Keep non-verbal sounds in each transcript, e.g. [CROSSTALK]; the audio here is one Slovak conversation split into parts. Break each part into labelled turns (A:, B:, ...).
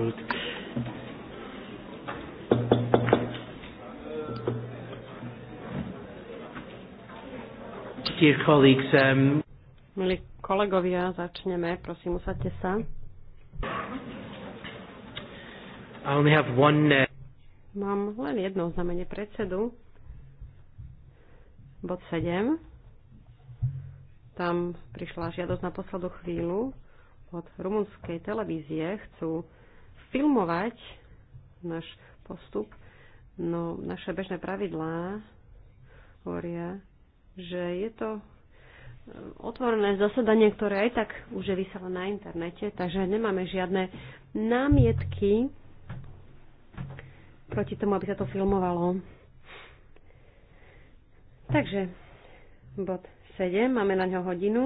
A: Dear colleagues, um... Milí kolegovia, začneme. Prosím, usadte sa.
B: I only have one, uh...
A: Mám len jedno znamenie predsedu. Bod 7. Tam prišla žiadosť na poslednú chvíľu od rumunskej televízie. Chcú filmovať náš postup, no naše bežné pravidlá hovoria, že je to e, otvorené zasadanie, ktoré aj tak už je vysiela na internete, takže nemáme žiadne námietky proti tomu, aby sa to filmovalo. Takže bod 7, máme na ňo hodinu.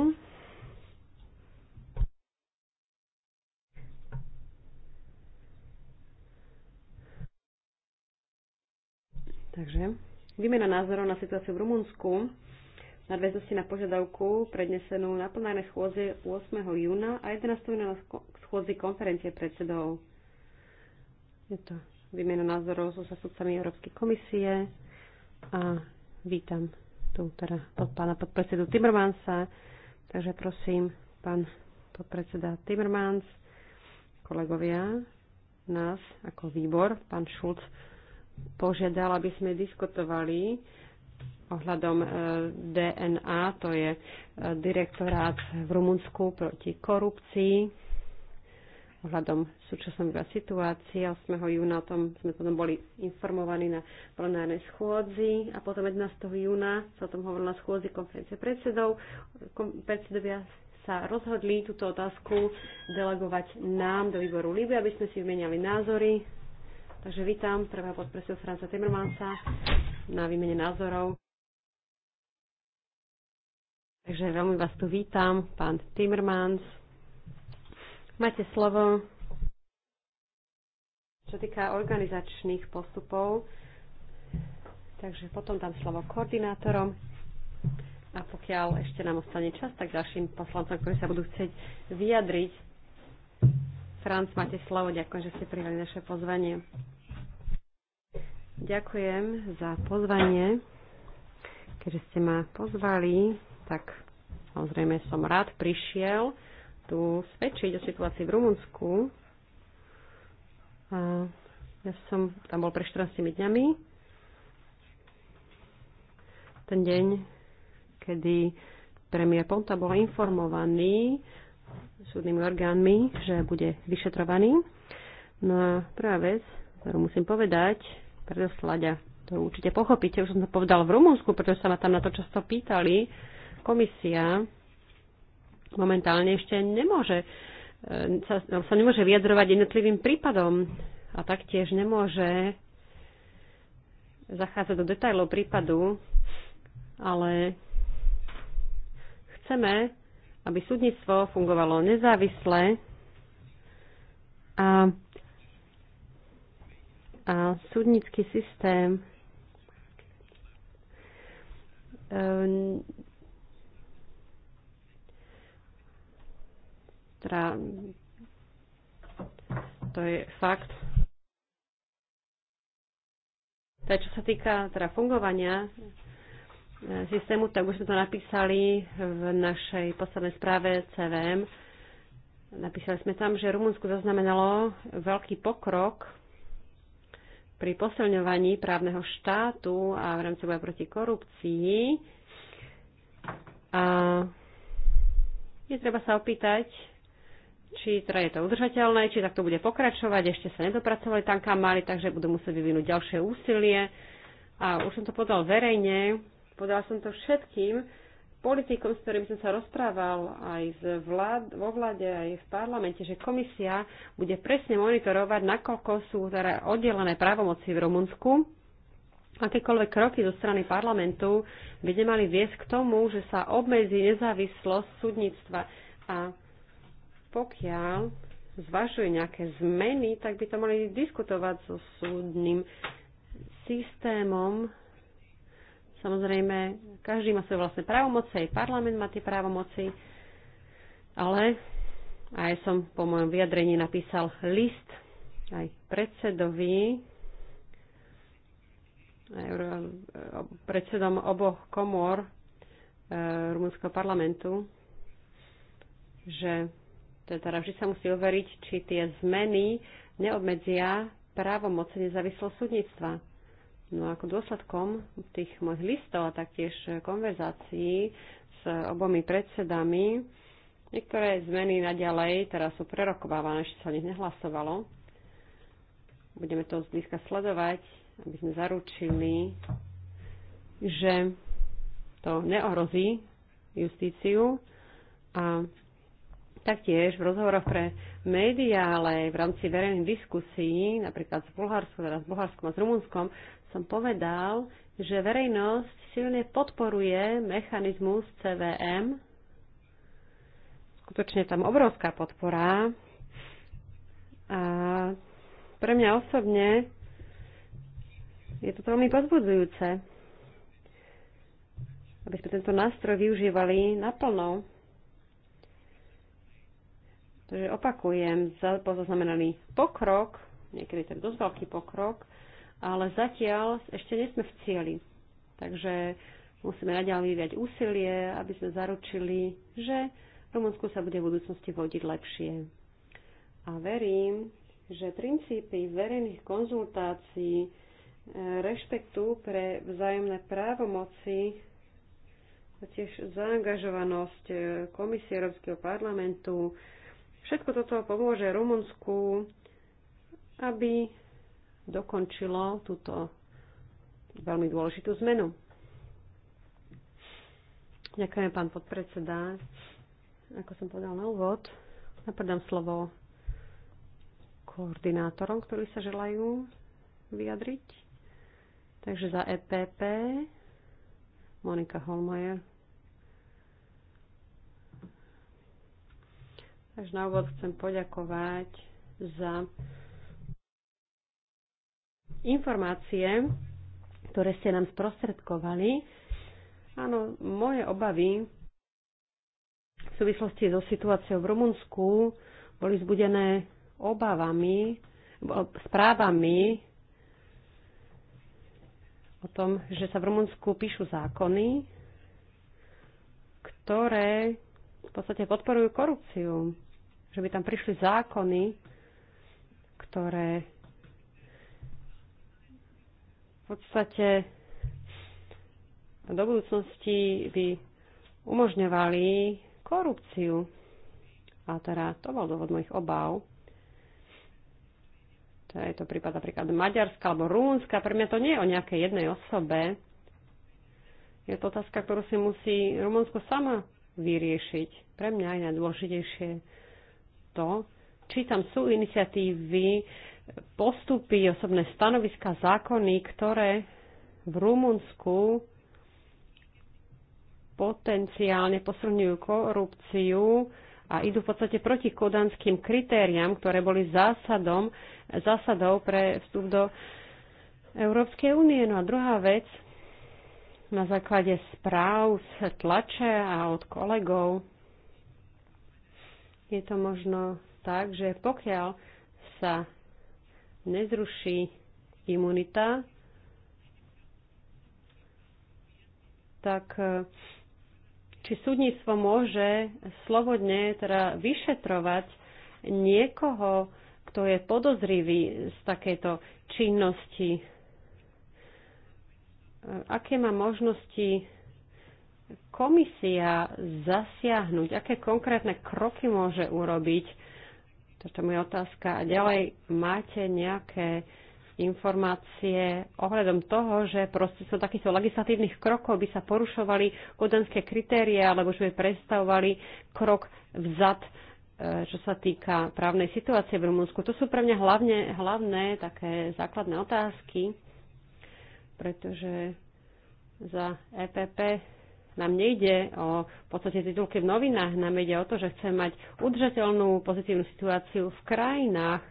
A: Takže výmena názorov na situáciu v Rumunsku nadväznosti na požiadavku prednesenú na plnej schôdze 8. júna a 11. júna na schôdzi konferencie predsedov. Je to výmena názorov so zastupcami Európskej komisie a vítam tu teda pod pána podpredsedu Timmermansa. Takže prosím, pán podpredseda Timmermans, kolegovia, nás ako výbor, pán Šulc, požiadal, aby sme diskutovali ohľadom e, DNA, to je e, direktorát v Rumunsku proti korupcii, ohľadom súčasnej situácie. 8. júna o tom sme potom boli informovaní na plenárnej schôdzi a potom 11. júna sa o tom hovorilo na schôdzi konferencie predsedov. Predsedovia sa rozhodli túto otázku delegovať nám do výboru Líby, aby sme si vymenali názory Takže vítam prvého podpredsedu Franca Timmermansa na výmene názorov. Takže veľmi vás tu vítam, pán Timmermans. Máte slovo. Čo týka organizačných postupov, takže potom dám slovo koordinátorom. A pokiaľ ešte nám ostane čas, tak ďalším poslancom, ktorí sa budú chcieť vyjadriť. Franc, máte slovo. Ďakujem, že ste prijali naše pozvanie. Ďakujem za pozvanie. Keďže ste ma pozvali, tak samozrejme som rád prišiel tu svedčiť o situácii v Rumunsku. A ja som tam bol pre 14 dňami. Ten deň, kedy premiér Ponta bol informovaný súdnymi orgánmi, že bude vyšetrovaný. No a prvá vec, ktorú musím povedať, predoslať a to určite pochopíte. Už som to povedal v Rumunsku, pretože sa ma tam na to často pýtali. Komisia momentálne ešte nemôže e, sa, sa nemôže vyjadrovať jednotlivým prípadom a taktiež nemôže zachádzať do detajlov prípadu, ale chceme, aby súdnictvo fungovalo nezávisle a a súdnický systém ehm, teda to je fakt. Teda čo sa týka teda fungovania ehm, systému, tak už sme to napísali v našej poslednej správe CVM. Napísali sme tam, že Rumunsko zaznamenalo veľký pokrok pri posilňovaní právneho štátu a v rámci boja proti korupcii. A je treba sa opýtať, či teda je to udržateľné, či takto bude pokračovať, ešte sa nedopracovali tam, kam mali, takže budú musieť vyvinúť ďalšie úsilie. A už som to podal verejne, podal som to všetkým, politikom, s ktorým som sa rozprával aj z vlád, vo vláde, aj v parlamente, že komisia bude presne monitorovať, nakoľko sú teda oddelené právomoci v Rumunsku. Akékoľvek kroky zo strany parlamentu by nemali viesť k tomu, že sa obmedzí nezávislosť súdnictva. A pokiaľ zvažuje nejaké zmeny, tak by to mali diskutovať so súdnym systémom Samozrejme, každý má svoje vlastné právomoci, aj parlament má tie právomoci, ale aj som po mojom vyjadrení napísal list aj predsedovi, aj predsedom oboch komor e, rumunského parlamentu, že teda vždy sa musí overiť, či tie zmeny neobmedzia právomoce nezávislého súdnictva. No ako dôsledkom tých mojich listov a taktiež konverzácií s obomi predsedami, niektoré zmeny naďalej teraz sú prerokovávané, ešte sa o nich nehlasovalo. Budeme to zblízka sledovať, aby sme zaručili, že to neohrozí justíciu a taktiež v rozhovoroch pre médiá, ale aj v rámci verejných diskusí, napríklad s Bulharskom, teraz s Bulharskom a s Rumunskom, som povedal, že verejnosť silne podporuje mechanizmus CVM. Skutočne tam obrovská podpora. A pre mňa osobne je to veľmi pozbudzujúce, aby sme tento nástroj využívali naplno. Takže opakujem, pozaznamenaný pokrok, niekedy ten dosť veľký pokrok, ale zatiaľ ešte nesme v cieli. Takže musíme naďalej vyviať úsilie, aby sme zaručili, že Rumunsku sa bude v budúcnosti vodiť lepšie. A verím, že princípy verejných konzultácií, e, rešpektu pre vzájomné právomoci a tiež zaangažovanosť e, Komisie Európskeho parlamentu. Všetko toto pomôže Rumunsku, aby dokončilo túto veľmi dôležitú zmenu. Ďakujem, pán podpredseda. Ako som povedal na úvod, napredám slovo koordinátorom, ktorí sa želajú vyjadriť. Takže za EPP Monika Holmajer. Takže na úvod chcem poďakovať za informácie, ktoré ste nám sprostredkovali. Áno, moje obavy v súvislosti so situáciou v Rumunsku boli zbudené obavami, správami o tom, že sa v Rumunsku píšu zákony, ktoré v podstate podporujú korupciu. Že by tam prišli zákony, ktoré podstate do budúcnosti by umožňovali korupciu. A teda to bol dôvod mojich obáv. Teda je to prípad napríklad Maďarska alebo Rúnska. Pre mňa to nie je o nejakej jednej osobe. Je to otázka, ktorú si musí Rumunsko sama vyriešiť. Pre mňa je najdôležitejšie to, či tam sú iniciatívy postupy, osobné stanoviska, zákony, ktoré v Rumunsku potenciálne posilňujú korupciu a idú v podstate proti kodanským kritériám, ktoré boli zásadom, zásadou pre vstup do Európskej únie. No a druhá vec, na základe správ z tlače a od kolegov je to možno tak, že pokiaľ sa nezruší imunita, tak eh, či súdnictvo môže slobodne teda vyšetrovať niekoho, kto je podozrivý z takejto činnosti. Eh, aké má možnosti komisia zasiahnuť? Aké konkrétne kroky môže urobiť? Toto je moja otázka. A ďalej, máte nejaké informácie ohľadom toho, že proste sú takýchto legislatívnych krokov by sa porušovali kodenské kritérie, alebo že by predstavovali krok vzad, e, čo sa týka právnej situácie v Rumunsku. To sú pre mňa hlavne, hlavné také základné otázky, pretože za EPP nám nejde o v podstate titulky v novinách, nám ide o to, že chceme mať udržateľnú pozitívnu situáciu v krajinách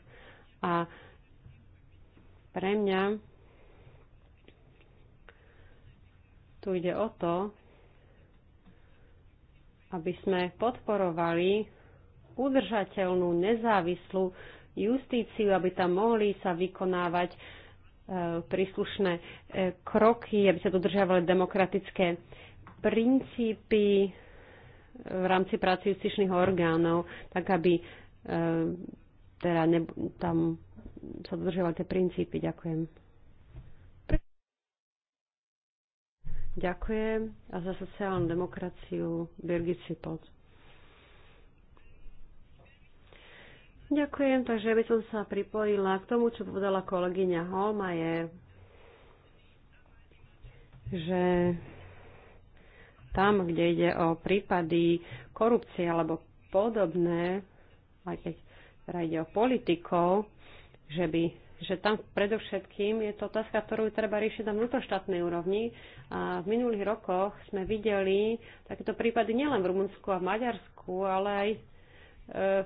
A: a pre mňa tu ide o to, aby sme podporovali udržateľnú, nezávislú justíciu, aby tam mohli sa vykonávať e, príslušné e, kroky, aby sa dodržiavali demokratické princípy eh, v rámci práce justičných orgánov, tak aby eh, teda ne, tam sa dodržovali tie princípy. Ďakujem. Ďakujem. A za sociálnu demokraciu Birgit Sipot. Ďakujem, takže by som sa pripojila k tomu, čo povedala kolegyňa Holmajer, že tam, kde ide o prípady korupcie alebo podobné, aj keď teda ide o politikov, že, by, že tam predovšetkým je to otázka, ktorú treba riešiť na vnútroštátnej úrovni. A v minulých rokoch sme videli takéto prípady nielen v Rumunsku a v Maďarsku, ale aj e,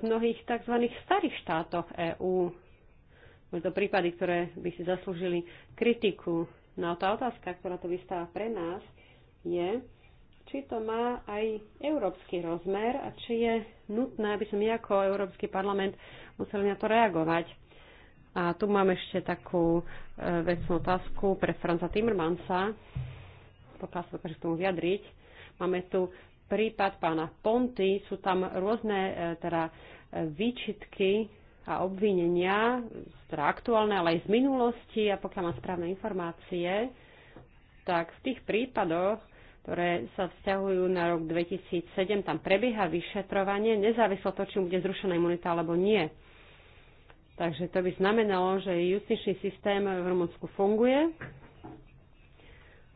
A: v mnohých tzv. starých štátoch EÚ. Boli to prípady, ktoré by si zaslúžili kritiku. No a tá otázka, ktorá tu vystáva pre nás, je, či to má aj európsky rozmer a či je nutné, aby sme ako Európsky parlament museli na to reagovať. A tu mám ešte takú e, vecnú otázku pre Franza Timmermansa, pokiaľ sa dokáže k tomu vyjadriť. Máme tu prípad pána Ponty, sú tam rôzne e, teda, e, výčitky a obvinenia, teda aktuálne, ale aj z minulosti a pokiaľ mám správne informácie, tak v tých prípadoch ktoré sa vzťahujú na rok 2007. Tam prebieha vyšetrovanie, nezávislo to, či bude zrušená imunita alebo nie. Takže to by znamenalo, že justičný systém v Rumunsku funguje.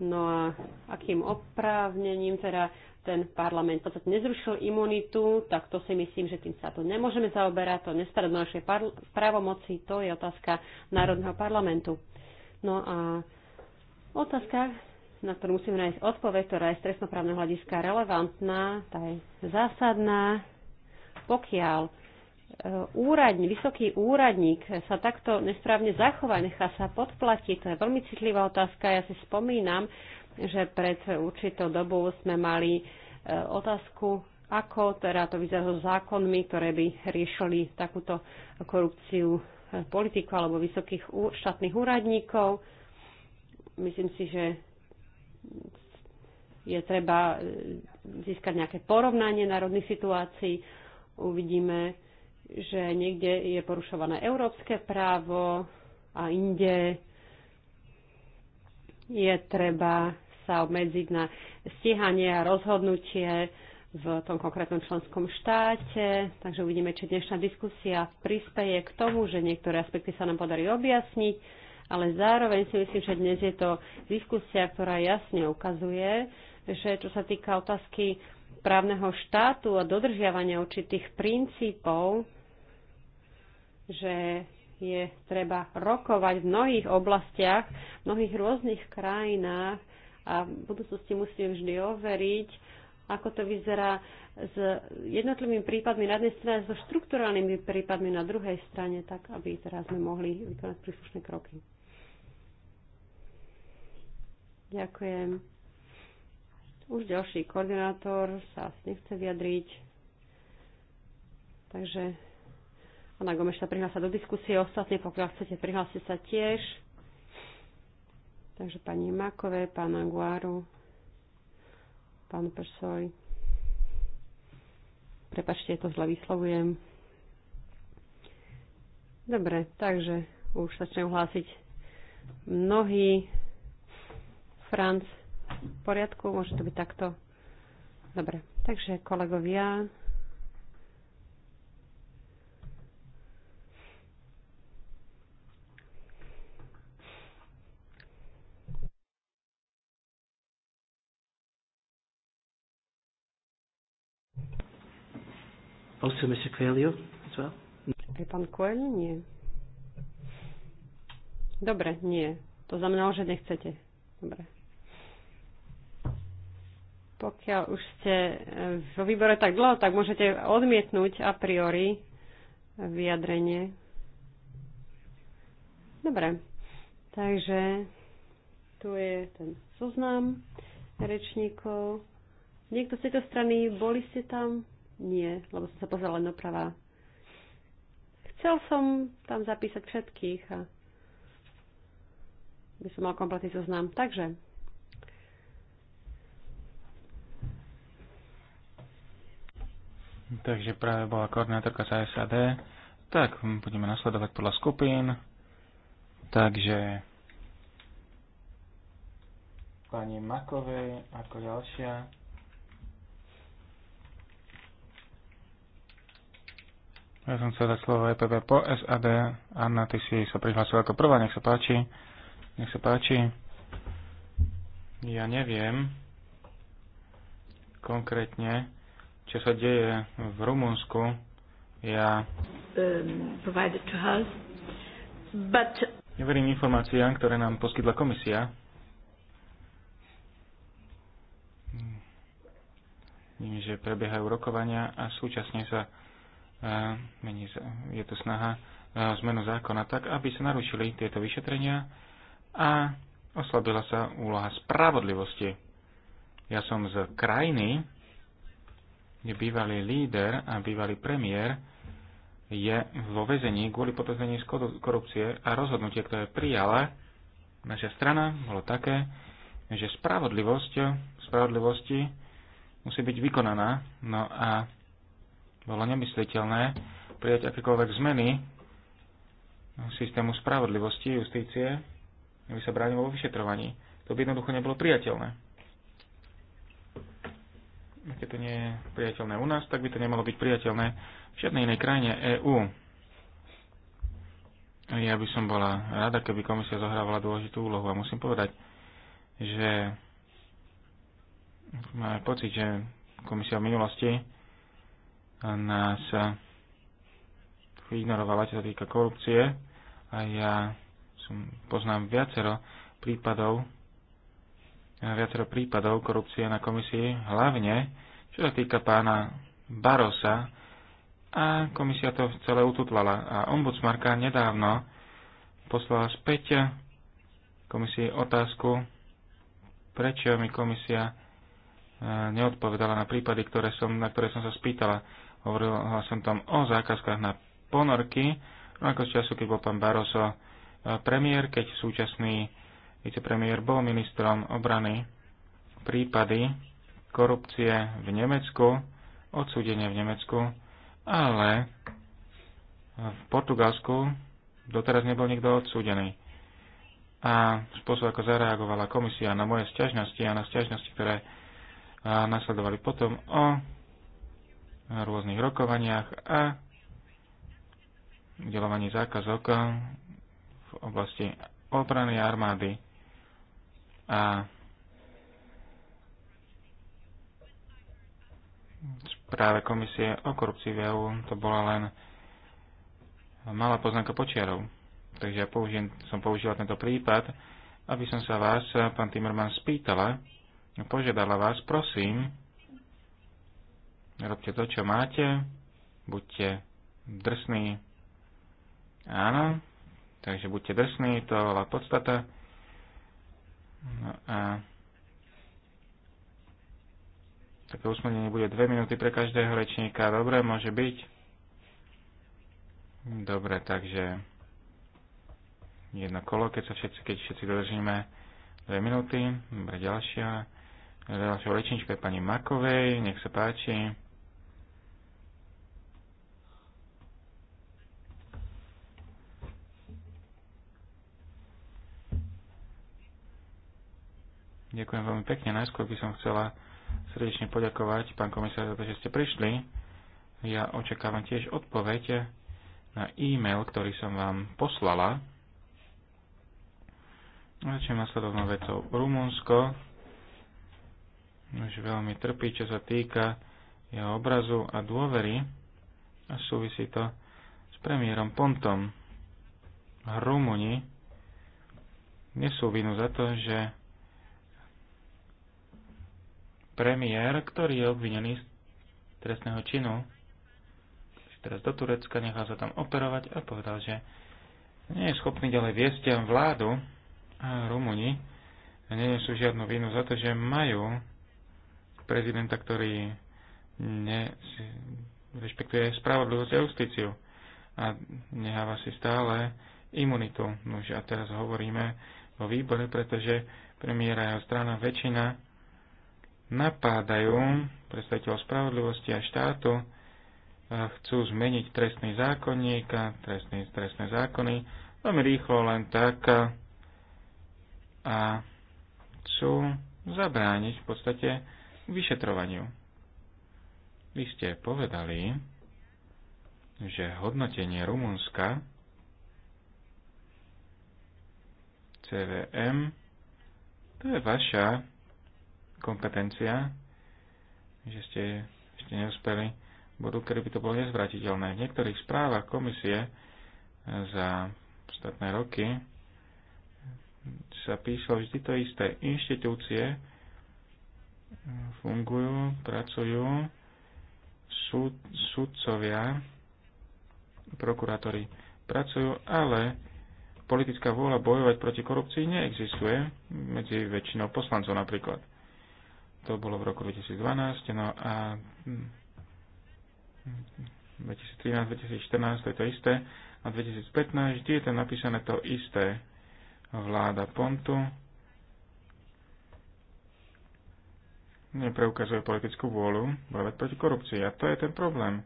A: No a akým oprávnením teda ten parlament v podstate nezrušil imunitu, tak to si myslím, že tým sa to nemôžeme zaoberať, to nestará do našej právomoci, to je otázka Národného parlamentu. No a otázka na ktorú musíme nájsť odpoveď, ktorá je z trestnoprávneho hľadiska relevantná, tá je zásadná. Pokiaľ e, úradník, vysoký úradník sa takto nesprávne zachová, nechá sa podplatiť, to je veľmi citlivá otázka. Ja si spomínam, že pred určitou dobou sme mali e, otázku, ako teda to vyzerá so zákonmi, ktoré by riešili takúto korupciu e, politikov alebo vysokých štátnych úradníkov. Myslím si, že je treba e, získať nejaké porovnanie národných situácií. Uvidíme, že niekde je porušované európske právo a inde je treba sa obmedziť na stíhanie a rozhodnutie v tom konkrétnom členskom štáte. Takže uvidíme, či dnešná diskusia prispeje k tomu, že niektoré aspekty sa nám podarí objasniť ale zároveň si myslím, že dnes je to diskusia, ktorá jasne ukazuje, že čo sa týka otázky právneho štátu a dodržiavania určitých princípov, že je treba rokovať v mnohých oblastiach, v mnohých rôznych krajinách a v budúcnosti musíme vždy overiť, ako to vyzerá s jednotlivými prípadmi na jednej strane, so štruktúralnými prípadmi na druhej strane, tak aby teraz sme mohli vykonať príslušné kroky. Ďakujem. Už ďalší koordinátor sa nechce vyjadriť. Takže Anna Gomeš sa prihlása do diskusie. Ostatní, pokiaľ chcete, prihláste sa tiež. Takže pani Makové, pán Anguáru, pán Persoj. Prepačte, to zle vyslovujem. Dobre, takže už začnem hlásiť mnohí Franc, v poriadku, môže to byť takto. Dobre, takže kolegovia, Also Mr. Coelho as well? Aj pán Coelho? Nie. Dobre, nie. To znamená, že nechcete. Dobre. Pokiaľ už ste e, vo výbore tak dlho, tak môžete odmietnúť a priori vyjadrenie. Dobre, takže tu je ten zoznam rečníkov. Niekto z tejto strany, boli ste tam? Nie, lebo som sa pozrela len doprava. Chcel som tam zapísať všetkých a by som mal kompletný zoznam. Takže
C: Takže práve bola koordinátorka za SAD. Tak, budeme nasledovať podľa skupín. Takže pani Makovej ako ďalšia. Ja som chcel dať slovo EPP po SAD. Anna, ty si sa prihlásila ako prvá, nech sa páči. Nech sa páči. Ja neviem konkrétne, čo sa deje v Rumunsku, ja
B: um,
C: neverím informáciám, ktoré nám poskytla komisia. Vidím, že prebiehajú rokovania a súčasne sa uh, mení, je to snaha uh, zmenu zákona tak, aby sa narušili tieto vyšetrenia a oslabila sa úloha spravodlivosti. Ja som z krajiny, kde bývalý líder a bývalý premiér je vo vezení kvôli podozrení z korupcie a rozhodnutie, ktoré prijala naša strana, bolo také, že spravodlivosť, spravodlivosti musí byť vykonaná. No a bolo nemysliteľné prijať akékoľvek zmeny systému spravodlivosti, justície, aby sa bránilo vo vyšetrovaní. To by jednoducho nebolo priateľné keď to nie je priateľné u nás, tak by to nemalo byť priateľné v žiadnej inej krajine EÚ. Ja by som bola rada, keby komisia zohrávala dôležitú úlohu a musím povedať, že máme pocit, že komisia v minulosti nás ignorovala, čo sa týka korupcie a ja som, poznám viacero prípadov, viacero prípadov korupcie na komisii, hlavne čo sa týka pána Barosa a komisia to celé ututlala a ombudsmarka nedávno poslala späť komisii otázku, prečo mi komisia e, neodpovedala na prípady, ktoré som, na ktoré som sa spýtala. Hovorila som tam o zákazkách na ponorky, no ako z času, keď bol pán Baroso e, premiér, keď súčasný vicepremiér bol ministrom obrany. Prípady korupcie v Nemecku, odsúdenie v Nemecku, ale v Portugalsku doteraz nebol nikto odsúdený. A spôsob, ako zareagovala komisia na moje sťažnosti a na sťažnosti, ktoré nasledovali potom o rôznych rokovaniach a udelovaní zákazok v oblasti obrany armády. A práve komisie o korupcii v EU to bola len malá poznámka počiarov. Takže ja použijem, som použila tento prípad, aby som sa vás, pán Timmerman, spýtala, požiadala vás, prosím, robte to, čo máte, buďte drsní. Áno, takže buďte drsní, to bola podstata. No a také usmernenie bude 2 minúty pre každého rečníka. Dobre, môže byť? Dobre, takže jedno kolo, keď sa všetci, keď všetci dodržíme 2 minúty. Dobre, ďalšia. Ďalšia rečníčka je pani Makovej, nech sa páči. Ďakujem veľmi pekne. Najskôr by som chcela srdečne poďakovať, pán komisár, za to, že ste prišli. Ja očakávam tiež odpoveď na e-mail, ktorý som vám poslala. Začnem nasledovnou vecou. Rumunsko už veľmi trpí, čo sa týka jeho obrazu a dôvery a súvisí to s premiérom Pontom. Rumuni nesú vinu za to, že premiér, ktorý je obvinený z trestného činu, teraz do Turecka, nechal sa tam operovať a povedal, že nie je schopný ďalej viesť vládu a Rumúni sú žiadnu vinu za to, že majú prezidenta, ktorý rešpektuje spravodlivosť a justíciu a necháva si stále imunitu. Nož a teraz hovoríme o výbore, pretože premiéra jeho strana väčšina napádajú predstaviteľov spravodlivosti a štátu, a e, chcú zmeniť trestný zákonník a trestný, trestné zákony veľmi rýchlo len tak e, a chcú zabrániť v podstate vyšetrovaniu. Vy ste povedali, že hodnotenie Rumunska CVM to je vaša kompetencia, že ste ešte neúspeli, budú, kedy by to bolo nezvratiteľné. V niektorých správach komisie eh, za ostatné roky sa písalo vždy to isté. Inštitúcie eh, fungujú, pracujú, súd, súdcovia, prokurátori pracujú, ale politická vôľa bojovať proti korupcii neexistuje medzi väčšinou poslancov napríklad to bolo v roku 2012, no a 2013-2014 hm, to je to isté, a 2015 vždy je tam napísané to isté. Vláda Pontu nepreukazuje politickú vôľu bojovať proti korupcii a to je ten problém.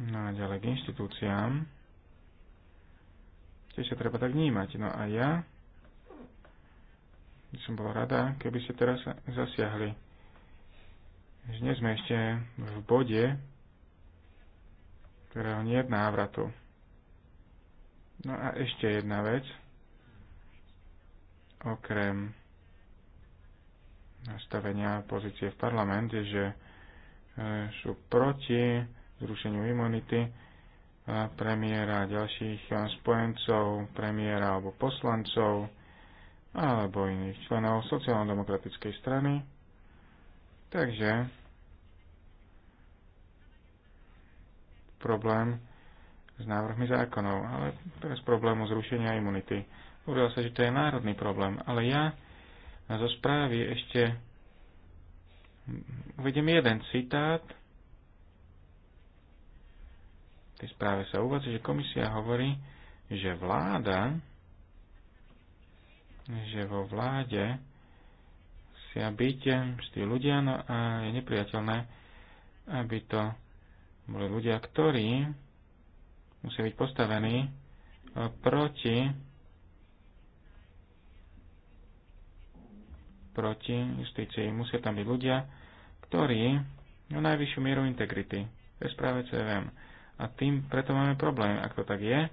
C: No a ďalej k inštitúciám. Tiež sa treba tak vnímať. No a ja som bola rada, keby ste teraz zasiahli. Dnes sme ešte v bode, ktorého nie je návratu. No a ešte jedna vec. Okrem nastavenia pozície v parlamente, že e, sú proti zrušeniu imunity premiéra a ďalších e, spojencov, premiéra alebo poslancov, alebo iných členov sociálno-demokratickej strany. Takže problém s návrhmi zákonov, ale bez problému zrušenia imunity. Uvedal sa, že to je národný problém, ale ja zo správy ešte uvedem jeden citát. V tej správe sa uvádza, že komisia hovorí, že vláda že vo vláde musia byť eh, tí ľudia no a je nepriateľné, aby to boli ľudia, ktorí musia byť postavení eh, proti proti justícii. Musia tam byť ľudia, ktorí majú najvyššiu mieru integrity. To je práve CVM. A tým preto máme problém. Ak to tak je,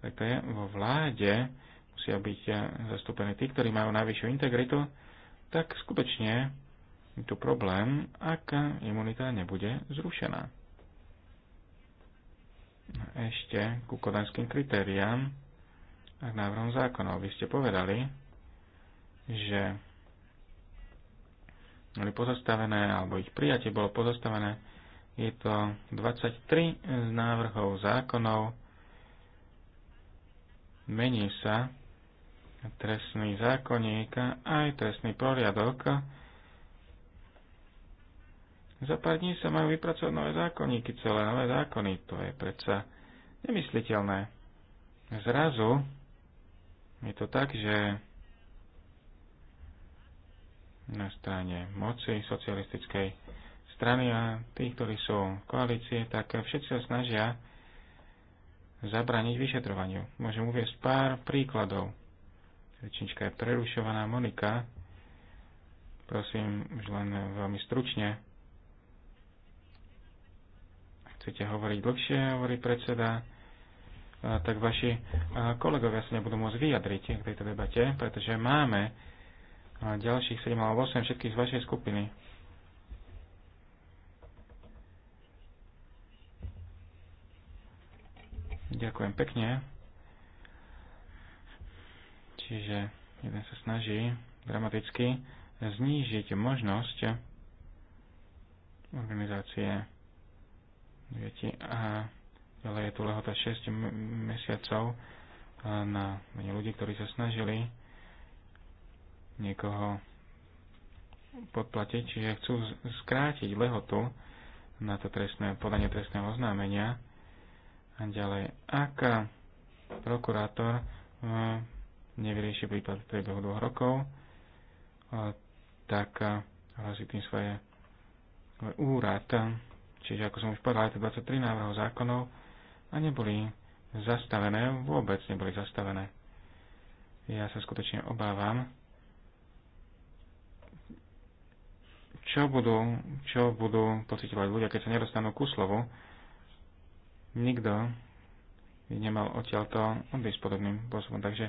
C: tak to je vo vláde, musia byť eh, zastúpení tí, ktorí majú najvyššiu integritu, tak skutočne je tu problém, ak imunita nebude zrušená. Ešte ku kodanským kritériám a k návrhom zákonov. Vy ste povedali, že boli pozastavené, alebo ich prijatie bolo pozastavené. Je to 23 z návrhov zákonov. Mení sa trestný zákonník aj trestný poriadok. Za pár dní sa majú vypracovať nové zákonníky, celé nové zákony. To je predsa nemysliteľné. Zrazu je to tak, že na strane moci socialistickej strany a tých, ktorí sú v koalície, tak všetci sa snažia zabraniť vyšetrovaniu. Môžem uvieť pár príkladov Rečnička je prerušovaná. Monika, prosím, už len veľmi stručne. Chcete hovoriť dlhšie, hovorí predseda, tak vaši kolegovia sa nebudú môcť vyjadriť k tejto debate, pretože máme ďalších 7 alebo 8 všetkých z vašej skupiny. Ďakujem pekne. Čiže jeden sa snaží dramaticky znížiť možnosť organizácie deti a ďalej je tu lehota 6 mesiacov na ľudí, ktorí sa snažili niekoho podplatiť, čiže chcú skrátiť lehotu na to trestné, podanie trestného oznámenia. A ďalej, ak prokurátor e, nevyrieši prípad v priebehu dvoch rokov, tak hrozí tým svoje úrad. Čiže, ako som už povedal, aj to 23 návrhov zákonov a neboli zastavené, vôbec neboli zastavené. Ja sa skutočne obávam, čo budú, čo budú pocitovať ľudia, keď sa nedostanú ku slovu. Nikto by nemal odtiaľto odísť podobným spôsobom. Takže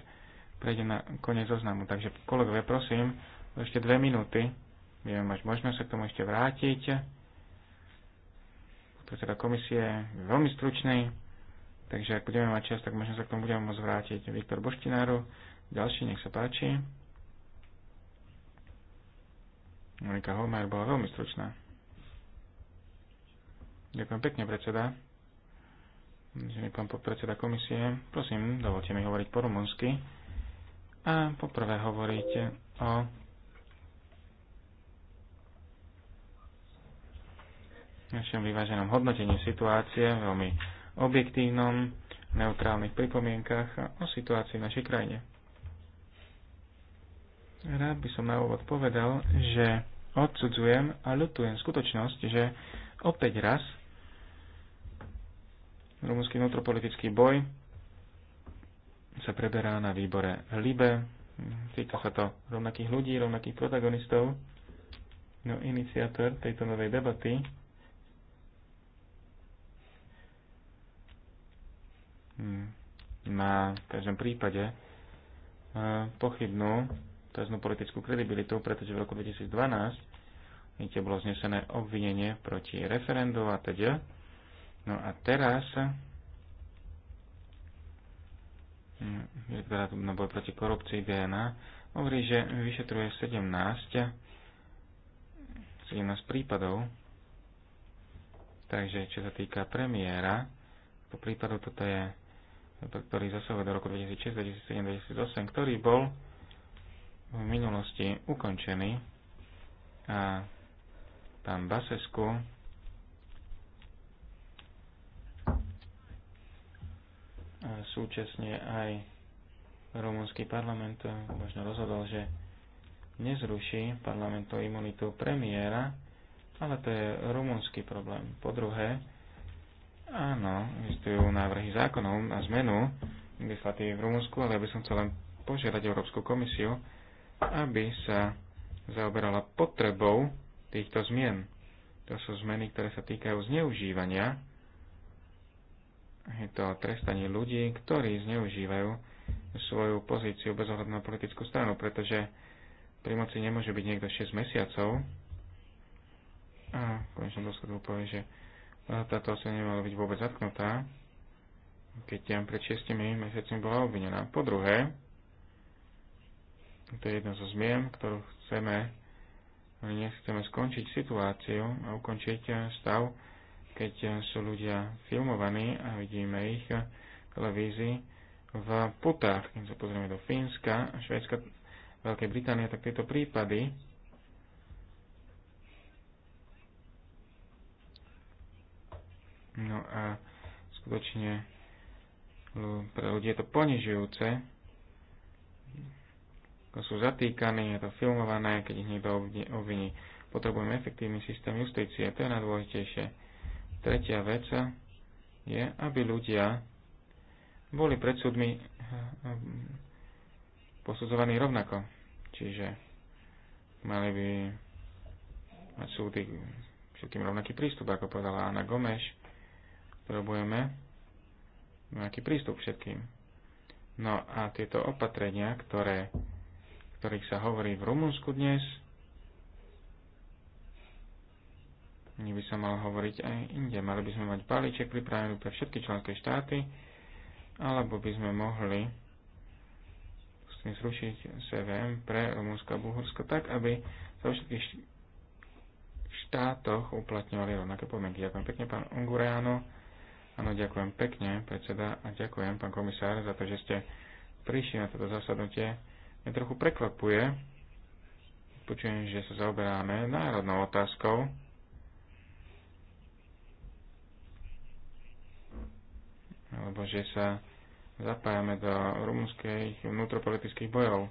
C: prejdem na koniec zoznamu. Takže kolegovia, prosím, ešte dve minúty. Budeme mať možnosť sa k tomu ešte vrátiť. Predseda komisie je veľmi stručný, takže ak budeme mať čas, tak možno sa k tomu budeme môcť vrátiť. Viktor Boštináru, ďalší, nech sa páči. Monika Holmajer bola veľmi stručná. Ďakujem pekne, predseda. Vážený pán podpredseda komisie, prosím, dovolte mi hovoriť po rumunsky. A poprvé hovoríte o našom vyváženom hodnotení situácie, veľmi objektívnom, neutrálnych pripomienkach a o situácii v našej krajine. Rád by som na úvod povedal, že odsudzujem a ľutujem skutočnosť, že opäť raz rumúnsky vnútropolitický boj sa preberá na výbore LIBE. Týka sa to rovnakých ľudí, rovnakých protagonistov. No iniciátor tejto novej debaty má v každom prípade e, pochybnú teznú politickú kredibilitu, pretože v roku 2012 kde bolo znesené obvinenie proti referendu a teď. Teda. No a teraz vypadá na boj proti korupcii DNA, hovorí, že vyšetruje 17, 17 prípadov. Takže čo sa týka premiéra, po prípadu toto je, ktorý zasahuje do roku 2006, 2007, 2008, ktorý bol v minulosti ukončený a tam Basesku a súčasne aj rumúnsky parlament možno rozhodol, že nezruší parlamentu imunitu premiéra, ale to je rumúnsky problém. Po druhé, áno, existujú návrhy zákonov na zmenu legislatívy v Rumunsku, ale by som chcel len požiadať Európsku komisiu, aby sa zaoberala potrebou týchto zmien. To sú zmeny, ktoré sa týkajú zneužívania je to trestanie ľudí, ktorí zneužívajú svoju pozíciu bez ohľadu na politickú stranu, pretože pri moci nemôže byť niekto 6 mesiacov a v konečnom dôsledku povie, že táto osoba nemala byť vôbec zatknutá, keď tam pred 6 mesiacmi bola obvinená. Po druhé, to je jedna zo zmien, ktorú chceme, nechceme skončiť situáciu a ukončiť stav, keď eh, sú ľudia filmovaní a vidíme ich televízii v putách, keď sa pozrieme do Fínska, Švédska, Veľkej Británie, tak tieto prípady No a skutočne pre ľudí je to ponižujúce, ako sú zatýkaní, je to filmované, keď ich niekto obviní. Potrebujeme efektívny systém justície, to je najdôležitejšie Tretia vec je, aby ľudia boli pred súdmi eh, eh, posudzovaní rovnako. Čiže mali by mať súdy všetkým rovnaký prístup, ako povedala Anna Gomeš. Potrebujeme rovnaký prístup všetkým. No a tieto opatrenia, ktoré, ktorých sa hovorí v Rumunsku dnes, nie by sa mal hovoriť aj inde. Mali by sme mať balíček pripravený pre všetky členské štáty, alebo by sme mohli zrušiť CVM pre Rumunsko a Bulharsko tak, aby sa vo všetkých štátoch uplatňovali rovnaké podmienky. Ďakujem pekne, pán Ungureano. Áno, ďakujem pekne, predseda, a ďakujem, pán komisár, za to, že ste prišli na toto zasadnutie. Mňa trochu prekvapuje, počujem, že sa zaoberáme národnou otázkou, alebo že sa zapájame do rumunských vnútropolitických bojov.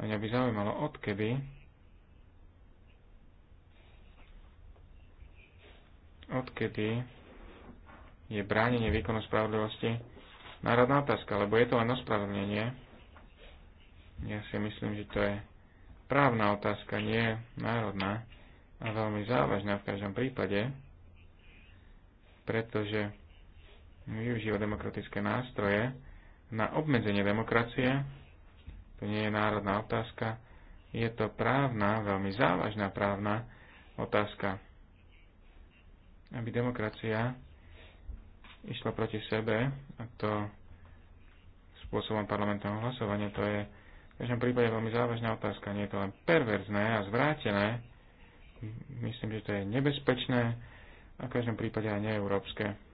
C: A mňa by zaujímalo, odkedy odkedy je bránenie výkonu spravodlivosti národná otázka, lebo je to len ospravedlnenie. Ja si myslím, že to je právna otázka, nie národná a veľmi závažná v každom prípade, pretože využíva demokratické nástroje na obmedzenie demokracie. To nie je národná otázka, je to právna, veľmi závažná právna otázka. Aby demokracia išla proti sebe, a to spôsobom parlamentného hlasovania, to je v každom prípade veľmi závažná otázka. Nie je to len perverzné a zvrátené, myslím, že to je nebezpečné a v každom prípade aj neeurópske.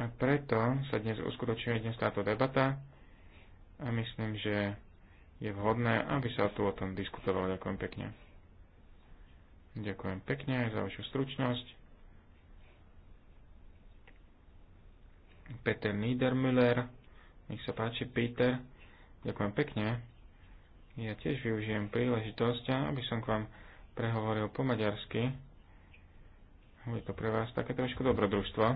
C: A preto sa dnes uskutočňuje dnes táto debata a myslím, že je vhodné, aby sa tu o tom diskutovalo. Ďakujem pekne. Ďakujem pekne za vašu stručnosť. Peter Niedermüller, nech sa páči, Peter. Ďakujem pekne. Ja tiež využijem príležitosť, aby som k vám prehovoril po maďarsky. Je to pre vás také trošku dobrodružstvo.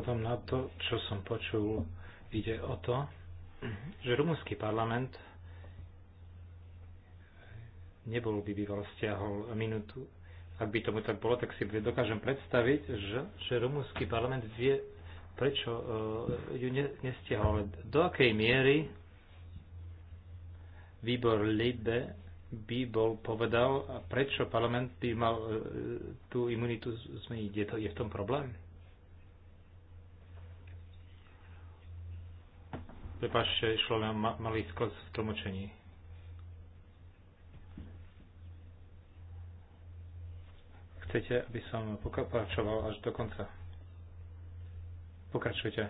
D: vzhľadom na to, čo som počul, ide o to, že rumúnsky parlament nebol by býval stiahol minútu. Ak by tomu tak bolo, tak si dokážem predstaviť, že, že rumúnsky parlament vie, prečo uh, ju ne, nestiahol. Ale do akej miery výbor LIBE by bol povedal, prečo parlament by mal uh, tú imunitu zmeniť. Je, to, je v tom problém? Prepašte, išlo len ma- skos v tlmočení. Chcete, aby som pokračoval až do konca? Pokračujte.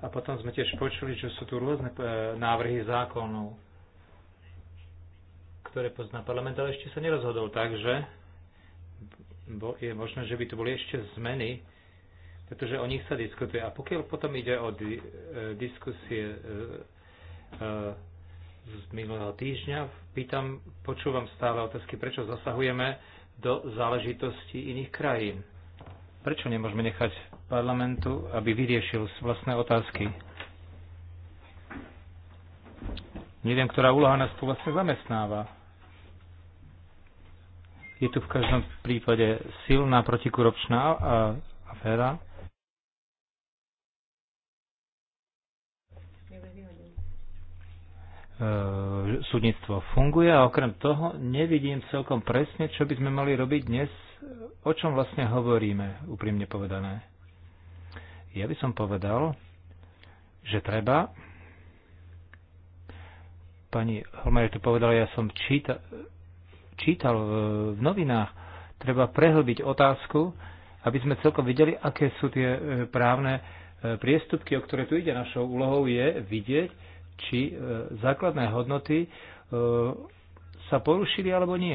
D: A potom sme tiež počuli, že sú tu rôzne e, návrhy zákonov, ktoré pozná parlament, ale ešte sa nerozhodol, takže bo je možné, že by to boli ešte zmeny, pretože o nich sa diskutuje. A pokiaľ potom ide o di, e, diskusie e, e, z minulého týždňa, pýtam, počúvam stále otázky, prečo zasahujeme do záležitostí iných krajín. Prečo nemôžeme nechať parlamentu, aby vyriešil vlastné otázky? Neviem, ktorá úloha nás tu vlastne zamestnáva je tu v každom prípade silná protikorupčná aféra. E, súdnictvo funguje a okrem toho nevidím celkom presne, čo by sme mali robiť dnes, o čom vlastne hovoríme, úprimne povedané. Ja by som povedal, že treba. Pani Holmer tu povedala, ja som čítal, čítal v novinách. Treba prehlbiť otázku, aby sme celkom videli, aké sú tie e, právne e, priestupky, o ktoré tu ide. Našou úlohou je vidieť, či e, základné hodnoty sa porušili alebo nie.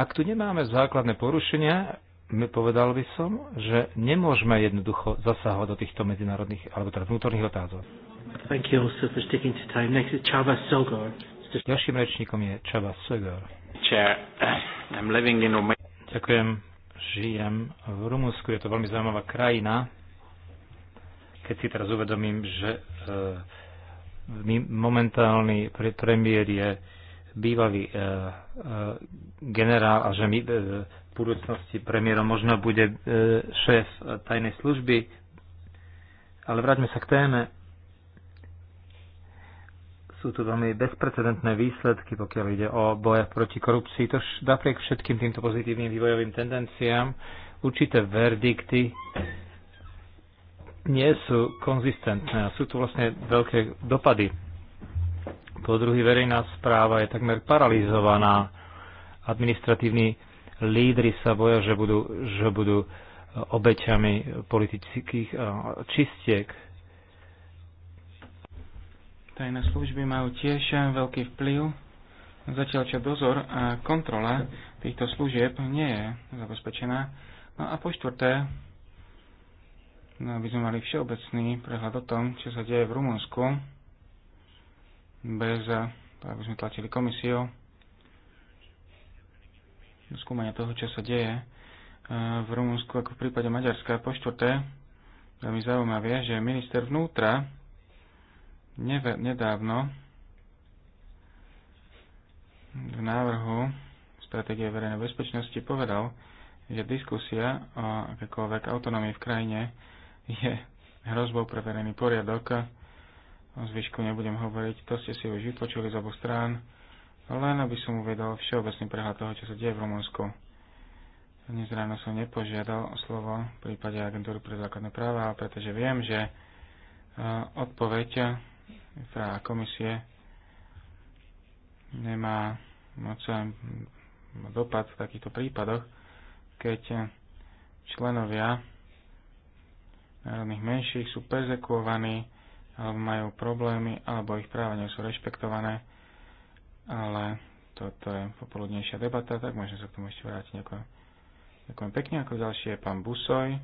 D: Ak tu nemáme základné porušenia, povedal by som, že nemôžeme jednoducho zasahovať do týchto medzinárodných alebo teda vnútorných otázok. Thank you also for sticking to time. Next is Chava Sogor. Ďalším rečníkom je Čaba Segor. Ďakujem. Žijem v Rumunsku, je to veľmi zaujímavá krajina. Keď si teraz uvedomím, že e, momentálny pre, premiér je bývalý e, e, generál a že my, e, v budúcnosti premiérom možno bude e, šéf tajnej služby. Ale vráťme sa k téme sú tu veľmi bezprecedentné výsledky, pokiaľ ide o boja proti korupcii. To napriek všetkým týmto pozitívnym vývojovým tendenciám určité verdikty nie sú konzistentné a sú tu vlastne veľké dopady. Po druhý, verejná správa je takmer paralizovaná. Administratívni lídry sa boja, že budú, že budú obeťami politických eh, čistiek
C: Tajné služby majú tiež veľký vplyv, zatiaľ čo dozor a kontrola týchto služieb nie je zabezpečená. No a po štvrté, no aby sme mali všeobecný prehľad o tom, čo sa deje v Rumunsku, bez, aby sme tlačili komisiu, skúmania toho, čo sa deje eh, v Rumunsku ako v prípade Maďarska. Po štvrté, veľmi zaujímavé, že minister vnútra nedávno v návrhu stratégie verejnej bezpečnosti povedal, že diskusia o akékoľvek autonómii v krajine je hrozbou pre verejný poriadok. O zvyšku nebudem hovoriť, to ste si už vypočuli z oboch strán, len aby som uvedol všeobecný prehľad toho, čo sa deje v Rumunsku. Dnes ráno som nepožiadal o slovo v prípade agentúry pre základné práva, pretože viem, že eh, odpoveď teda komisie nemá moc eh, dopad v takýchto prípadoch, keď eh, členovia národných menších sú perzekuovaní alebo majú problémy, alebo ich práva nie sú rešpektované. Ale toto je popoludnejšia debata, tak môžeme sa k tomu ešte vrátiť. Ďakujem. Ďakujem pekne. Ako ďalší je pán Busoj.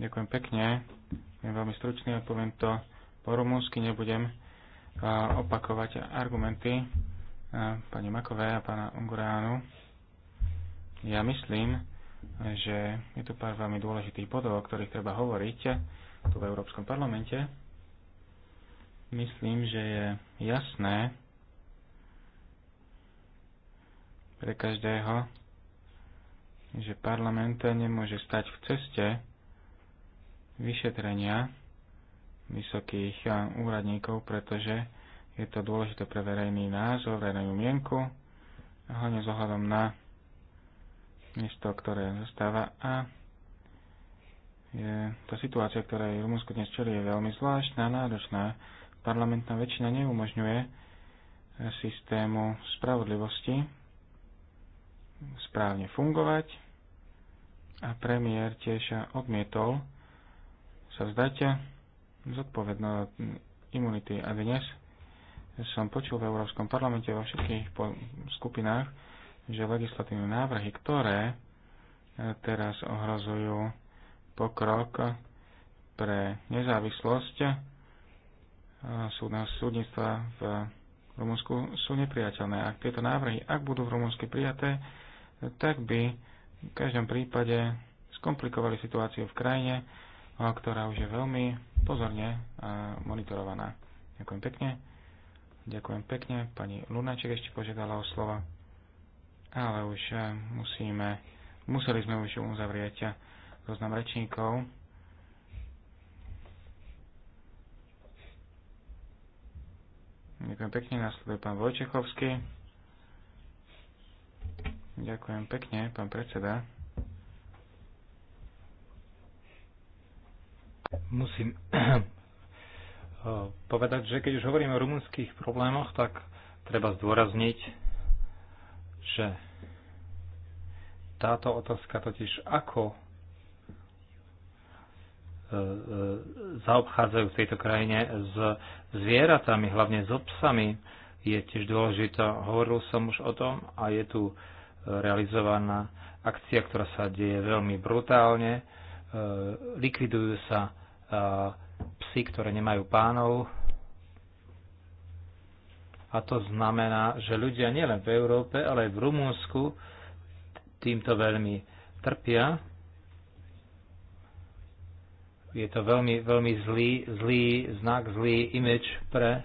C: Ďakujem pekne. Je veľmi stručný a poviem to po rumúnsky nebudem opakovať argumenty pani Makové a pána Unguránu. Ja myslím, že je tu pár veľmi dôležitých bodov, o ktorých treba hovoriť tu v Európskom parlamente. Myslím, že je jasné pre každého, že parlament nemôže stať v ceste vyšetrenia vysokých eh, úradníkov, pretože je to dôležité pre verejný názor, verejnú mienku, hlavne s ohľadom na miesto, ktoré zostáva a je, tá situácia, ktorá je Rumunsko dnes čeli, je veľmi zvláštna, náročná. Parlamentná väčšina neumožňuje systému spravodlivosti správne fungovať a premiér tiež odmietol sa vzdať zodpovedná imunity. A dnes som počul v Európskom parlamente vo všetkých skupinách, že legislatívne návrhy, ktoré e, teraz ohrozujú pokrok pre nezávislosť e, súdneho súdnictva v Rumunsku sú nepriateľné. Ak tieto návrhy, ak budú v Rumunsku prijaté, tak by v každom prípade skomplikovali situáciu v krajine, ktorá už je veľmi pozorne e, monitorovaná. Ďakujem pekne. Ďakujem pekne. Pani Lunáček ešte požiadala o slovo. Ale už e, musíme, museli sme už uzavrieť e, zoznam rečníkov. Ďakujem pekne, nasleduje pán Vojčechovský. Ďakujem pekne, pán predseda.
D: Musím [CLEARS THROAT] eh, povedať, že keď už hovoríme o rumunských problémoch, tak treba zdôrazniť, že táto otázka totiž ako eh, eh, zaobchádzajú v tejto krajine s zvieratami, hlavne s so psami, je tiež dôležitá. Hovoril som už o tom a je tu realizovaná akcia, ktorá sa deje veľmi brutálne. Likvidujú sa psy, ktoré nemajú pánov. A to znamená, že ľudia nielen v Európe, ale aj v Rumúnsku týmto veľmi trpia. Je to veľmi, veľmi zlý, zlý znak, zlý imič pre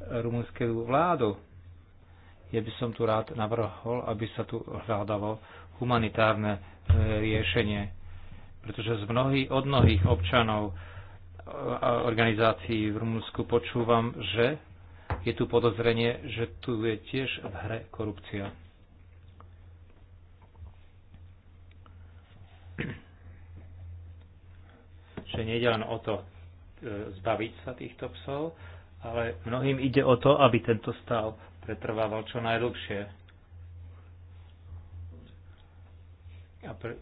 D: rumúnskú vládu. Ja by som tu rád navrhol, aby sa tu hľadalo humanitárne e, riešenie, pretože z mnohých, od mnohých občanov organizácií v Rumunsku počúvam, že je tu podozrenie, že tu je tiež v hre korupcia. Že nejde len o to e, zbaviť sa týchto psov, ale mnohým ide o to, aby tento stav pretrvával čo najdlhšie. A pre,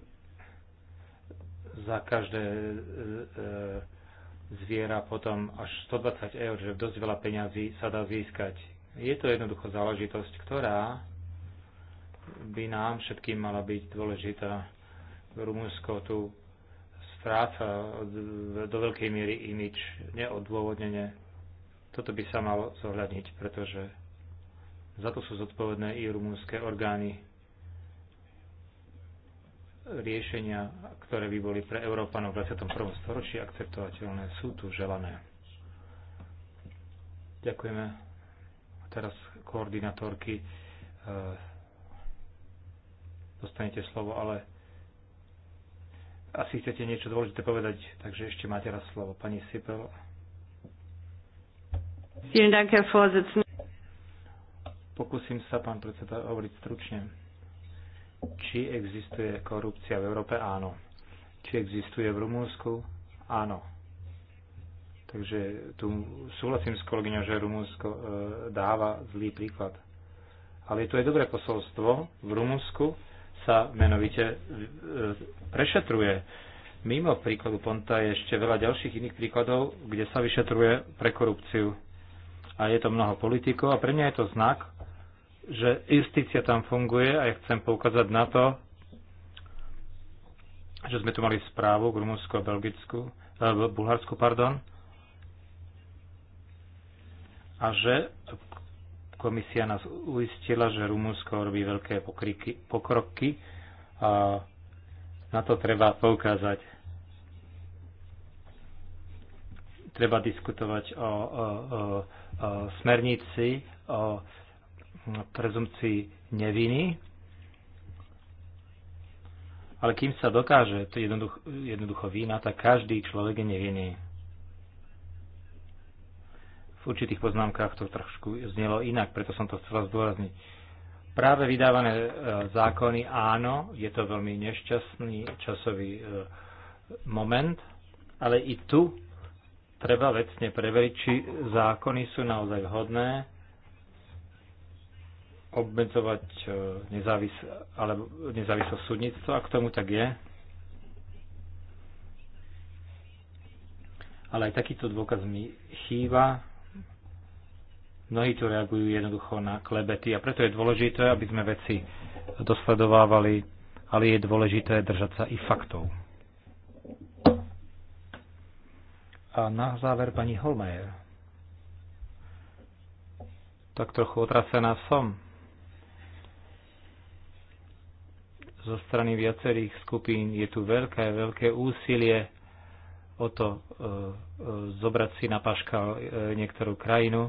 D: za každé e, e, zviera potom až 120 eur, že dosť veľa peňazí sa dá získať. Je to jednoducho záležitosť, ktorá by nám všetkým mala byť dôležitá. Rumunsko tu stráca do veľkej miery imič neodôvodnenie. Toto by sa malo zohľadniť, pretože za to sú zodpovedné i rumúnske orgány riešenia, ktoré by boli pre Európanov v 21. storočí akceptovateľné, sú tu želané. Ďakujeme. A teraz koordinátorky e, dostanete slovo, ale asi chcete niečo dôležité povedať, takže ešte máte raz slovo. Pani Sipel. Pokúsim sa, pán predseda, hovoriť stručne či existuje korupcia v Európe? Áno. Či existuje v Rumúnsku? Áno. Takže tu súhlasím s kolegyňou, že Rumúnsko e, dáva zlý príklad. Ale tu je dobré posolstvo. V Rumúnsku sa menovite e, prešetruje. Mimo príkladu Ponta je ešte veľa ďalších iných príkladov, kde sa vyšetruje pre korupciu. A je to mnoho politikov a pre mňa je to znak, že justícia tam funguje a ja chcem poukázať na to, že sme tu mali správu k Rumunsku a Belgicku, eh, Bulharsku, pardon, a že komisia nás uistila, že Rumunsko robí veľké pokryky, pokroky a na to treba poukázať. Treba diskutovať o, o, o, o smernici, o prezumcii neviny, ale kým sa dokáže to jednoducho, jednoducho vína, tak každý človek je nevinný. V určitých poznámkach to trošku znelo inak, preto som to chcela zdôrazniť. Práve vydávané e, zákony, áno, je to veľmi nešťastný časový e, moment, ale i tu treba vecne preveriť, či zákony sú naozaj vhodné obmedzovať e, nezávis, alebo nezávislosť súdnictva, ak tomu tak je. Ale aj takýto dôkaz mi chýba. Mnohí tu reagujú jednoducho na klebety a preto je dôležité, aby sme veci dosledovávali, ale je dôležité držať sa i faktov. A na záver pani Holmeier. Tak trochu otrasená som zo strany viacerých skupín. Je tu veľké, veľké úsilie o to e, e, zobrať si na paška e, niektorú krajinu.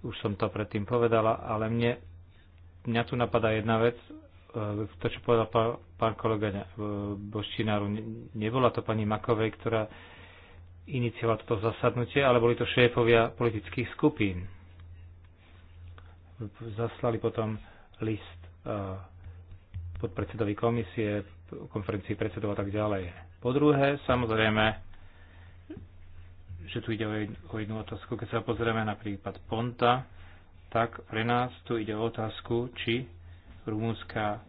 D: Už som to predtým povedala, ale mne, mňa tu napadá jedna vec, e, to, čo povedal pán, pán kolega e, Boščináru, nebola to pani Makovej, ktorá iniciovala toto zasadnutie, ale boli to šéfovia politických skupín. Zaslali potom list e, podpredsedovi komisie, konferencii predsedov a tak ďalej. Po druhé, samozrejme, že tu ide o jednu otázku, keď sa pozrieme na prípad Ponta, tak pre nás tu ide o otázku, či rumúnska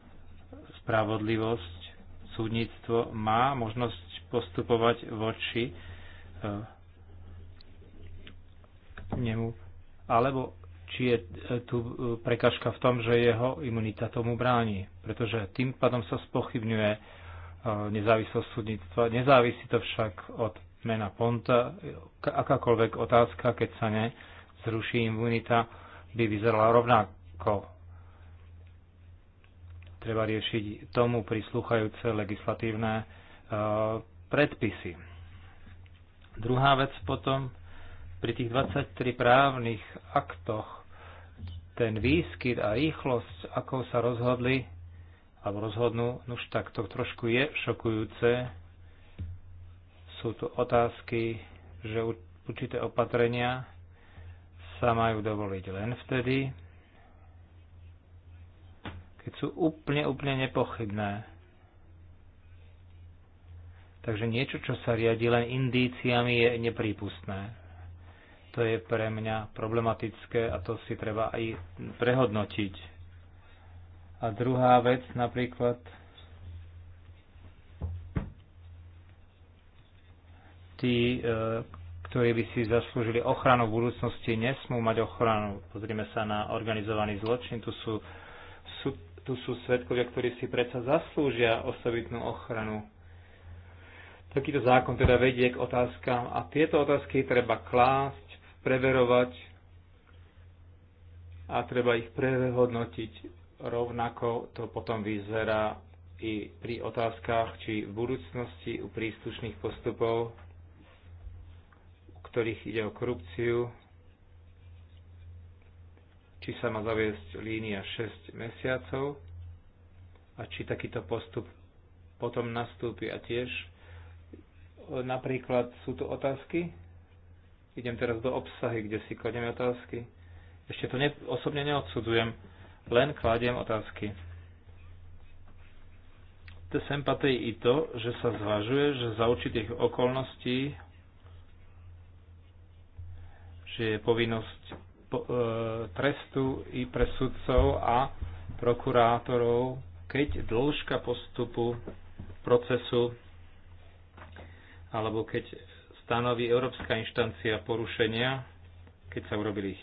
D: spravodlivosť, súdnictvo má možnosť postupovať voči eh, nemu, alebo či je e, tu e, prekažka v tom, že jeho imunita tomu bráni. Pretože tým pádom sa spochybňuje e, nezávislosť súdnictva. Nezávisí to však od mena Ponta. Akákoľvek otázka, keď sa ne zruší imunita, by vyzerala rovnako. Treba riešiť tomu prislúchajúce legislatívne predpisy. Druhá vec potom, pri tých 23 právnych aktoch ten výskyt a rýchlosť, ako sa rozhodli, alebo rozhodnú, už tak to trošku je šokujúce. Sú tu otázky, že určité opatrenia sa majú dovoliť len vtedy, keď sú úplne, úplne nepochybné. Takže niečo, čo sa riadi len indíciami, je neprípustné. To je pre mňa problematické a to si treba aj prehodnotiť. A druhá vec napríklad tí, e, ktorí by si zaslúžili ochranu v budúcnosti, nesmú mať ochranu. Pozrime sa na organizovaný zločin. Tu sú, sú, tu sú svetkovia, ktorí si predsa zaslúžia osobitnú ochranu. Takýto zákon teda vedie k otázkam a tieto otázky treba klásť preverovať a treba ich prehodnotiť. Rovnako to potom vyzerá i pri otázkach, či v budúcnosti u príslušných postupov, u ktorých ide o korupciu, či sa má zaviesť línia 6 mesiacov a či takýto postup potom nastúpi a tiež napríklad sú tu otázky, Idem teraz do obsahy, kde si kladiem otázky. Ešte to ne, osobne neodsudzujem, len kladiem otázky. To sem patrí i to, že sa zvažuje, že za určitých okolností že je povinnosť po, e, trestu i pre sudcov a prokurátorov, keď dĺžka postupu procesu alebo keď stanoví Európska inštancia porušenia, keď sa urobili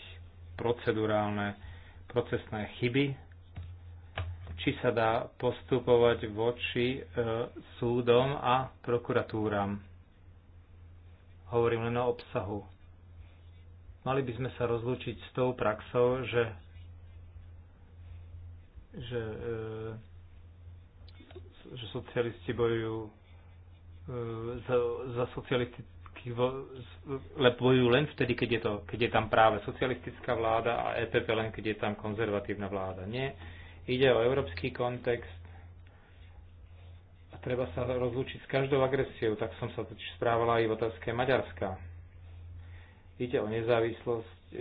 D: procedurálne procesné chyby, či sa dá postupovať voči e, súdom a prokuratúram. Hovorím len o obsahu. Mali by sme sa rozlúčiť s tou praxou, že, že, e, že socialisti bojujú e, za, za socialistické lepujú len vtedy, keď je, to, keď je tam práve socialistická vláda a EPP len, keď je tam konzervatívna vláda. Nie, ide o európsky kontext a treba sa rozlúčiť s každou agresiou, tak som sa totiž správala aj v otázke Maďarska. Ide o nezávislosť e,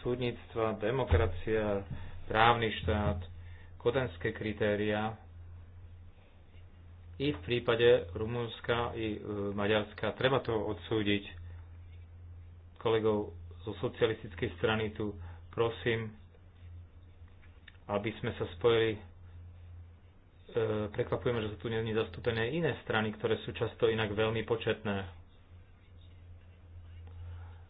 D: súdnictva, demokracia, právny štát, kodenské kritéria, i v prípade Rumunska i e, Maďarska treba to odsúdiť. Kolegov zo socialistickej strany tu prosím, aby sme sa spojili. E, prekvapujeme, že sú tu není zastúpené iné strany, ktoré sú často inak veľmi početné.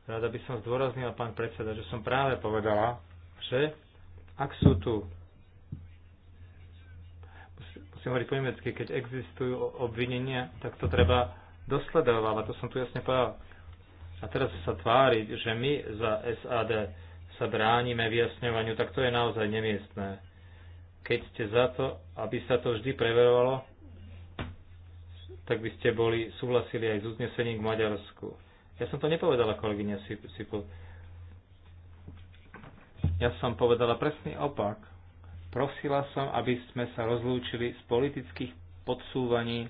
D: Rada by som zdôraznila, pán predseda, že som práve povedala, že ak sú tu si hovorí po nemecky, keď existujú obvinenia, tak to treba dosledovať, to som tu jasne povedal. A teraz sa tváriť, že my za SAD sa bránime vyjasňovaniu, tak to je naozaj nemiestné. Keď ste za to, aby sa to vždy preverovalo, tak by ste boli, súhlasili aj s uznesením k Maďarsku. Ja som to nepovedala, kolegyňa Sipl. Ja som povedala presný opak Prosila som, aby sme sa rozlúčili z politických podsúvaní,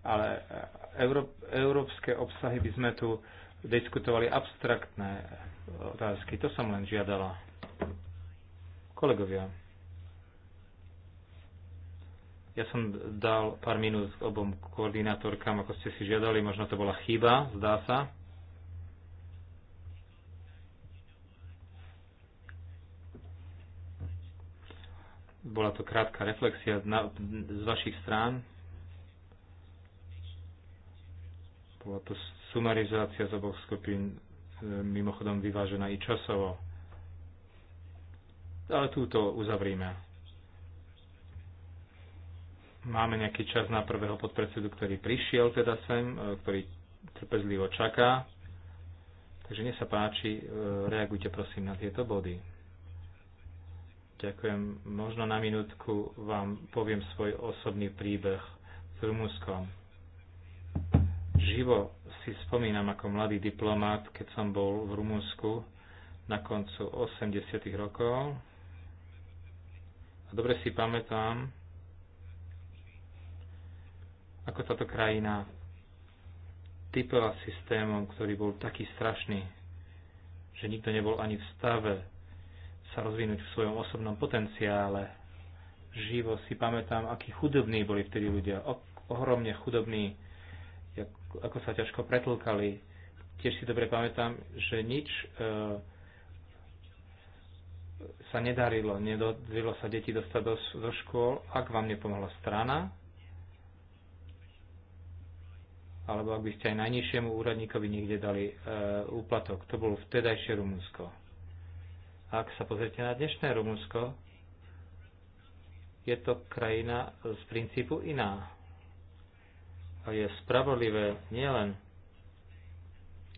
D: ale eh, európske obsahy by sme tu diskutovali abstraktné eh, otázky. To som len žiadala. Kolegovia, ja som dal pár minút obom koordinátorkám, ako ste si žiadali, možno to bola chyba, zdá sa. Bola to krátka reflexia z vašich strán. Bola to sumarizácia z oboch skupín, e, mimochodom vyvážená i časovo. Ale túto uzavrieme. Máme nejaký čas na prvého podpredsedu, ktorý prišiel teda sem, e, ktorý trpezlivo čaká. Takže nech sa páči, e, reagujte prosím na tieto body. Ďakujem. Možno na minútku vám poviem svoj osobný príbeh s Rumúskom. Živo si spomínam ako mladý diplomát, keď som bol v Rumúnsku na koncu 80. rokov. A dobre si pamätám, ako táto krajina typela systémom, ktorý bol taký strašný, že nikto nebol ani v stave sa rozvinúť v svojom osobnom potenciále. Živo si pamätám, akí chudobní boli vtedy ľudia, ohromne chudobní, ako sa ťažko pretlkali. Tiež si dobre pamätám, že nič e, sa nedarilo, nedarilo sa deti dostať do, do škôl, ak vám nepomohla strana, alebo ak by ste aj najnižšiemu úradníkovi niekde dali e, úplatok. To bolo vtedajšie Rumunsko ak sa pozriete na dnešné Rumunsko, je to krajina z princípu iná. A je spravodlivé nielen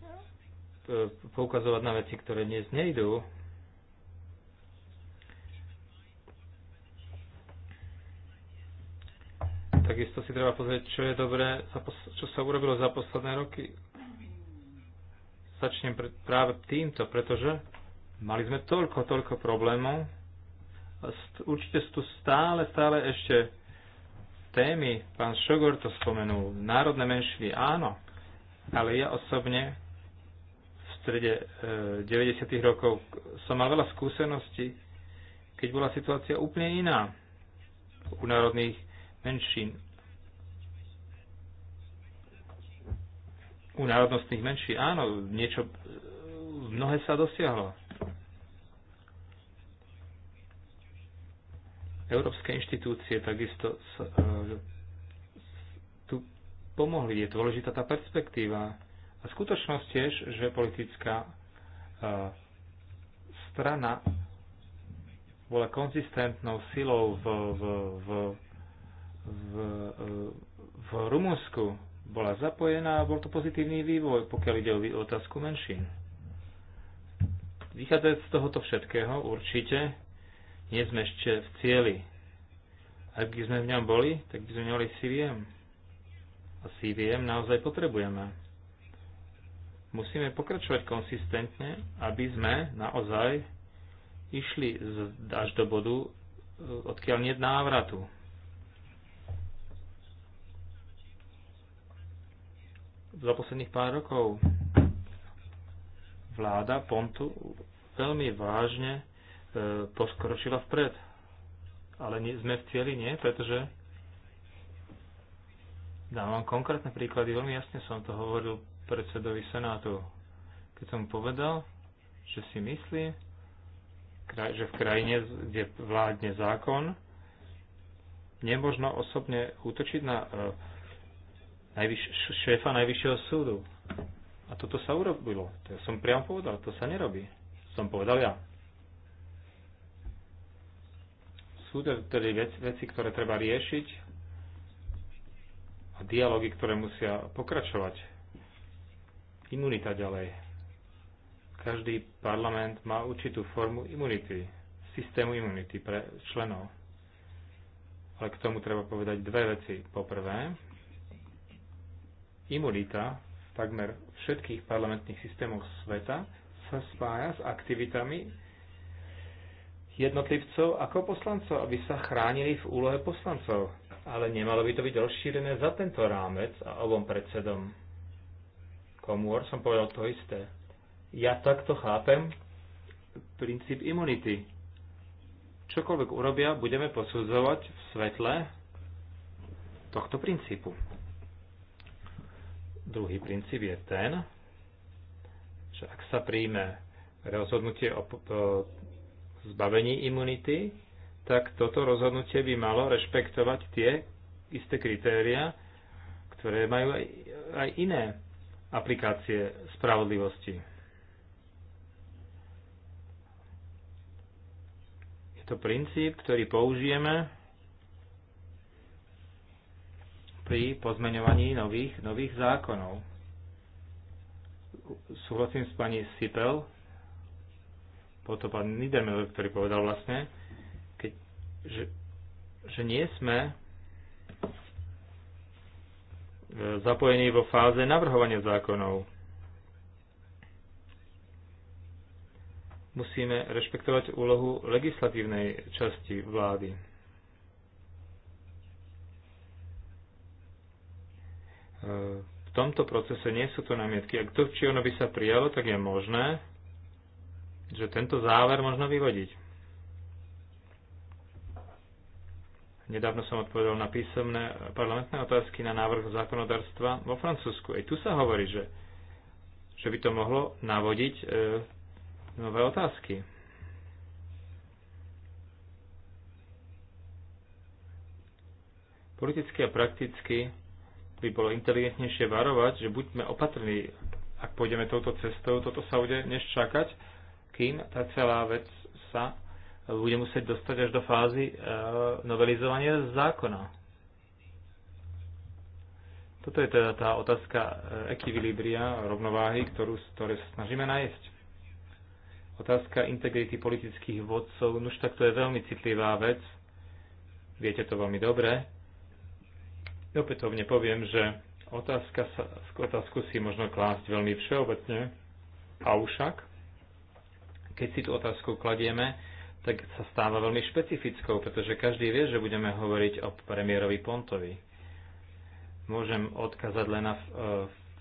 D: e, poukazovať na veci, ktoré dnes nejdú, takisto si treba pozrieť, čo je dobré, čo sa urobilo za posledné roky. Začnem pr- práve týmto, pretože Mali sme toľko, toľko problémov. Určite sú tu stále, stále ešte témy. Pán Šogor to spomenul. Národné menšiny, áno. Ale ja osobne v strede e, eh, 90. rokov som mal veľa skúseností, keď bola situácia úplne iná u národných menšín. U národnostných menší, áno, niečo, eh, mnohé sa dosiahlo Európske inštitúcie takisto s, e, tu pomohli. Je dôležitá tá perspektíva. A skutočnosť tiež, že politická e, strana bola konzistentnou silou v, v, v, v, e, v Rumunsku, bola zapojená a bol to pozitívny vývoj, pokiaľ ide o otázku menšín. Vychádzajúc z tohoto všetkého, určite nie sme ešte v cieli. Ak by sme v ňom boli, tak by sme mali CVM. A CVM naozaj potrebujeme. Musíme pokračovať konsistentne, aby sme naozaj išli až do bodu, e, odkiaľ nie návratu. Za posledných pár rokov vláda Pontu veľmi vážne poskročila e, vpred. Ale nie, sme v cieli, nie, pretože dám vám konkrétne príklady, veľmi jasne som to hovoril predsedovi Senátu, keď som povedal, že si myslí, že v krajine, kde vládne zákon, nemožno osobne útočiť na e, najvyš- šéfa Najvyššieho súdu. A toto sa urobilo. To ja som priam povedal, to sa nerobí. Som povedal ja. Sú to tedy veci, veci, ktoré treba riešiť a dialógy, ktoré musia pokračovať. Imunita ďalej. Každý parlament má určitú formu imunity, systému imunity pre členov. Ale k tomu treba povedať dve veci. Poprvé, imunita v takmer všetkých parlamentných systémoch sveta sa spája s aktivitami jednotlivcov ako poslancov, aby sa chránili v úlohe poslancov. Ale nemalo by to byť rozšírené za tento rámec a obom predsedom. Komôr som povedal to isté. Ja takto chápem princíp imunity. Čokoľvek urobia, budeme posudzovať v svetle tohto princípu. Druhý princíp je ten, že ak sa príjme rozhodnutie o zbavení imunity, tak toto rozhodnutie by malo rešpektovať tie isté kritéria, ktoré majú aj, aj iné aplikácie spravodlivosti. Je to princíp, ktorý použijeme pri pozmeňovaní nových, nových zákonov. Súhlasím s pani Sipel, bol to pán Niedermüller, ktorý povedal vlastne, keď, že, že nie sme e, zapojení vo fáze navrhovania zákonov. Musíme rešpektovať úlohu legislatívnej časti vlády. E, v tomto procese nie sú to námietky. Ak to či ono by sa prijalo, tak je možné, že tento záver možno vyvodiť. Nedávno som odpovedal na písomné parlamentné otázky na návrh zákonodárstva vo Francúzsku. Aj tu sa hovorí, že, že by to mohlo navodiť e, nové otázky. Politicky a prakticky by bolo inteligentnejšie varovať, že buďme opatrní, ak pôjdeme touto cestou, toto sa bude než čakať, kým tá celá vec sa bude musieť dostať až do fázy e, novelizovania zákona. Toto je teda tá otázka e, ekvilibria, rovnováhy, ktorú, ktoré sa snažíme nájsť. Otázka integrity politických vodcov, nuž tak to je veľmi citlivá vec. Viete to veľmi dobre. Opätovne poviem, že otázka sa, otázku si možno klásť veľmi všeobecne. A ušak, keď si tú otázku kladieme, tak sa stáva veľmi špecifickou, pretože každý vie, že budeme hovoriť o premiérovi Pontovi. Môžem odkázať len na e,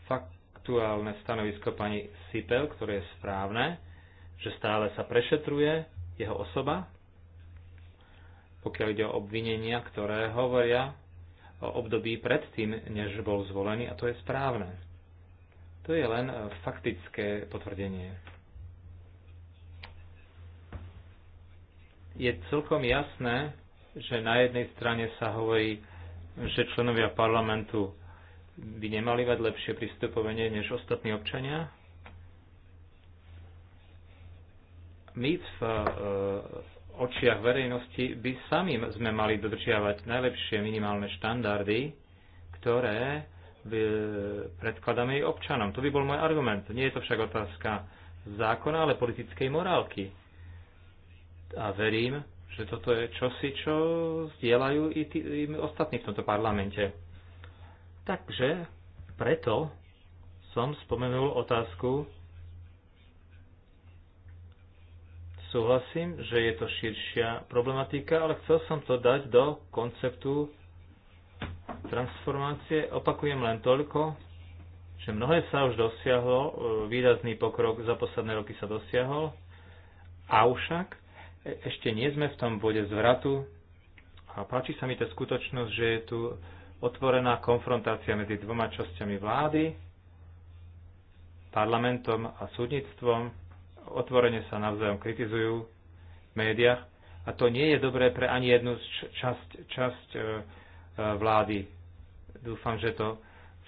D: faktuálne stanovisko pani Sipel, ktoré je správne, že stále sa prešetruje jeho osoba, pokiaľ ide o obvinenia, ktoré hovoria o období predtým, než bol zvolený, a to je správne. To je len e, faktické potvrdenie. je celkom jasné, že na jednej strane sa hovorí, že členovia parlamentu by nemali mať lepšie pristupovanie než ostatní občania. My v e, očiach verejnosti by sami sme mali dodržiavať najlepšie minimálne štandardy, ktoré e, predkladáme aj občanom. To by bol môj argument. Nie je to však otázka zákona, ale politickej morálky a verím, že toto je čosi, čo zdieľajú i tí i ostatní v tomto parlamente. Takže preto som spomenul otázku, súhlasím, že je to širšia problematika, ale chcel som to dať do konceptu transformácie. Opakujem len toľko, že mnohé sa už dosiahlo, e, výrazný pokrok za posledné roky sa dosiahol, avšak E, ešte nie sme v tom bode zvratu a páči sa mi tá skutočnosť, že je tu otvorená konfrontácia medzi dvoma časťami vlády, parlamentom a súdnictvom, otvorene sa navzájom kritizujú v médiách a to nie je dobré pre ani jednu časť, časť e, e, vlády. Dúfam, že to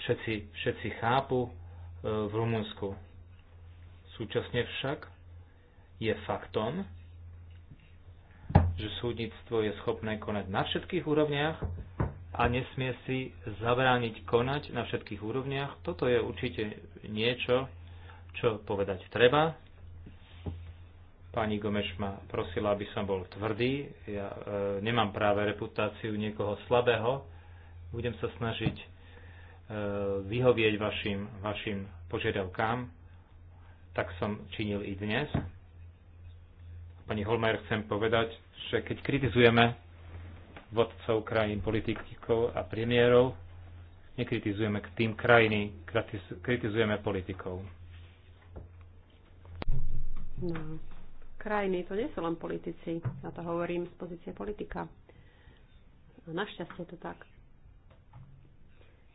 D: všetci, všetci chápu v Rumunsku. Súčasne však je faktom, že súdnictvo je schopné konať na všetkých úrovniach a nesmie si zabrániť konať na všetkých úrovniach. Toto je určite niečo, čo povedať treba. Pani Gomeš ma prosila, aby som bol tvrdý. Ja e, nemám práve reputáciu niekoho slabého. Budem sa snažiť e, vyhovieť vašim, vašim požiadavkám. Tak som činil i dnes. Pani Holmer, chcem povedať, že keď kritizujeme vodcov krajín, politikov a premiérov, nekritizujeme k tým krajiny, kritizujeme politikov.
A: No, krajiny to nie sú len politici, ja to hovorím z pozície politika. A našťastie to tak.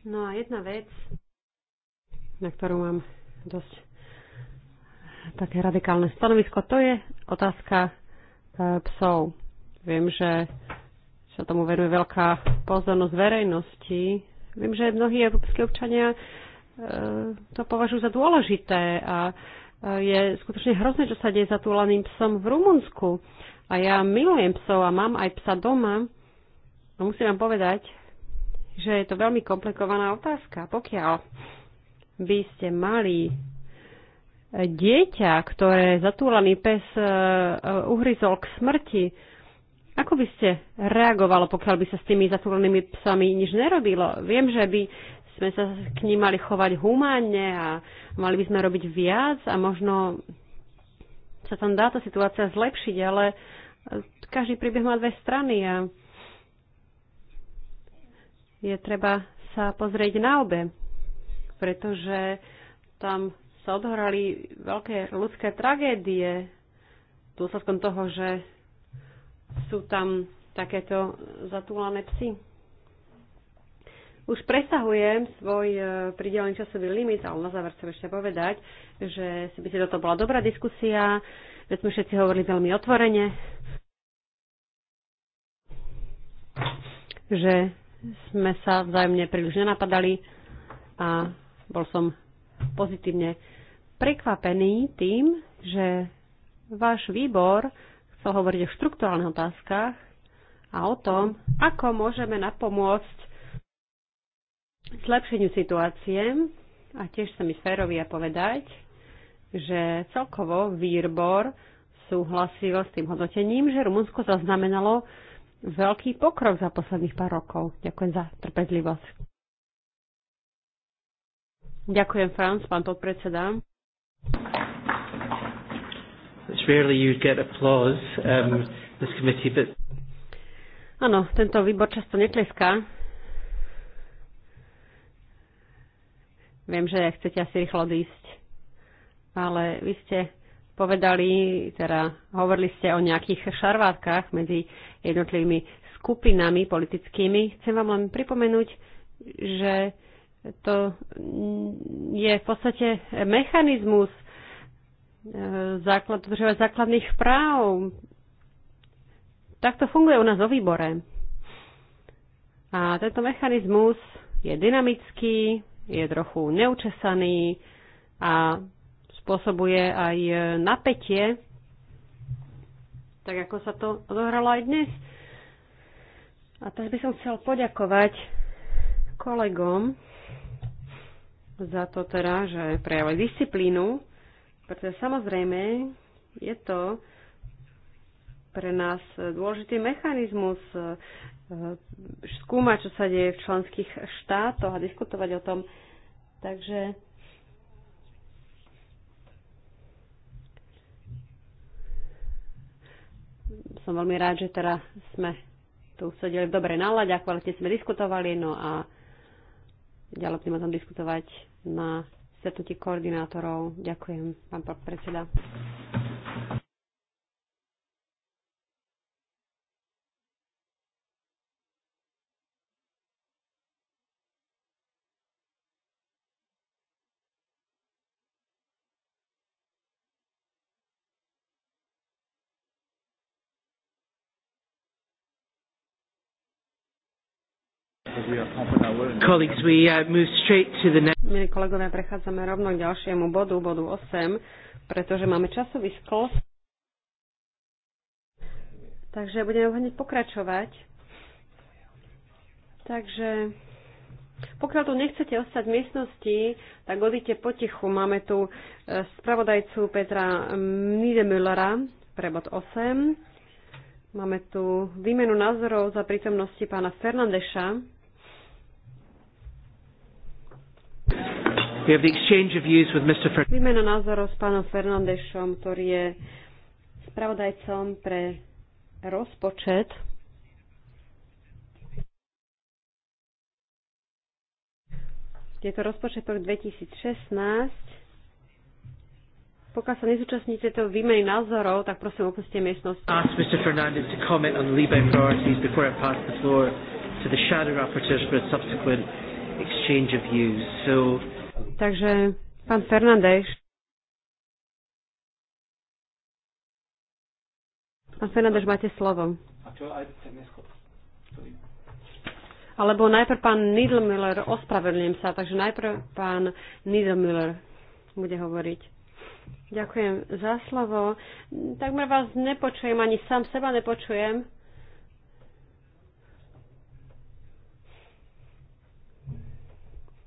A: No a jedna vec, na ktorú mám dosť také radikálne stanovisko, to je otázka E, psov. Viem, že sa tomu venuje veľká pozornosť verejnosti. Viem, že mnohí európske občania e, to považujú za dôležité a e, je skutočne hrozné, čo sa deje za túlaným psom v Rumunsku. A ja milujem psov a mám aj psa doma. A musím vám povedať, že je to veľmi komplikovaná otázka. Pokiaľ by ste mali dieťa, ktoré zatúlaný pes e, e, uhryzol k smrti, ako by ste reagovalo, pokiaľ by sa s tými zatúlanými psami nič nerobilo? Viem, že by sme sa k ním mali chovať humánne a mali by sme robiť viac a možno sa tam dá tá situácia zlepšiť, ale každý príbeh má dve strany a je treba sa pozrieť na obe, pretože tam sa odhrali veľké ľudské tragédie dôsledkom toho, že sú tam takéto zatúlané psy. Už presahujem svoj e, pridelený časový limit, ale na záver chcem ešte povedať, že si myslím, že toto bola dobrá diskusia, že sme všetci hovorili veľmi otvorene, že sme sa vzájomne príliš nenapadali a bol som pozitívne prekvapený tým, že váš výbor chcel hovoriť o štruktúrálnych otázkach a o tom, ako môžeme napomôcť zlepšeniu situácie. A tiež sa mi férovi a povedať, že celkovo výbor súhlasil s tým hodnotením, že Rumunsko zaznamenalo veľký pokrok za posledných pár rokov. Ďakujem za trpezlivosť. Ďakujem, Franz, pán podpredseda.
B: Um,
A: Áno, tento výbor často netleská. Viem, že chcete asi rýchlo odísť, ale vy ste povedali, teda hovorili ste o nejakých šarvátkach medzi jednotlivými skupinami politickými. Chcem vám len pripomenúť, že to je v podstate mechanizmus e, základ, základných práv. Tak to funguje u nás vo výbore. A tento mechanizmus je dynamický, je trochu neučesaný a spôsobuje aj napätie, tak ako sa to odohralo aj dnes. A teraz by som chcel poďakovať kolegom, za to teda, že prejavuje disciplínu, pretože samozrejme je to pre nás dôležitý mechanizmus e, skúmať, čo sa deje v členských štátoch a diskutovať o tom. Takže som veľmi rád, že teraz sme tu sedeli v dobrej nálade a kvalitne sme diskutovali, no a ďalej budeme tam diskutovať na stretnutí koordinátorov. Ďakujem, pán predseda.
B: Colleagues, we uh, move straight to the next.
A: Milí kolegovia, prechádzame rovno k ďalšiemu bodu, bodu 8, pretože máme časový sklos. Takže budeme hneď pokračovať. Takže pokiaľ tu nechcete ostať v miestnosti, tak odíte potichu. Máme tu e, spravodajcu Petra Niedemüllera pre bod 8. Máme tu výmenu názorov za prítomnosti pána Fernandeša,
B: We have the exchange of views with Mr. Fer-
A: s pánom Fernandešom, ktorý je spravodajcom pre rozpočet. Je to rozpočet 2016. Pokiaľ sa nezúčastníte to výmeny názorov, tak prosím opuste miestnosť. Ask Mr.
B: Fernandez to comment on priorities before I pass the floor to the shadow rapporteurs for a subsequent exchange of views. So
A: Takže pán Fernández. Pán Fernández, máte slovo. Alebo najprv pán Nidlmiller ospravedlňujem sa, takže najprv pán Nidlmiller bude hovoriť. Ďakujem za slovo. Takmer vás nepočujem, ani sám seba nepočujem.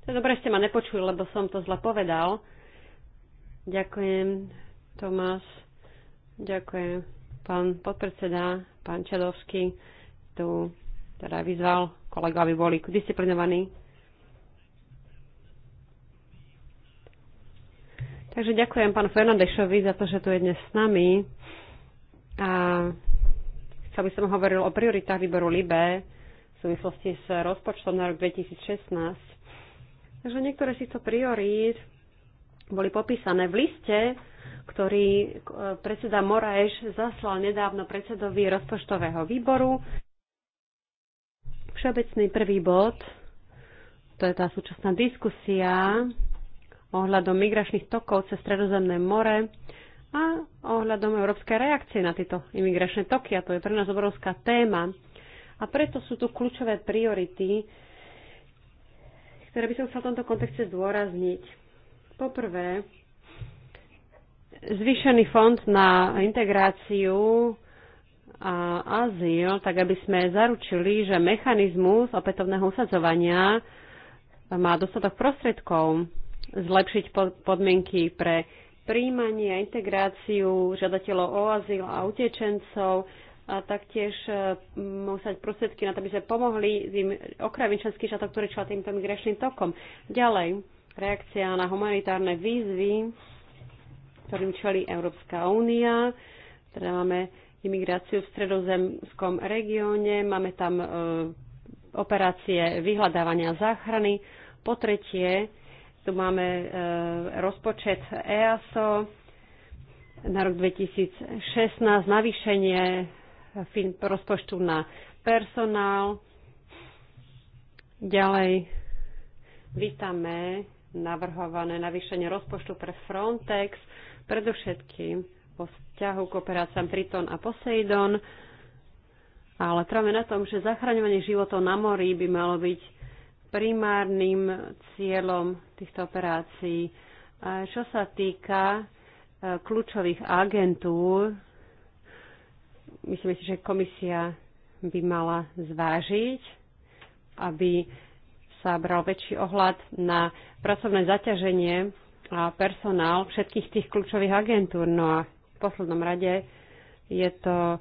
A: To je dobre, ste ma nepočuli, lebo som to zle povedal. Ďakujem, Tomáš. Ďakujem, pán podpredseda, pán Čadovský. Tu teda vyzval kolegu, aby boli disciplinovaní. Takže ďakujem pán Fernandešovi za to, že tu je dnes s nami. A chcel by som hovoril o prioritách výboru LIBE v súvislosti s rozpočtom na rok 2016 Takže niektoré z týchto priorít boli popísané v liste, ktorý eh, predseda Moraeš zaslal nedávno predsedovi rozpočtového výboru. Všeobecný prvý bod, to je tá súčasná diskusia ohľadom migračných tokov cez Stredozemné more a ohľadom európskej reakcie na tieto imigračné toky. A to je pre nás obrovská téma. A preto sú tu kľúčové priority, ktoré by som chcel v tomto kontexte zdôrazniť. Poprvé, zvýšený fond na integráciu a azyl, tak aby sme zaručili, že mechanizmus opätovného usadzovania má dostatok prostriedkov zlepšiť podmienky pre príjmanie a integráciu žiadateľov o azyl a utečencov, a taktiež e, musieť prostriedky na to, aby sme pomohli tým okrajovým členským štátom, ktoré čo týmto migračným tokom. Ďalej, reakcia na humanitárne výzvy, ktorým čelí Európska únia. Teda máme imigráciu v stredozemskom regióne, máme tam e, operácie vyhľadávania záchrany. Po tretie, tu máme e, rozpočet EASO na rok 2016, navýšenie rozpočtu na personál. Ďalej vítame navrhované navýšenie rozpočtu pre Frontex, predovšetkým vo vzťahu k operáciám Triton a Poseidon, ale trváme na tom, že zachraňovanie životov na mori by malo byť primárnym cieľom týchto operácií. čo sa týka e, kľúčových agentúr, Myslím si, že komisia by mala zvážiť, aby sa bral väčší ohľad na pracovné zaťaženie a personál všetkých tých kľúčových agentúr. No a v poslednom rade je to,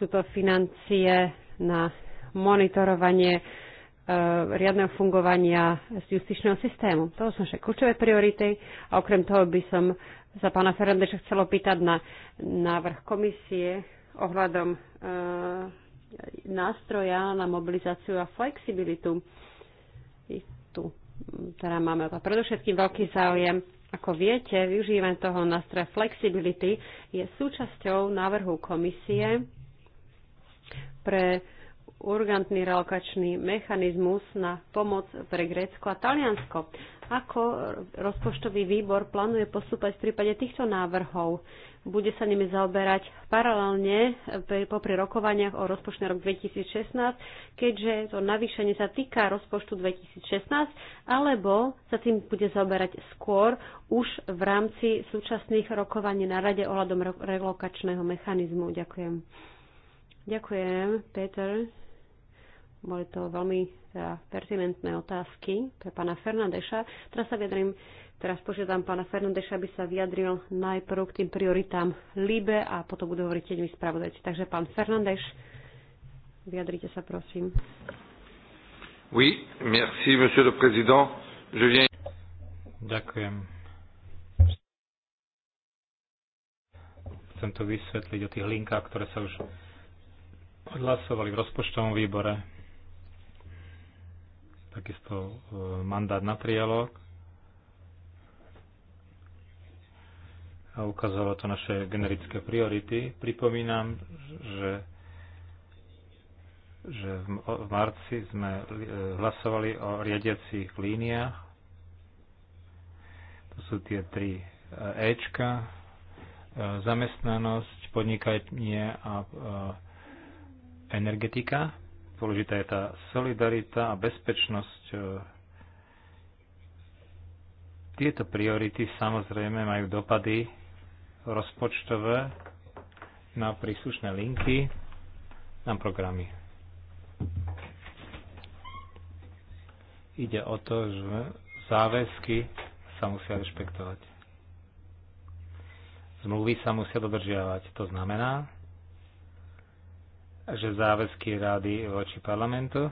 A: sú to financie na monitorovanie e, riadneho fungovania z justičného systému. To sú naše kľúčové priority a okrem toho by som sa pána Fernandeša chcelo pýtať na návrh komisie ohľadom eh, nástroja na mobilizáciu a flexibilitu. I tu mm, teda máme a predovšetkým veľký záujem. Ako viete, využívanie toho nástroja flexibility je súčasťou návrhu komisie pre urgentný relokačný mechanizmus na pomoc pre Grécko a Taliansko. Ako rozpočtový výbor plánuje postúpať v prípade týchto návrhov? Bude sa nimi zaoberať paralelne popri rokovaniach o rozpočte rok 2016, keďže to navýšenie sa týka rozpočtu 2016, alebo sa tým bude zaoberať skôr už v rámci súčasných rokovaní na Rade ohľadom relokačného mechanizmu. Ďakujem. Ďakujem, Peter. Boli to veľmi teda, pertinentné otázky pre pána Fernandeša. Teraz sa vyjadrím, teraz požiadam pána Fernandeša, aby sa vyjadril najprv k tým prioritám LIBE a potom budú hovoriť mi spravodajci. Takže pán Fernandeš, vyjadrite sa prosím.
D: Oui, merci, monsieur le président. Je viens... Ďakujem. chcem to vysvetliť o tých linkách, ktoré sa už odhlasovali v rozpočtovom výbore takisto e, mandát na trialog a ukázalo to naše generické priority. Pripomínam, že, že v marci sme e, hlasovali o riadiacich líniách. To sú tie tri e, Ečka, zamestnanosť, podnikanie a energetika Dôležitá je tá solidarita a bezpečnosť. E, tieto priority samozrejme majú dopady rozpočtové na príslušné linky, na programy. Ide o to, že záväzky sa musia rešpektovať. Zmluvy sa musia dodržiavať. To znamená, že záväzky rady voči parlamentu,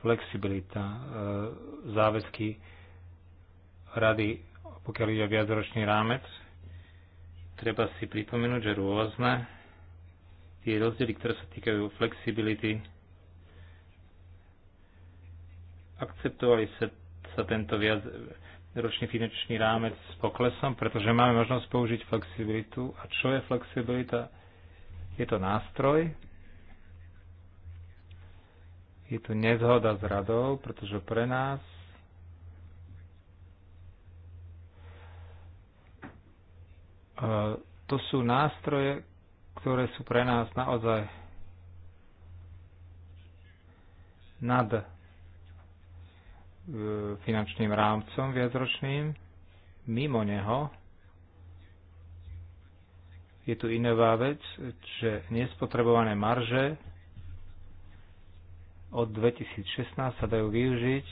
D: flexibilita, e, záväzky rady, pokiaľ ide o viacročný rámec, treba si pripomenúť, že rôzne tie rozdiely, ktoré sa týkajú flexibility, akceptovali sa, sa tento viac, ročný finančný rámec s poklesom, pretože máme možnosť použiť flexibilitu. A čo je flexibilita? Je to nástroj, je tu nezhoda s radou, pretože pre nás e, to sú nástroje, ktoré sú pre nás naozaj nad E, finančným rámcom viacročným. Mimo neho je tu iná vec, že nespotrebované marže od 2016 sa dajú využiť,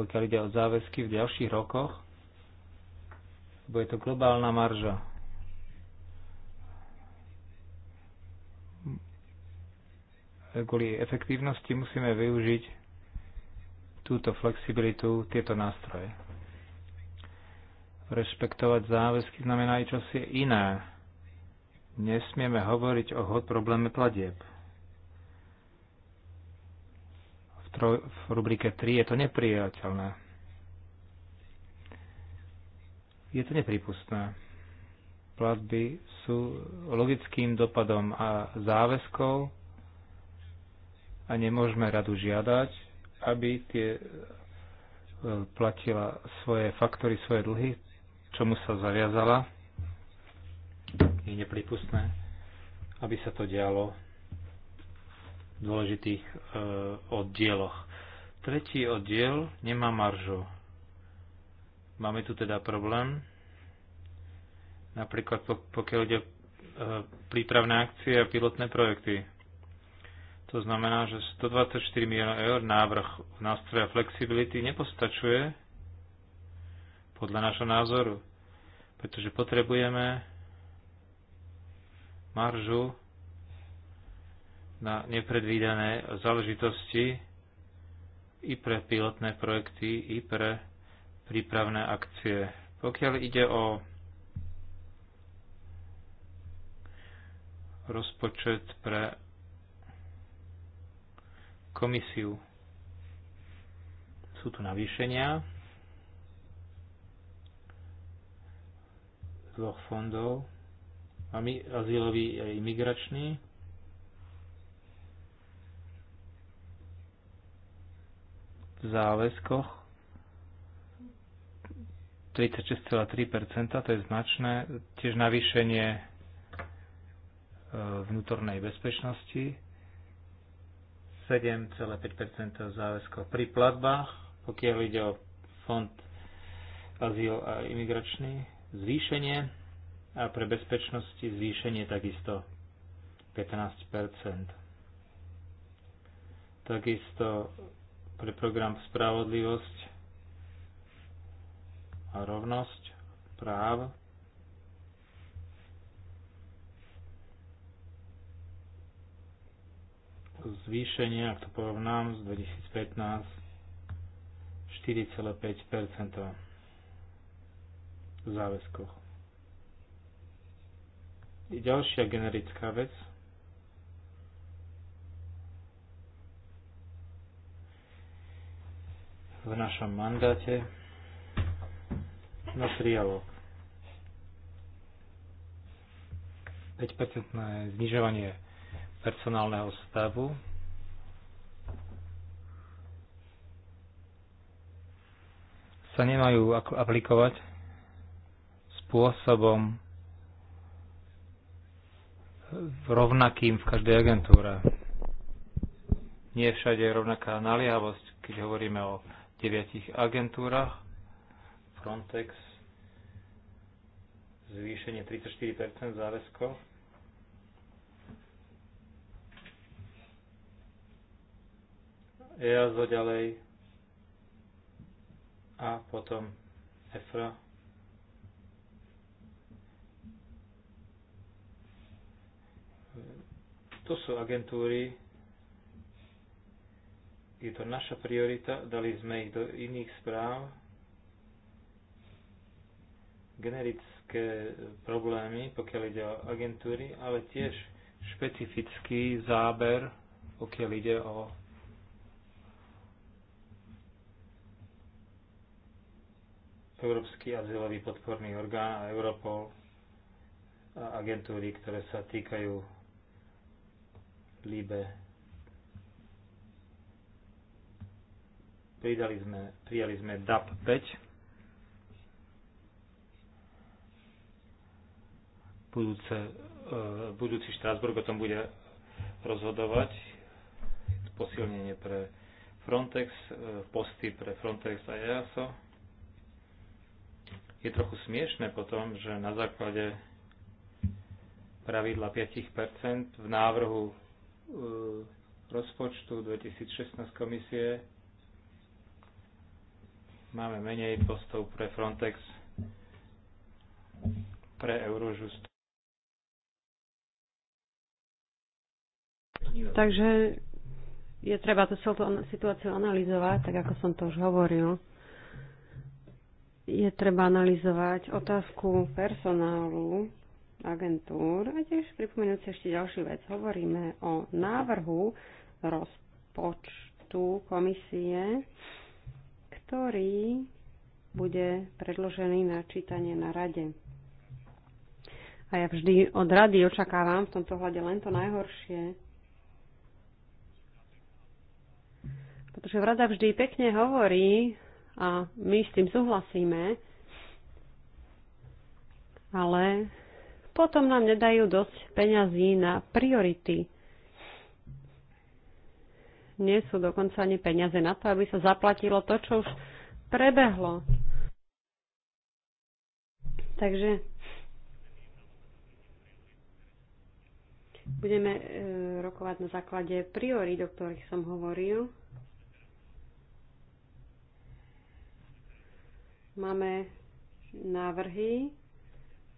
D: pokiaľ ide o záväzky v ďalších rokoch, lebo je to globálna marža. Kvôli efektívnosti musíme využiť túto flexibilitu, tieto nástroje. Rešpektovať záväzky znamená aj čosi iné. Nesmieme hovoriť o hod probléme platieb. V, troj, v rubrike 3 je to nepriateľné. Je to nepripustné. Platby sú logickým dopadom a záväzkou a nemôžeme radu žiadať, aby tie e, platila svoje faktory, svoje dlhy, čomu sa zaviazala. Je nepripustné, aby sa to dialo v dôležitých e, oddieloch. Tretí oddiel nemá maržu. Máme tu teda problém. Napríklad pokiaľ ide e, prípravné akcie a pilotné projekty to znamená, že 124 miliónov eur návrh nástroja flexibility nepostačuje podľa nášho názoru, pretože potrebujeme maržu na nepredvídané záležitosti i pre pilotné projekty, i pre prípravné akcie. Pokiaľ ide o rozpočet pre komisiu. Sú tu navýšenia dvoch fondov, azylový a imigračný. V záväzkoch 36,3%, to je značné, tiež navýšenie e, vnútornej bezpečnosti 7,5 záväzkov pri platbách, pokiaľ ide o fond azyl a imigračný, zvýšenie a pre bezpečnosti zvýšenie takisto 15 Takisto pre program Spravodlivosť a rovnosť práv zvýšenie, ak to porovnám, z 2015 4,5 v záväzkoch. I ďalšia generická vec. V našom mandáte na trialog. 5% znižovanie personálneho stavu. sa nemajú ako aplikovať spôsobom rovnakým v každej agentúre. Nie všade je rovnaká naliehavosť, keď hovoríme o deviatich agentúrach. Frontex zvýšenie 34% záväzkov EASO ďalej a potom EFRA. To sú agentúry, je to naša priorita, dali sme ich do iných správ. Generické problémy, pokiaľ ide o agentúry, ale tiež špecifický záber, pokiaľ ide o Európsky azylový podporný orgán a Europol a agentúry, ktoré sa týkajú Líbe. Pridali sme, prijali sme DAP 5. Budúce, e, budúci Štrásburg o tom bude rozhodovať. Posilnenie pre Frontex, e, posty pre Frontex a EASO je trochu smiešne potom, že na základe pravidla 5% v návrhu e, rozpočtu 2016 komisie máme menej postov pre Frontex, pre Eurožust.
A: Takže je treba tú situáciu analyzovať, tak ako som to už hovoril je treba analyzovať otázku personálu agentúr a tiež pripomenúť si ešte ďalšiu vec. Hovoríme o návrhu rozpočtu komisie, ktorý bude predložený na čítanie na rade. A ja vždy od rady očakávam v tomto hľade len to najhoršie. Pretože rada vždy pekne hovorí, a my s tým súhlasíme, ale potom nám nedajú dosť peňazí na priority. Nie sú dokonca ani peniaze na to, aby sa zaplatilo to, čo už prebehlo. Takže budeme e, rokovať na základe priory, o ktorých som hovoril. Máme návrhy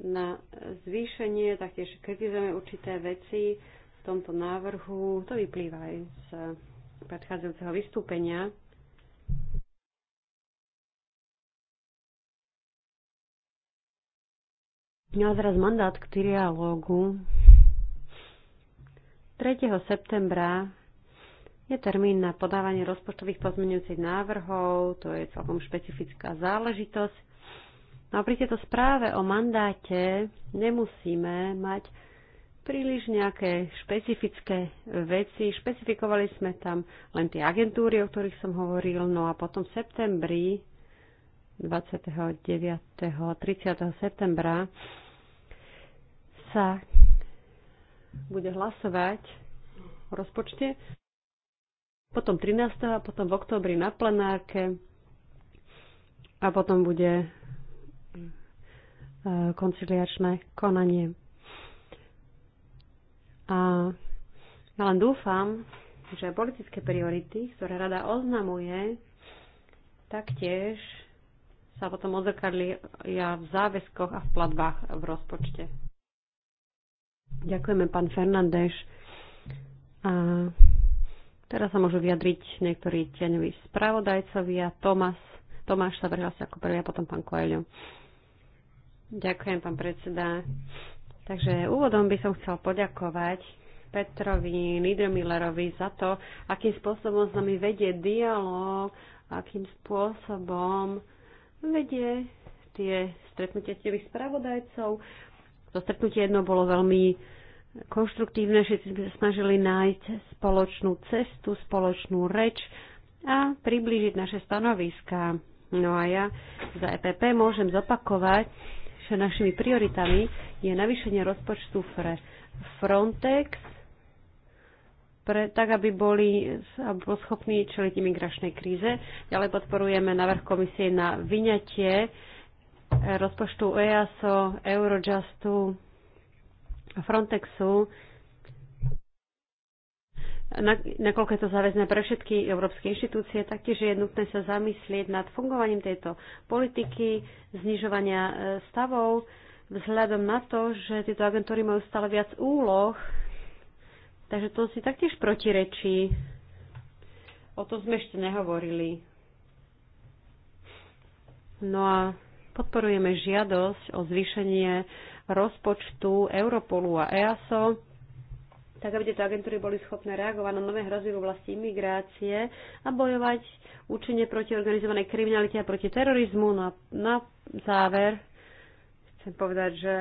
A: na zvýšenie, taktiež kritizujeme určité veci v tomto návrhu. To vyplýva aj z predchádzajúceho vystúpenia. Ja teraz mandát k triálogu. 3. septembra je termín na podávanie rozpočtových pozmeňujúcich návrhov, to je celkom špecifická záležitosť. No a pri tejto správe o mandáte nemusíme mať príliš nejaké špecifické veci. Špecifikovali sme tam len tie agentúry, o ktorých som hovoril, no a potom v septembri 29. 30. septembra sa bude hlasovať o rozpočte potom 13. a potom v októbri na plenárke a potom bude e, konciliačné konanie. A ja len dúfam, že politické priority, ktoré rada oznamuje, taktiež sa potom odzrkadli ja v záväzkoch a v platbách v rozpočte. Ďakujeme, pán Fernandeš. A Teraz sa môžu vyjadriť niektorí tieňoví spravodajcovia. Tomas, Tomáš sa prihlásil ako prvý a potom pán Koelio. Ďakujem, pán predseda. Takže úvodom by som chcel poďakovať Petrovi Niedermillerovi za to, akým spôsobom s nami vedie dialog, akým spôsobom vedie tie stretnutia tieňových spravodajcov. To stretnutie jedno bolo veľmi konštruktívne, všetci sme sa snažili nájsť spoločnú cestu, spoločnú reč a priblížiť naše stanoviská. No a ja za EPP môžem zopakovať, že našimi prioritami je navýšenie rozpočtu pre Frontex, pre, tak, aby boli, aby boli schopní čeliť imigračnej kríze. Ďalej podporujeme návrh komisie na vyňatie rozpočtu EASO, Eurojustu, Frontexu, nakoľko je to záväzné pre všetky európske inštitúcie, taktiež je nutné sa zamyslieť nad fungovaním tejto politiky, znižovania e, stavov, vzhľadom na to, že tieto agentúry majú stále viac úloh, takže to si taktiež protirečí. O tom sme ešte nehovorili. No a podporujeme žiadosť o zvýšenie rozpočtu Europolu a EASO, tak aby tieto agentúry boli schopné reagovať na nové hrozby v oblasti imigrácie a bojovať účinne proti organizovanej kriminalite a proti terorizmu. No a na záver chcem povedať, že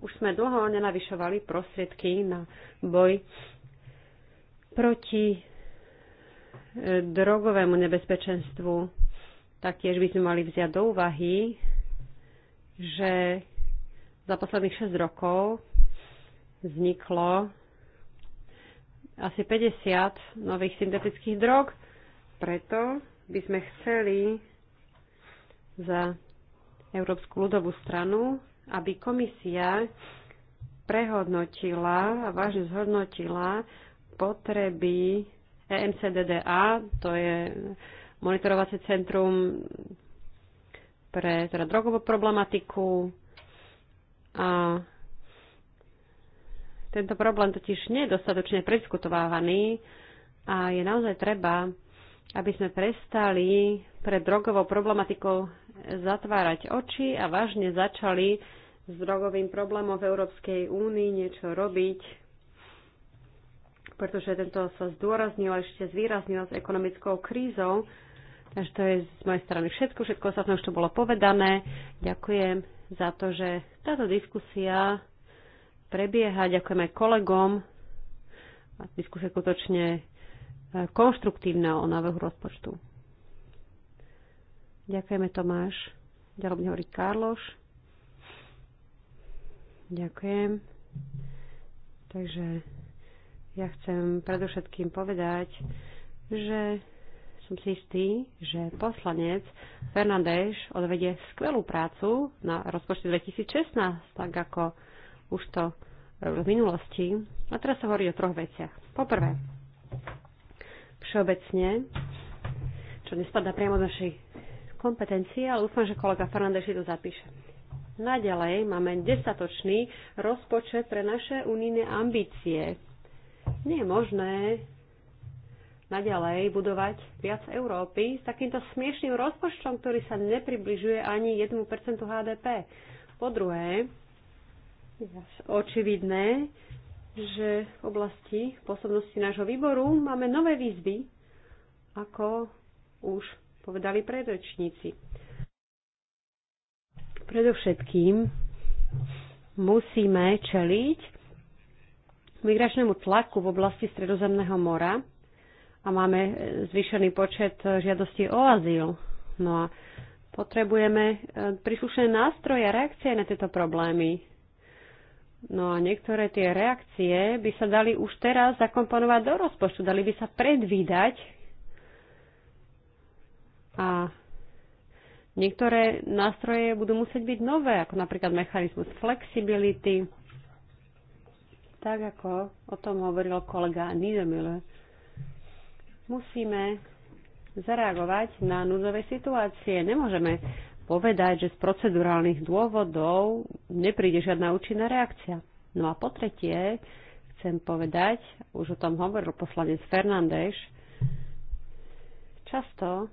A: už sme dlho nenavyšovali prostriedky na boj proti e, drogovému nebezpečenstvu. Taktiež by sme mali vziať do úvahy, že za posledných 6 rokov vzniklo asi 50 nových syntetických drog. Preto by sme chceli za Európsku ľudovú stranu, aby komisia prehodnotila a vážne zhodnotila potreby EMCDDA, to je monitorovacie centrum pre teda drogovú problematiku, a tento problém totiž nie je dostatočne preskutovávaný a je naozaj treba, aby sme prestali pred drogovou problematikou zatvárať oči a vážne začali s drogovým problémom v Európskej únii niečo robiť, pretože tento sa zdôraznil ešte zvýraznil s ekonomickou krízou. Takže to je z mojej strany všetko. Všetko sa už to bolo povedané. Ďakujem za to, že táto diskusia prebieha. Ďakujem aj kolegom. A diskusia je skutočne e, konštruktívna o návrhu rozpočtu. Ďakujeme Tomáš. Ďalej mi hovorí Karloš. Ďakujem. Takže ja chcem predovšetkým povedať, že som si istý, že poslanec Fernández odvedie skvelú prácu na rozpočte 2016, tak ako už to v minulosti. A teraz sa hovorí o troch veciach. Poprvé, všeobecne, čo nespadá priamo do našej kompetencie, ale dúfam, že kolega Fernández si to zapíše. Naďalej máme desatočný rozpočet pre naše unijné ambície. Nie je možné, naďalej budovať viac Európy s takýmto smiešným rozpočtom, ktorý sa nepribližuje ani 1% HDP. Po druhé, očividné, že v oblasti pôsobnosti nášho výboru máme nové výzvy, ako už povedali predrečníci. Predovšetkým musíme čeliť migračnému tlaku v oblasti Stredozemného mora, a máme e, zvýšený počet e, žiadostí o azyl. No a potrebujeme e, príslušné nástroje a reakcie na tieto problémy. No a niektoré tie reakcie by sa dali už teraz zakomponovať do rozpočtu, dali by sa predvídať a niektoré nástroje budú musieť byť nové, ako napríklad mechanizmus flexibility, tak ako o tom hovoril kolega Niedermüller. Musíme zareagovať na núdzové situácie. Nemôžeme povedať, že z procedurálnych dôvodov nepríde žiadna účinná reakcia. No a po tretie, chcem povedať, už o tom hovoril poslanec Fernández, často,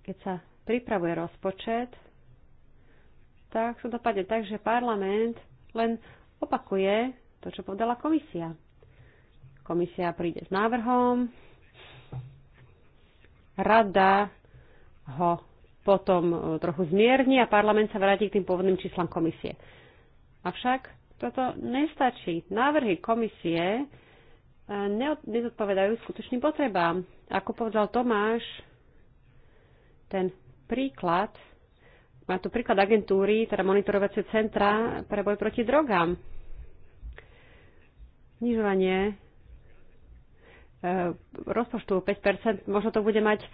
A: keď sa pripravuje rozpočet, tak sa dopadne tak, že parlament len opakuje to, čo povedala komisia. Komisia príde s návrhom, rada ho potom e, trochu zmierni a parlament sa vráti k tým pôvodným číslam komisie. Avšak toto nestačí. Návrhy komisie e, nezodpovedajú skutočným potrebám. Ako povedal Tomáš, ten príklad, má tu príklad agentúry, teda monitorovacie centra pre boj proti drogám. Znižovanie E, rozpočtu o 5%, možno to bude mať e,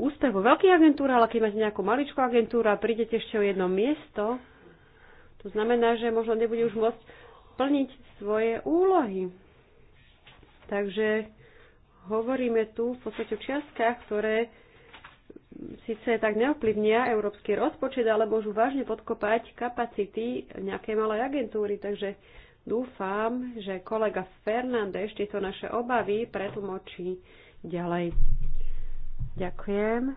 A: úspech vo veľkých agentúrach, ale keď máte nejakú maličkú agentúru a prídete ešte o jedno miesto, to znamená, že možno nebude už môcť plniť svoje úlohy. Takže hovoríme tu v podstate o čiastkách, ktoré síce tak neovplyvnia európsky rozpočet, ale môžu vážne podkopať kapacity nejakej malej agentúry. Takže Dúfam, že kolega Fernández tieto naše obavy pretlmočí ďalej. Ďakujem.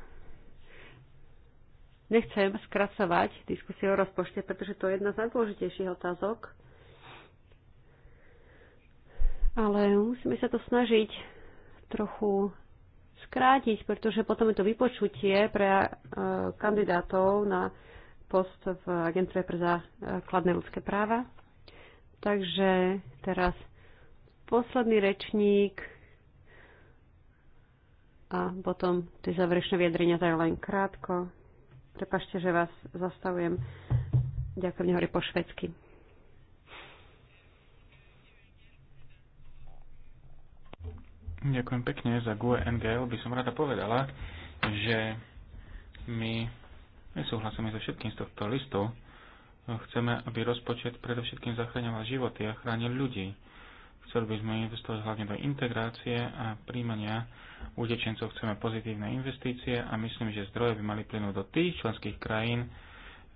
A: Nechcem skracovať diskusiu o rozpočte, pretože to je jedna z najdôležitejších otázok. Ale musíme sa to snažiť trochu skrátiť, pretože potom je to vypočutie pre e, kandidátov na post v agentúre pre základné ľudské práva. Takže teraz posledný rečník a potom tie záverečné vyjadrenia dajú len krátko. Prepašte, že vás zastavujem. Ďakujem, hovorí po švedsky.
C: Ďakujem pekne za GUE NGL. By som rada povedala, že my nesúhlasíme so všetkým z tohto listu, Chceme, aby rozpočet predovšetkým zachraňoval životy a chránil ľudí. Chceli by sme investovať hlavne do integrácie a príjmania utečencov. Chceme pozitívne investície a myslím, že zdroje by mali plynúť do tých členských krajín,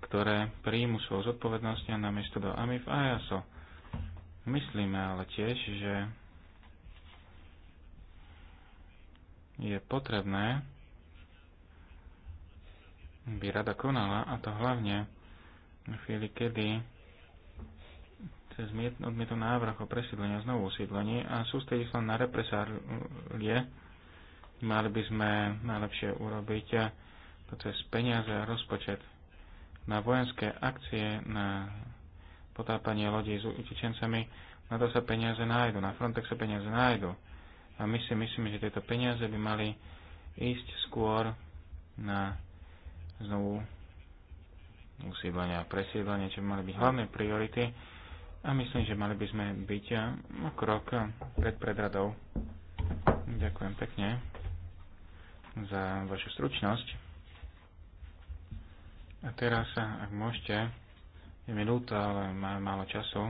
C: ktoré príjmu svoju zodpovednosť a namiesto do AMIF a EASO. Myslíme ale tiež, že je potrebné, by rada konala, a to hlavne na chvíli, kedy cez odmietol návrh o presídlenie a znovu usídlenie a sústredí sa na represálie, mali by sme najlepšie urobiť eh, to cez peniaze a rozpočet na vojenské akcie, na potápanie lodí s utečencami, na to sa peniaze nájdu, na Frontex sa peniaze nájdu. A my si myslíme, že tieto peniaze by mali ísť skôr na znovu usídlenia a presídlenia, čo by mali byť hlavné priority a myslím, že mali by sme byť eh, o no, krok pred predradou. Ďakujem pekne za vašu stručnosť. A teraz, eh, ak môžete, je mi ľúto, ale máme málo času.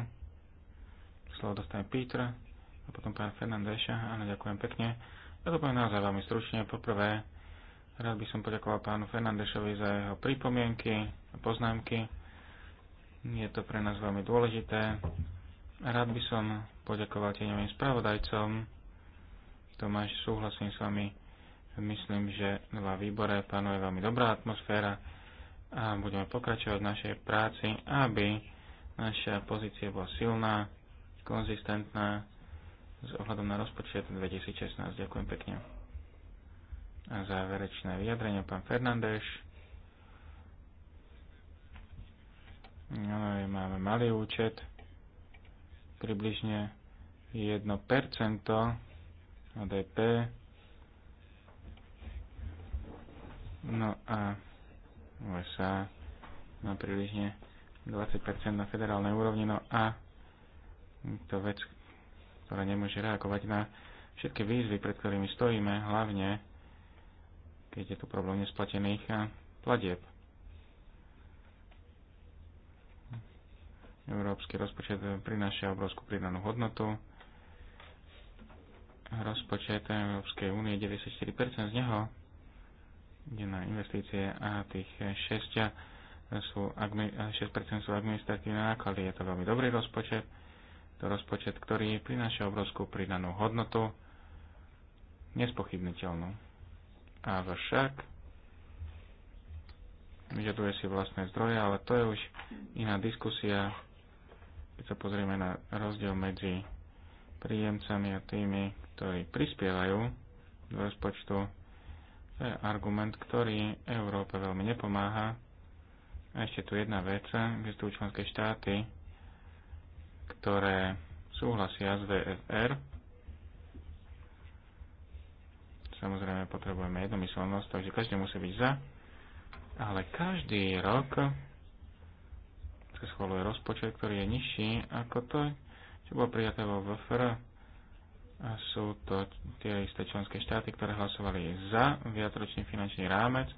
C: Slovo dostane Peter a potom pán Fernandeša. Áno, ďakujem pekne. Ja to poviem naozaj veľmi stručne. Poprvé, rád by som poďakoval pánu Fernandešovi za jeho pripomienky, poznámky. Je to pre nás veľmi dôležité. Rád by som poďakoval tieňovým spravodajcom. Tomáš, súhlasím s vami. Myslím, že na výbore panuje veľmi dobrá atmosféra a budeme pokračovať v našej práci, aby naša pozícia bola silná, konzistentná s ohľadom na rozpočet 2016. Ďakujem pekne. A záverečné vyjadrenie pán Fernández. máme malý účet, približne 1% ADP No a USA má no približne 20% na federálnej úrovni, no a to vec, ktorá nemôže reagovať na všetky výzvy, pred ktorými stojíme, hlavne keď je tu problém nesplatených a platieb. Európsky rozpočet prináša obrovskú pridanú hodnotu. Rozpočet Európskej únie 94% z neho ide na investície a tých 6, sú, 6% sú administratívne náklady. Je to veľmi dobrý rozpočet. To rozpočet, ktorý prináša obrovskú pridanú hodnotu, nespochybniteľnú. A však vyžaduje si vlastné zdroje, ale to je už iná diskusia, keď sa pozrieme na rozdiel medzi príjemcami a tými, ktorí prispievajú do rozpočtu, to je argument, ktorý Európe veľmi nepomáha. A ešte tu jedna vec, existujú členské štáty, ktoré súhlasia s VFR. Samozrejme potrebujeme jednomyselnosť, takže každý musí byť za. Ale každý rok Slovensko schvaluje rozpočet, ktorý je nižší ako to, čo bolo prijaté vo VFR. A sú to tie isté členské štáty, ktoré hlasovali za viacročný finančný rámec,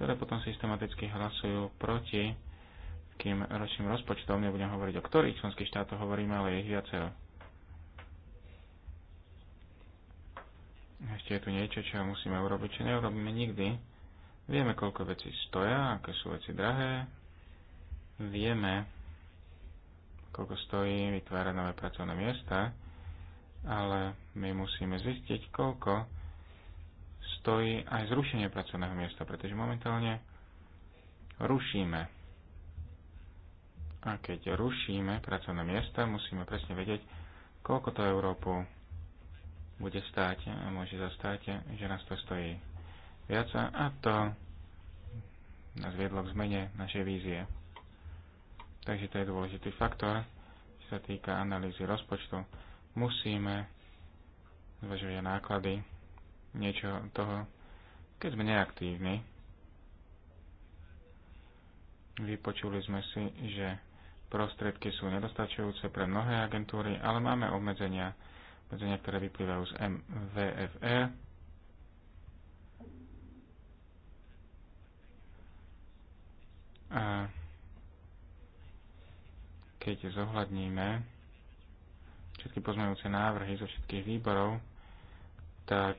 C: ktoré potom systematicky hlasujú proti kým ročným rozpočtom. Nebudem hovoriť, o ktorých členských štátoch hovoríme, ale ich viacero. Ešte je tu niečo, čo musíme urobiť, čo neurobíme nikdy. Vieme, koľko veci stoja, aké sú veci drahé, Vieme, koľko stojí vytvárať nové pracovné miesta, ale my musíme zistiť, koľko stojí aj zrušenie pracovného miesta, pretože momentálne rušíme. A keď rušíme pracovné miesta, musíme presne vedieť, koľko to Európu bude stáť a môže zastáť, že nás to stojí viac a to nás viedlo k zmene našej vízie. Takže to je dôležitý faktor, čo sa týka analýzy rozpočtu. Musíme zvažovať náklady niečo toho, keď sme neaktívni. Vypočuli sme si, že prostriedky sú nedostačujúce pre mnohé agentúry, ale máme obmedzenia, obmedzenia, ktoré vyplývajú z MVFE. A keď zohľadníme všetky pozmeňujúce návrhy zo všetkých výborov, tak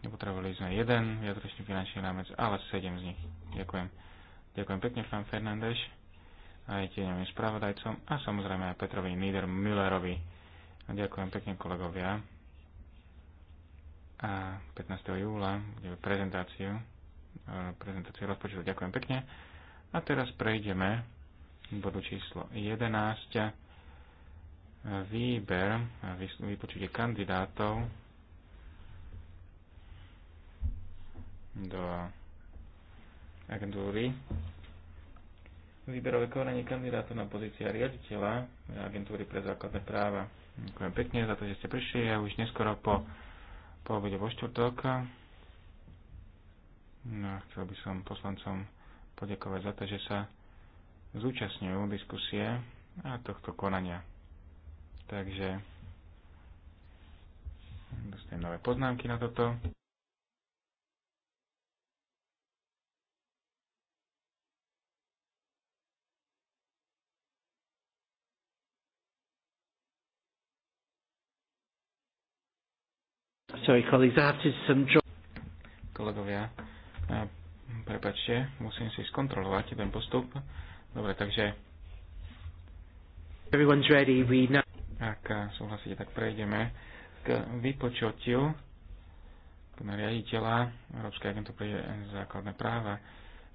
C: nepotrebovali sme jeden viacročný finančný rámec, ale sedem z nich. Ďakujem. Ďakujem pekne, pán Fernández, aj tieňovým spravodajcom a samozrejme aj Petrovi Nieder Müllerovi. Ďakujem pekne, kolegovia. A 15. júla bude prezentáciu, prezentáciu rozpočtu. Ďakujem pekne. A teraz prejdeme bodu číslo 11 výber a vypočutie kandidátov do agentúry výberové konanie kandidátov na pozícia riaditeľa agentúry pre základné práva. Ďakujem pekne za to, že ste prišli a už neskoro po, po vo štvrtok. No, chcel by som poslancom poďakovať za to, že sa zúčastňujú diskusie a tohto konania. Takže dostanem nové poznámky na toto. Sorry, colleagues, I have to some... Kolegovia, eh, prepačte, musím si skontrolovať ten postup. Dobre, takže... Everyone's ready, we know. Ak eh, súhlasíte, tak prejdeme k vypočotiu na riaditeľa Európskej agentúry pre základné práva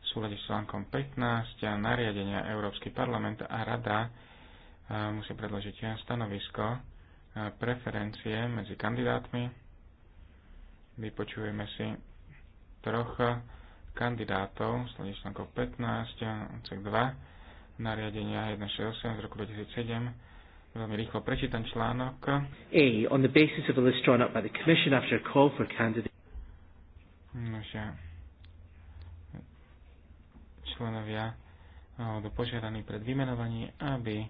C: v súlade s článkom 15 a nariadenia Európsky parlament a Rada eh, musí predložiť eh, stanovisko preferencie medzi kandidátmi. Vypočujeme si trochu kandidátov s článkom 15, odsek 2, nariadenia 168 z roku 2007. Veľmi rýchlo prečítam článok. A.
B: On the basis of a list drawn up by the Commission after a call for candidates.
C: Nože, členovia eh, do požiadaní pred vymenovaní, aby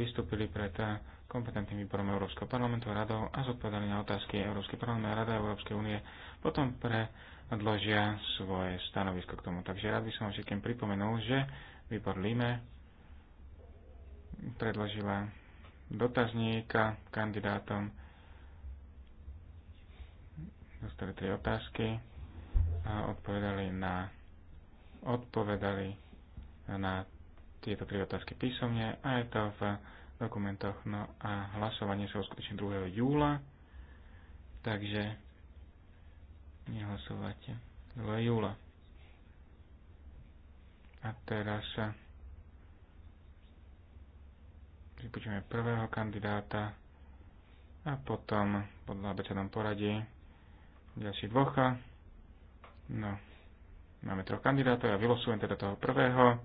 C: vystúpili pred eh, kompetentným výborom Európskeho parlamentu a radov a zodpovedali na otázky Európskej parlamentu a Rada Európskej únie, potom pre odložia svoje stanovisko k tomu. Takže rád by som všetkým pripomenul, že výbor Lime predložila dotazníka kandidátom. Dostali tri otázky a odpovedali na, odpovedali na tieto tri otázky písomne a je to v dokumentoch. No a hlasovanie sa uskutoční 2. júla. Takže nehlasovate. 2. júla. A teraz sa vypočujeme prvého kandidáta a potom podľa abecedom poradí ďalší dvocha. No, máme troch kandidátov, ja vylosujem teda toho prvého.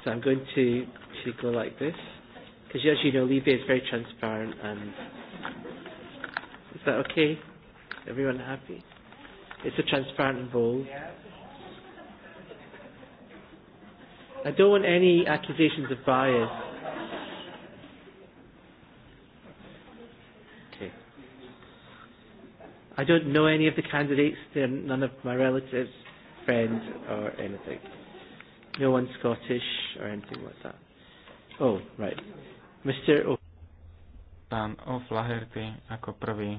C: So I'm going to,
B: to go like this, because as you know, Libya is very transparent and is that okay? Everyone happy? It's a transparent bowl. I don't want any accusations of bias. Okay. I don't know any of the candidates. They're none of my relatives, friends, or anything. No one Scottish or anything like that.
C: Oh, right. Mr. O. Pán O'Flaherty ako prvý.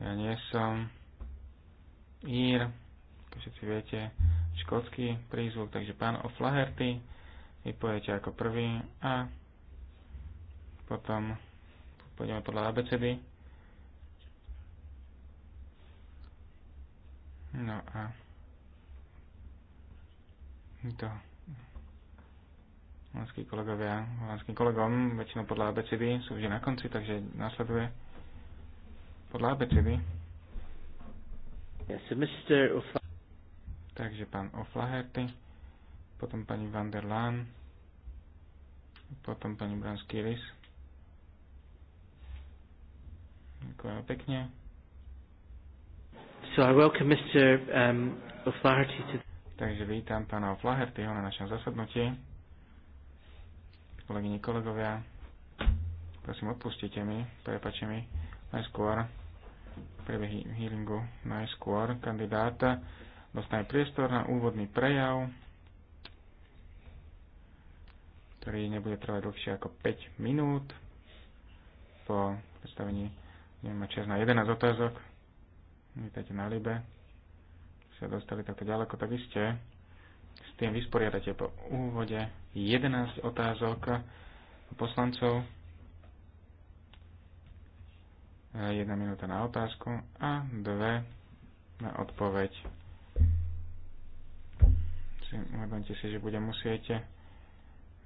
C: Ja nie som Ír, ako všetci viete, škótsky prízvuk, takže pán O'Flaherty vy poviete ako prvý a potom pôjdeme podľa ABCD. No a to holandskí kolegovia, holandským kolegom väčšinou podľa ABCD sú vždy na konci, takže nasleduje podľa ABCD. Yes, Takže pán O'Flaherty, potom pani van der Laan, potom pani Bransky Rys. Ďakujem pekne. So I welcome Mr. Um, O'Flaherty to... Takže vítam pána O'Flahertyho na našom zasadnutí. Kolegyne, kolegovia, prosím odpustite mi, prepačte mi, najskôr priebehy hearingu najskôr kandidáta dostane priestor na úvodný prejav, ktorý nebude trvať dlhšie ako 5 minút. Po predstavení budeme mať čas na 11 otázok. Vítajte na Libe. Sa dostali takto ďaleko, tak iste s tým vysporiadate po úvode 11 otázok poslancov jedna minúta na otázku a dve na odpoveď. Uvedomte si, že budem musieť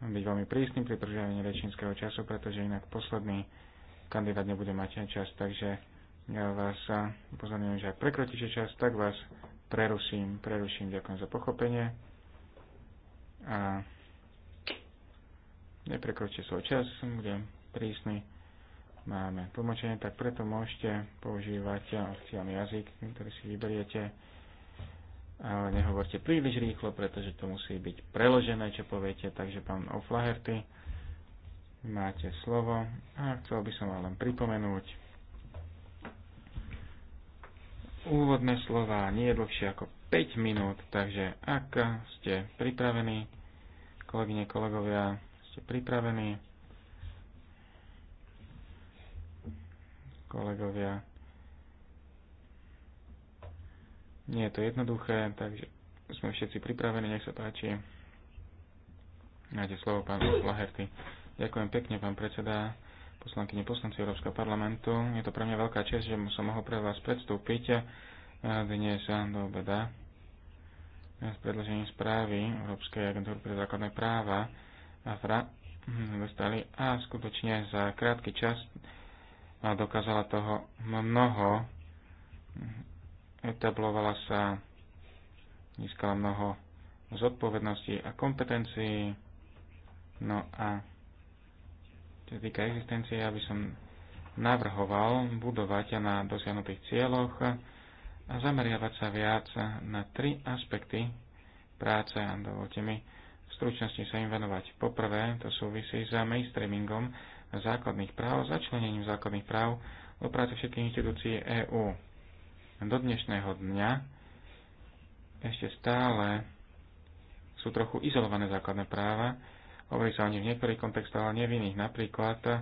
C: byť veľmi prísny pri držiavení rečníckého času, pretože inak posledný kandidát nebude mať čas, takže ja vás upozorňujem, že ak prekrotíte čas, tak vás preruším. Preruším, ďakujem za pochopenie a neprekročte svoj čas, budem prísny máme tlmočenie, tak preto môžete používať oficiálny jazyk, ktorý si vyberiete, ale nehovorte príliš rýchlo, pretože to musí byť preložené, čo poviete. Takže pán O'Flaherty, máte slovo a chcel by som vám len pripomenúť úvodné slova nie je dlhšie ako 5 minút, takže ak ste pripravení, kolegyne, kolegovia, ste pripravení, kolegovia. Nie je to jednoduché, takže sme všetci pripravení, nech sa páči. Máte slovo, pán Laherty. Ďakujem pekne, pán predseda, poslankyne poslanci Európskeho parlamentu. Je to pre mňa veľká čest, že som mohol pre vás predstúpiť eh, dnes do obeda s predložením správy Európskej agentúry pre základné práva a FRA hm, dostali a skutočne za krátky čas a dokázala toho mnoho. Etablovala sa, získala mnoho zodpovedností a kompetencií. No a čo týka existencie, ja by som navrhoval budovať na dosiahnutých cieľoch a zameriavať sa viac na tri aspekty práce a dovolte mi v stručnosti sa im venovať. Poprvé, to súvisí s mainstreamingom základných práv, začlenením základných práv do práce všetkých inštitúcií EÚ. Do dnešného dňa ešte stále sú trochu izolované základné práva, hovorí sa o nich v niektorých kontextoch, ale nie v iných. Napríklad e,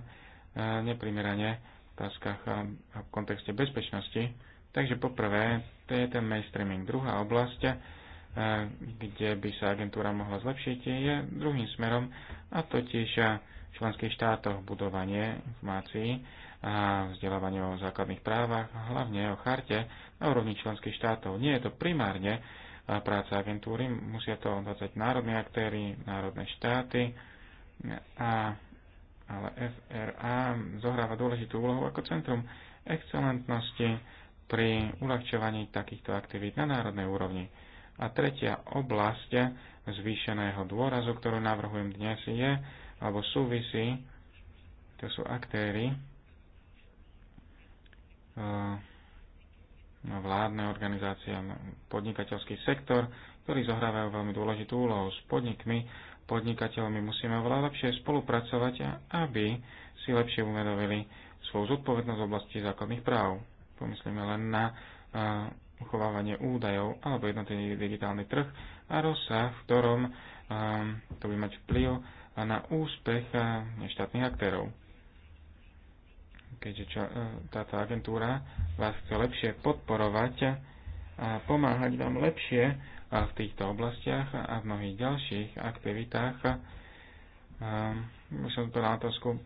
C: neprimerane v otázkach e, v kontexte bezpečnosti. Takže poprvé, to je ten mainstreaming. Druhá oblasť, kde by sa agentúra mohla zlepšiť, je druhým smerom a totiž v členských štátoch budovanie informácií a vzdelávanie o základných právach, hlavne o charte na úrovni členských štátov. Nie je to primárne práca agentúry, musia to odvádzať národní aktéry, národné štáty, a, ale FRA zohráva dôležitú úlohu ako centrum excelentnosti pri uľahčovaní takýchto aktivít na národnej úrovni. A tretia oblasť zvýšeného dôrazu, ktorú navrhujem dnes, je alebo súvisí, to sú aktéry, eh, no, vládne organizácie, podnikateľský sektor, ktorí zohrávajú veľmi dôležitú úlohu s podnikmi, podnikateľmi musíme oveľa lepšie spolupracovať, aby si lepšie uvedomili svoju zodpovednosť v oblasti základných práv. Pomyslíme len na eh, uchovávanie údajov alebo jednotný digitálny trh a rozsah, v ktorom ehm, to by mať vplyv na úspech ehm, štátnych aktérov. Keďže čo, e, táto agentúra vás chce lepšie podporovať a pomáhať vám lepšie v týchto oblastiach a v mnohých ďalších aktivitách, um, som to na otázku,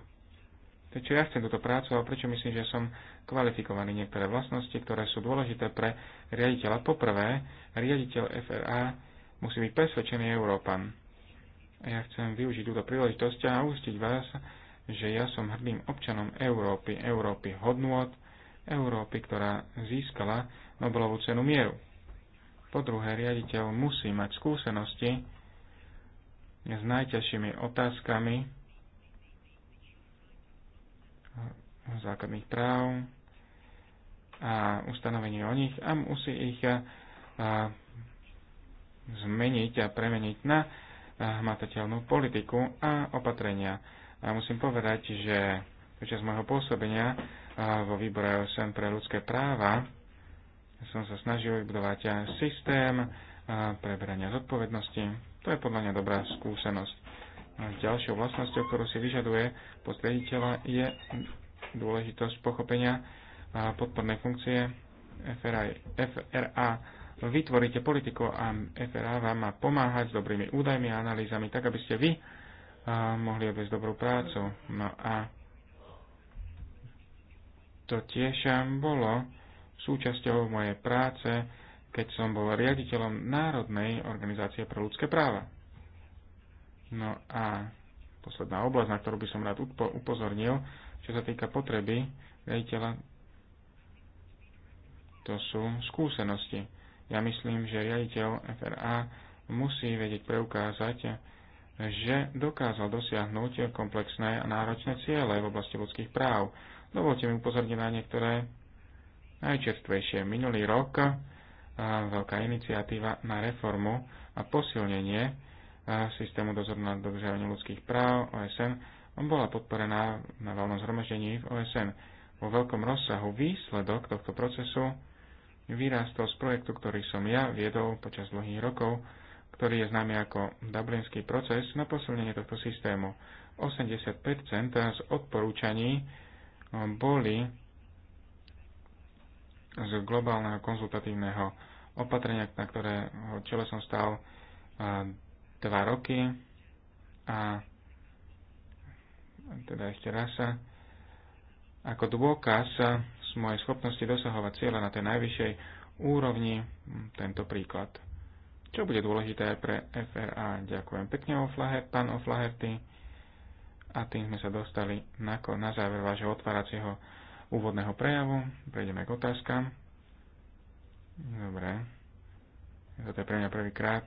C: čo ja chcem túto prácu a prečo myslím, že som kvalifikovaní niektoré vlastnosti, ktoré sú dôležité pre riaditeľa. Poprvé, riaditeľ FRA musí byť presvedčený Európan. Ja chcem využiť túto príležitosť a ústiť vás, že ja som hrdým občanom Európy, Európy hodnôt, Európy, ktorá získala Nobelovú cenu mieru. Po druhé, riaditeľ musí mať skúsenosti s najťažšími otázkami základných práv, a ustanovenie o nich a musí ich a, a, zmeniť a premeniť na hmatateľnú politiku a opatrenia. A musím povedať, že počas môjho pôsobenia vo výbore OSN pre ľudské práva som sa snažil vybudovať systém preberania zodpovednosti. To je podľa mňa dobrá skúsenosť. A ďalšou vlastnosťou, ktorú si vyžaduje podstrediteľa, je dôležitosť pochopenia podporné funkcie FRA, FRA vytvoríte politiku a FRA vám má pomáhať s dobrými údajmi a analýzami, tak aby ste vy mohli odviesť dobrú prácu. No a to tiež bolo súčasťou mojej práce, keď som bol riaditeľom Národnej organizácie pre ľudské práva. No a posledná oblasť, na ktorú by som rád upozornil, čo sa týka potreby riaditeľa to sú skúsenosti. Ja myslím, že riaditeľ FRA musí vedieť preukázať, že dokázal dosiahnuť komplexné a náročné ciele v oblasti ľudských práv. Dovolte mi upozorniť na niektoré najčerstvejšie. Minulý rok veľká iniciatíva na reformu a posilnenie systému dozoru nad dodržiavaním ľudských práv OSN bola podporená na veľnom zhromaždení v OSN. Vo veľkom rozsahu výsledok tohto procesu vyrástol z projektu, ktorý som ja viedol počas dlhých rokov, ktorý je známy ako Dublinský proces na posilnenie tohto systému. 85% z odporúčaní eh, boli z globálneho konzultatívneho opatrenia, na ktoré eh, čele som stal eh, dva roky a teda ešte raz ako dôkaz z mojej schopnosti dosahovať cieľa na tej najvyššej úrovni tento príklad. Čo bude dôležité pre FRA? Ďakujem pekne, Oflaher, pán Oflaherty. A tým sme sa dostali na, na záver vášho otváracieho úvodného prejavu. Prejdeme k otázkam. Dobre. Toto je pre mňa prvýkrát.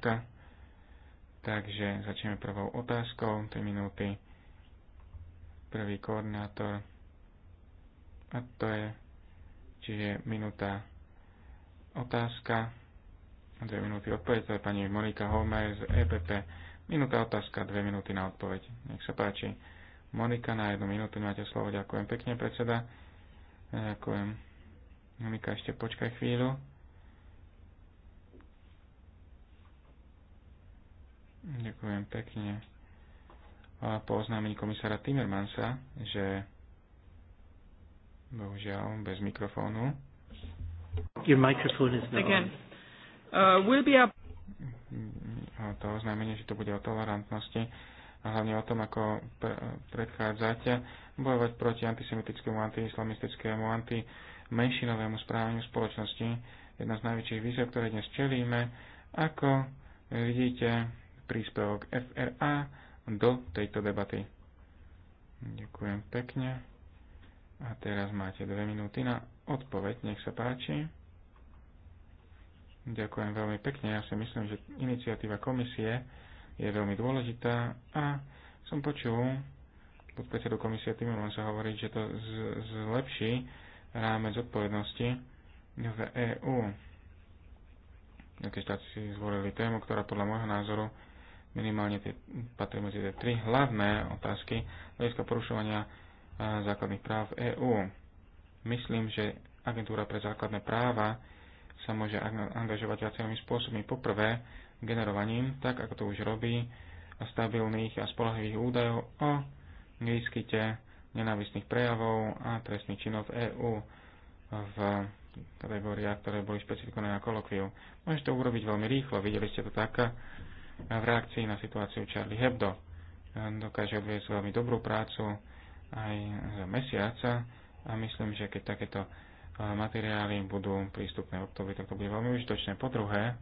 C: Takže začneme prvou otázkou. 3 minúty. Prvý koordinátor. A to je Čiže minúta otázka, dve minúty odpoveď, to je pani Monika Holmer z EPP. Minúta otázka, dve minúty na odpoveď. Nech sa páči. Monika, na jednu minútu máte slovo. Ďakujem pekne, predseda. Ďakujem. Monika, ešte počkaj chvíľu. Ďakujem pekne. A po oznámení komisára Timmermansa, že Bohužiaľ, bez mikrofónu. Your microphone is not Again. Uh, we'll be up... A... To oznámenie, že to bude o tolerantnosti a hlavne o tom, ako predchádzať bojovať proti antisemitickému, antiislamistickému, antimenšinovému správaniu spoločnosti. Jedna z najväčších výziev, ktoré dnes čelíme, ako vidíte príspevok FRA do tejto debaty. Ďakujem pekne. A teraz máte dve minúty na odpoveď, nech sa páči. Ďakujem veľmi pekne. Ja si myslím, že iniciatíva komisie je veľmi dôležitá a som počul pod predsedu komisie len sa hovoriť, že to zlepší rámec odpovednosti v EÚ. Keď štáci si zvolili tému, ktorá podľa môjho názoru minimálne tie, patrí medzi tie tri hlavné otázky hľadiska porušovania základných práv v e EÚ. Myslím, že agentúra pre základné práva sa môže angažovať viacerými spôsobmi. Poprvé, generovaním, tak ako to už robí, stabilných a spolahlivých údajov o výskyte nenávistných prejavov a trestných činov v EÚ v kategóriách, ktoré boli špecifikované na kolokviu. Môžete to urobiť veľmi rýchlo, videli ste to tak v reakcii na situáciu Charlie Hebdo. Dokáže odviesť veľmi dobrú prácu, aj za mesiaca a myslím, že keď takéto e, materiály budú prístupné v oktobri, tak to bude veľmi užitočné. Po druhé,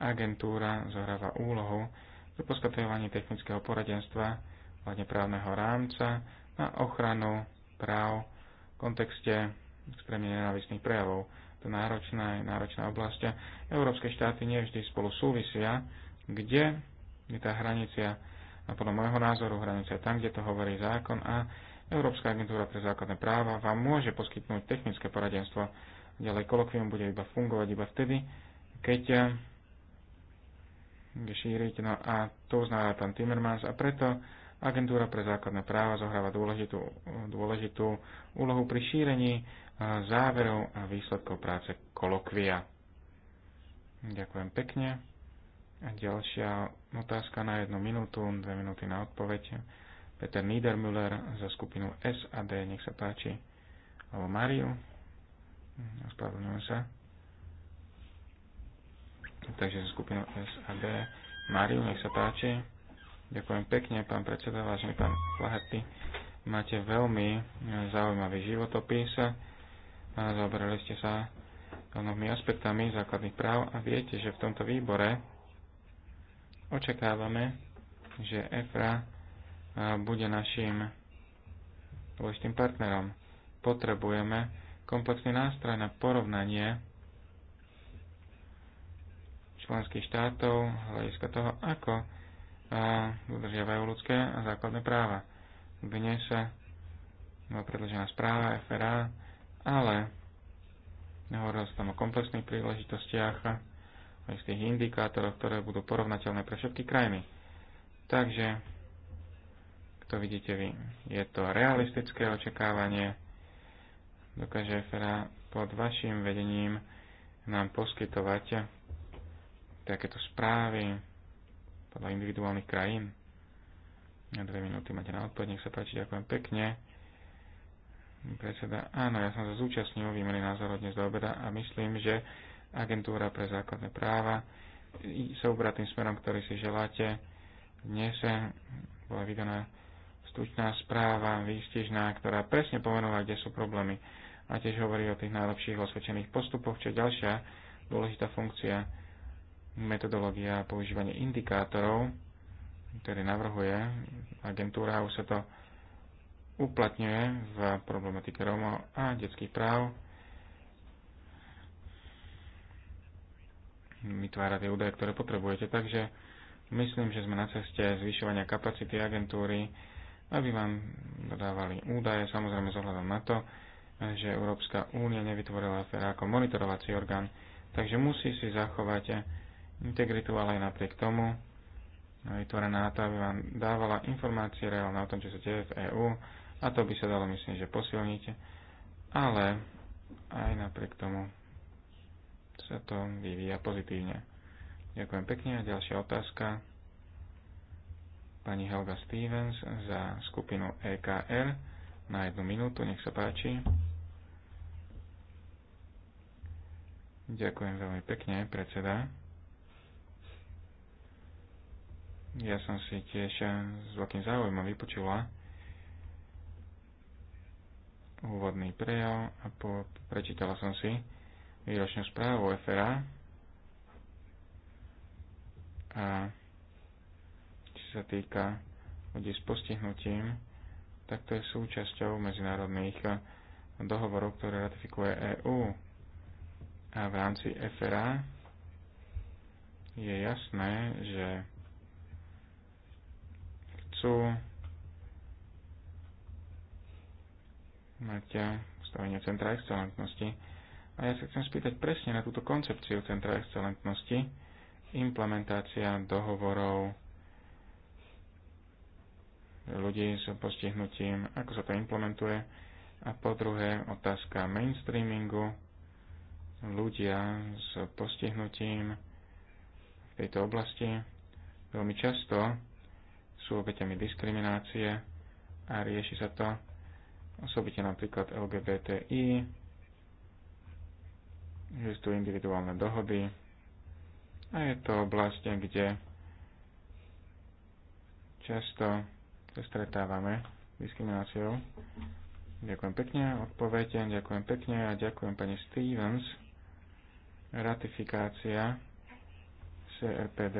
C: agentúra zohráva úlohu pri poskytovaní technického poradenstva, hlavne právneho rámca na ochranu práv v kontekste extrémne nenávistných prejavov. To náročná je náročná oblasť. Európske štáty nevždy spolu súvisia, kde je tá hranica a podľa môjho názoru hranica je tam, kde to hovorí zákon a Európska agentúra pre základné práva vám môže poskytnúť technické poradenstvo. Ďalej kolokvium bude iba fungovať iba vtedy, keď eh, šíriť. No a to uznáva pán Timmermans a preto agentúra pre základné práva zohráva dôležitú, dôležitú úlohu pri šírení eh, záverov a výsledkov práce kolokvia. Ďakujem pekne. A ďalšia otázka na jednu minútu, dve minúty na odpoveď. Peter Niedermüller za skupinu SAD, nech sa páči. Alebo Mariu. Ospravedlňujem sa. Takže za skupinu SAD. Mariu, nech sa páči. Ďakujem pekne, pán predseda, vážený pán Flaherty. Máte veľmi eh, zaujímavý životopis. Eh, zaoberali ste sa novými aspektami základných práv a viete, že v tomto výbore Očakávame, že EFRA bude našim dôležitým partnerom. Potrebujeme komplexný nástroj na porovnanie členských štátov hľadiska toho, ako dodržiavajú ľudské a základné práva. Dnes bola predložená správa FRA, ale hovorilo sa tam o komplexných príležitostiach istých indikátoroch, ktoré budú porovnateľné pre všetky krajiny. Takže, to vidíte vy, je to realistické očakávanie. Dokáže FRA pod vašim vedením nám poskytovať takéto správy podľa individuálnych krajín. Na dve minúty máte na odpoveď, nech sa páči, ďakujem pekne. Predseda, áno, ja som sa zúčastnil výmeny názorov dnes do obeda a myslím, že agentúra pre základné práva sa ubrá smerom, ktorý si želáte. Dnes bola vydaná stručná správa, výstižná, ktorá presne pomenula, kde sú problémy a tiež hovorí o tých najlepších osvedčených postupoch, čo je ďalšia dôležitá funkcia metodológia a používanie indikátorov, ktoré navrhuje agentúra, už sa to uplatňuje v problematike Rómov a detských práv vytvára tie údaje, ktoré potrebujete. Takže myslím, že sme na ceste zvyšovania kapacity agentúry, aby vám dodávali údaje, samozrejme zohľadom na to, že Európska únia nevytvorila FRA ako monitorovací orgán, takže musí si zachovať integritu, ale aj napriek tomu vytvorená na to, aby vám dávala informácie reálne o tom, čo sa deje v EÚ a to by sa dalo myslím, že posilniť, ale aj napriek tomu sa to vyvíja pozitívne. Ďakujem pekne. A ďalšia otázka. Pani Helga Stevens za skupinu EKR na jednu minútu, nech sa páči. Ďakujem veľmi pekne, predseda. Ja som si tiež s veľkým záujmom vypočula úvodný prejav a po, prečítala som si výročnú správu FRA a čo sa týka ľudí s postihnutím, tak to je súčasťou medzinárodných dohovorov, ktoré ratifikuje EÚ. A v rámci FRA je jasné, že chcú mať postavenie centra excelentnosti a ja sa chcem spýtať presne na túto koncepciu Centra excelentnosti, implementácia dohovorov ľudí s postihnutím, ako sa to implementuje. A po druhé, otázka mainstreamingu, ľudia s postihnutím v tejto oblasti veľmi často sú obeťami diskriminácie a rieši sa to osobite napríklad LGBTI, existujú individuálne dohody a je to oblasť, kde často sa stretávame s diskrimináciou. Ďakujem pekne, odpovede, ďakujem pekne a ďakujem pani Stevens. Ratifikácia CRPD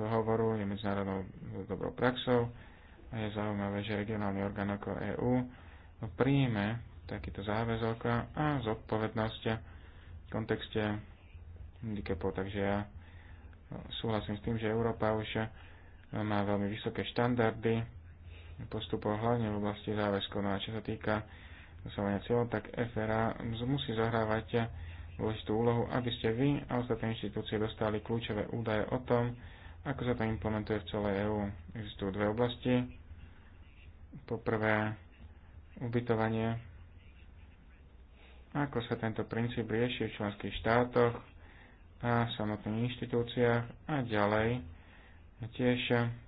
C: dohovoru je medzinárodnou dobrou praxou a je zaujímavé, že regionálny orgán ako EÚ príjme takýto záväzok a zodpovednosť v kontexte handicapov. Takže ja e, súhlasím s tým, že Európa už e, má veľmi vysoké štandardy postupov hlavne v oblasti záväzkov. No a čo sa týka dosahovania cieľov, tak FRA musí zahrávať e, dôležitú úlohu, aby ste vy a ostatné inštitúcie dostali kľúčové údaje o tom, ako sa to implementuje v celej EÚ. Existujú dve oblasti. Po prvé, ubytovanie ako sa tento princíp rieši v členských štátoch a samotných inštitúciách a ďalej. Tiež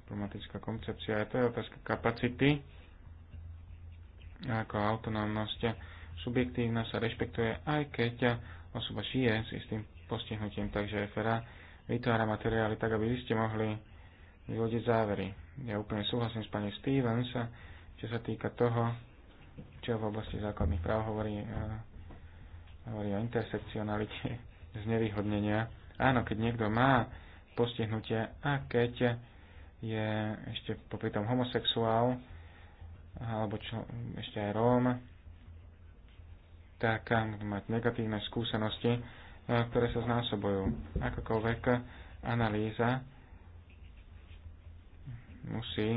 C: problematická koncepcia, to je otázka kapacity, ako autonómnosť subjektívna sa rešpektuje, aj keď osoba žije s istým postihnutím, takže FRA vytvára materiály tak, aby vy ste mohli vyvodiť závery. Ja úplne súhlasím s pani Stevens, čo sa týka toho, čo v oblasti základných práv hovorí hovorí o intersekcionalite [LAUGHS] znevýhodnenia. Áno, keď niekto má postihnutie a keď je ešte popri tom homosexuál alebo čo, ešte aj Róm, tak mať negatívne skúsenosti, e, ktoré sa znásobujú. Akokoľvek analýza musí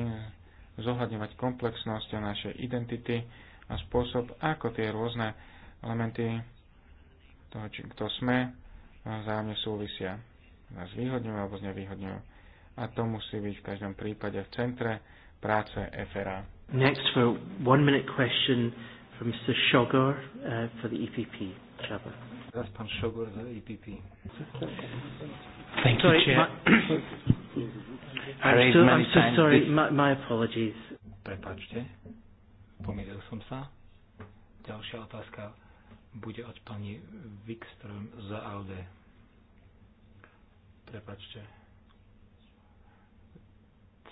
C: zohľadňovať komplexnosť našej identity a spôsob, ako tie rôzne elementy toho, či, kto sme, vzájomne súvisia. Nás výhodňujú alebo znevýhodňujú. A to musí byť v každom prípade v centre práce FRA.
B: Next for one minute question from Mr. Shogor uh, for the EPP. Trevor. That's Pan Shogor the EPP. Thank you, Chair. I'm, so, I'm so sorry. My, my apologies.
D: Prepačte. Pomýlil som sa. Ďalšia otázka bude od pani Wikström za Alde. Prepačte.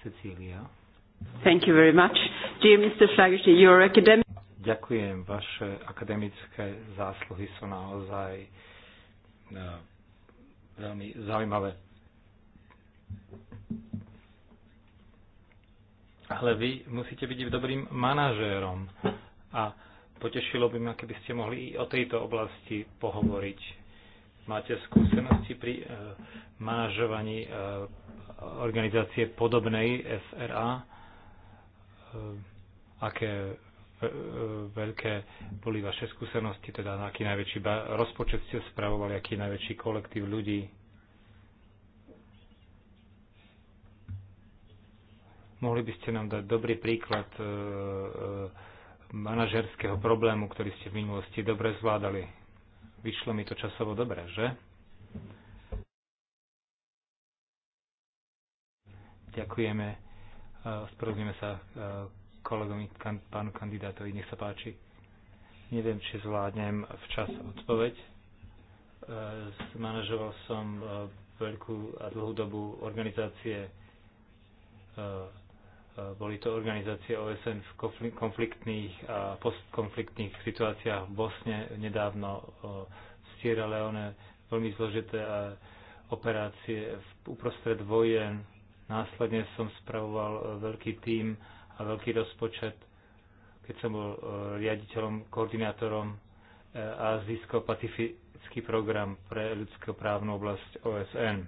D: Cecília. Thank you very much. Dear Mr.
A: Flagerty, your academic...
D: Ďakujem, vaše akademické zásluhy sú naozaj eh, veľmi zaujímavé. Ale vy musíte byť dobrým manažérom a Potešilo by ma, keby ste mohli i o tejto oblasti pohovoriť. Máte skúsenosti pri e, manažovaní e, organizácie podobnej FRA? E, aké e, e, veľké boli vaše skúsenosti, teda na aký najväčší rozpočet ste spravovali, aký najväčší kolektív ľudí? Mohli by ste nám dať dobrý príklad e, e, manažerského problému, ktorý ste v minulosti dobre zvládali. Vyšlo mi to časovo dobre, že? Ďakujeme. E, Sprozíme sa e, kolegovi, kan, pánu kandidátovi. Nech sa páči. Neviem, či zvládnem včas odpoveď. E, Manažoval som veľkú a dlhú dobu organizácie boli to organizácie OSN v konfliktných a postkonfliktných situáciách v Bosne nedávno v Sierra Leone, veľmi zložité operácie uprostred vojen. Následne som spravoval e, veľký tím a veľký rozpočet, keď som bol e, riaditeľom, koordinátorom e, azijsko-pacifický program pre ľudskoprávnu oblasť OSN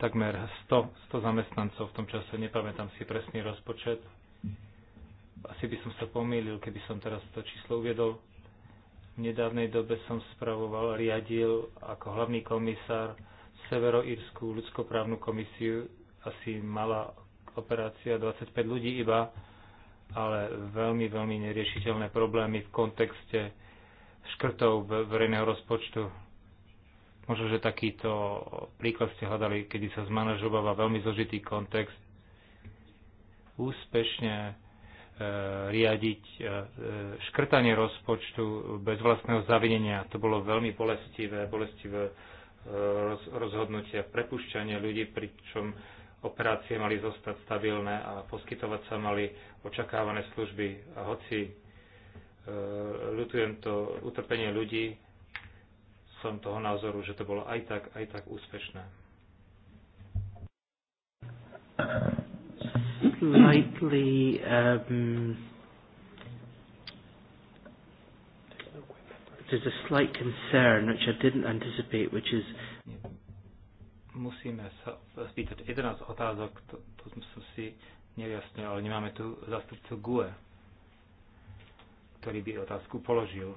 D: takmer 100, 100 zamestnancov v tom čase, nepamätám si presný rozpočet. Asi by som sa pomýlil, keby som teraz to číslo uviedol. V nedávnej dobe som spravoval, riadil ako hlavný komisár Severoírskú ľudskoprávnu komisiu. Asi mala operácia 25 ľudí iba, ale veľmi, veľmi neriešiteľné problémy v kontexte škrtov verejného rozpočtu Možno, že takýto príklad ste hľadali, kedy sa zmanažováva veľmi zložitý kontext úspešne e, riadiť e, e, škrtanie rozpočtu bez vlastného zavinenia. To bolo veľmi bolestivé, bolestivé rozhodnutie, prepušťanie ľudí, pričom operácie mali zostať stabilné a poskytovať sa mali očakávané služby. A hoci ľutujem to utrpenie ľudí, som toho názoru, že to bolo aj tak, aj tak úspešné.
B: Slightly, um, there's a slight concern which I didn't anticipate, which is
D: musíme sa spýtať 11 otázok, to, to som si nejasne, ale nemáme tu zastupcu GUE, ktorý by otázku položil.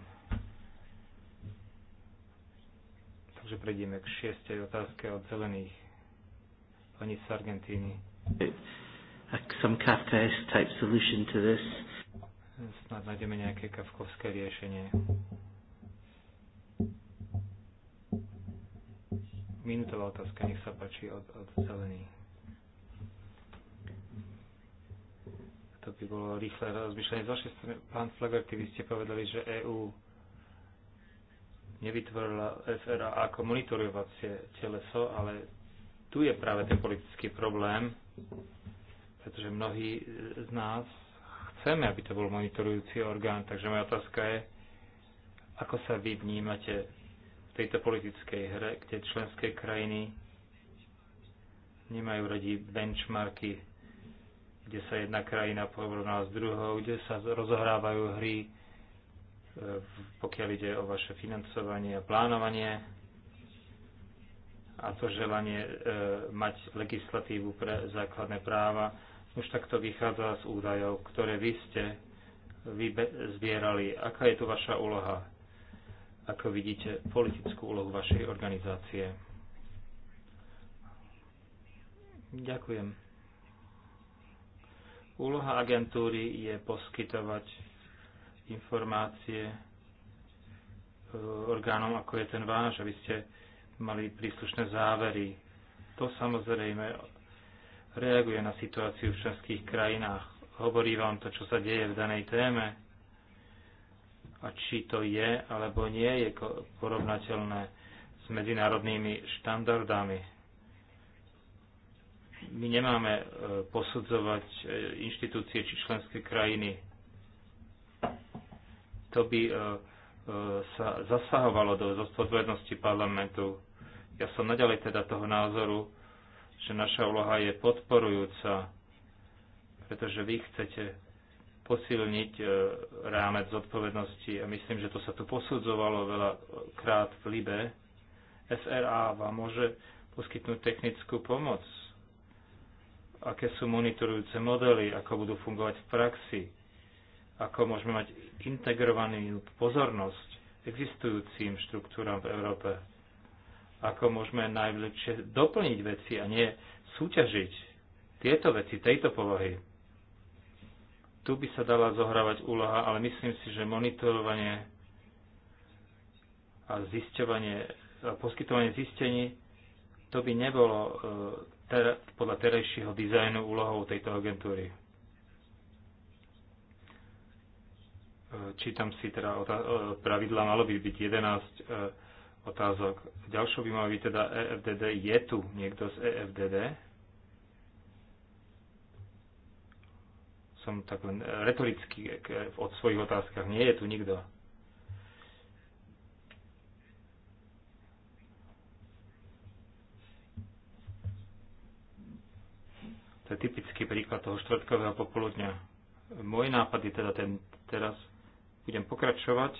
D: Takže prejdeme k šiestej otázke od zelených. Pani z Argentíny.
B: Some type solution to this.
D: Snad nájdeme nejaké kafkovské riešenie. Minutová otázka, nech sa páči od, od zelených. to by bolo rýchle rozmýšľanie. Z vašej strany, pán Flagerty, vy ste povedali, že EU nevytvorila FRA ako monitorovacie teleso, ale tu je práve ten politický problém, pretože mnohí z nás chceme, aby to bol monitorujúci orgán. Takže moja otázka je, ako sa vy vnímate v tejto politickej hre, kde členské krajiny nemajú radi benchmarky, kde sa jedna krajina porovnáva s druhou, kde sa rozohrávajú hry pokiaľ ide o vaše financovanie a plánovanie a to želanie e, mať legislatívu pre základné práva, už takto vychádza z údajov, ktoré vy ste zbierali. Aká je tu vaša úloha? Ako vidíte politickú úlohu vašej organizácie? Ďakujem. Úloha agentúry je poskytovať informácie e, orgánom, ako je ten váš, aby ste mali príslušné závery. To samozrejme reaguje na situáciu v členských krajinách. Hovorí vám to, čo sa deje v danej téme a či to je alebo nie je porovnateľné s medzinárodnými štandardami. My nemáme e, posudzovať e, inštitúcie či členské krajiny to by e, e, sa zasahovalo do zodpovednosti parlamentu. Ja som naďalej teda toho názoru, že naša úloha je podporujúca, pretože vy chcete posilniť e, rámec zodpovednosti a myslím, že to sa tu posudzovalo veľa krát v Libe. FRA vám môže poskytnúť technickú pomoc, aké sú monitorujúce modely, ako budú fungovať v praxi, ako môžeme mať integrovanú pozornosť existujúcim štruktúram v Európe, ako môžeme najlepšie doplniť veci a nie súťažiť tieto veci, tejto povahy. Tu by sa dala zohrávať úloha, ale myslím si, že monitorovanie a zisťovanie a poskytovanie zistení to by nebolo eh, ter, podľa terejšieho dizajnu úlohou tejto agentúry. Čítam si teda e, pravidla, malo by byť 11 e, otázok. Ďalšou by mal byť teda EFDD. Je tu niekto z EFDD? Som tak len e, retoricky od svojich otázkach. Nie je tu nikto. To je typický príklad toho štvrtkového popoludňa. Môj nápad je teda ten teraz budem pokračovať,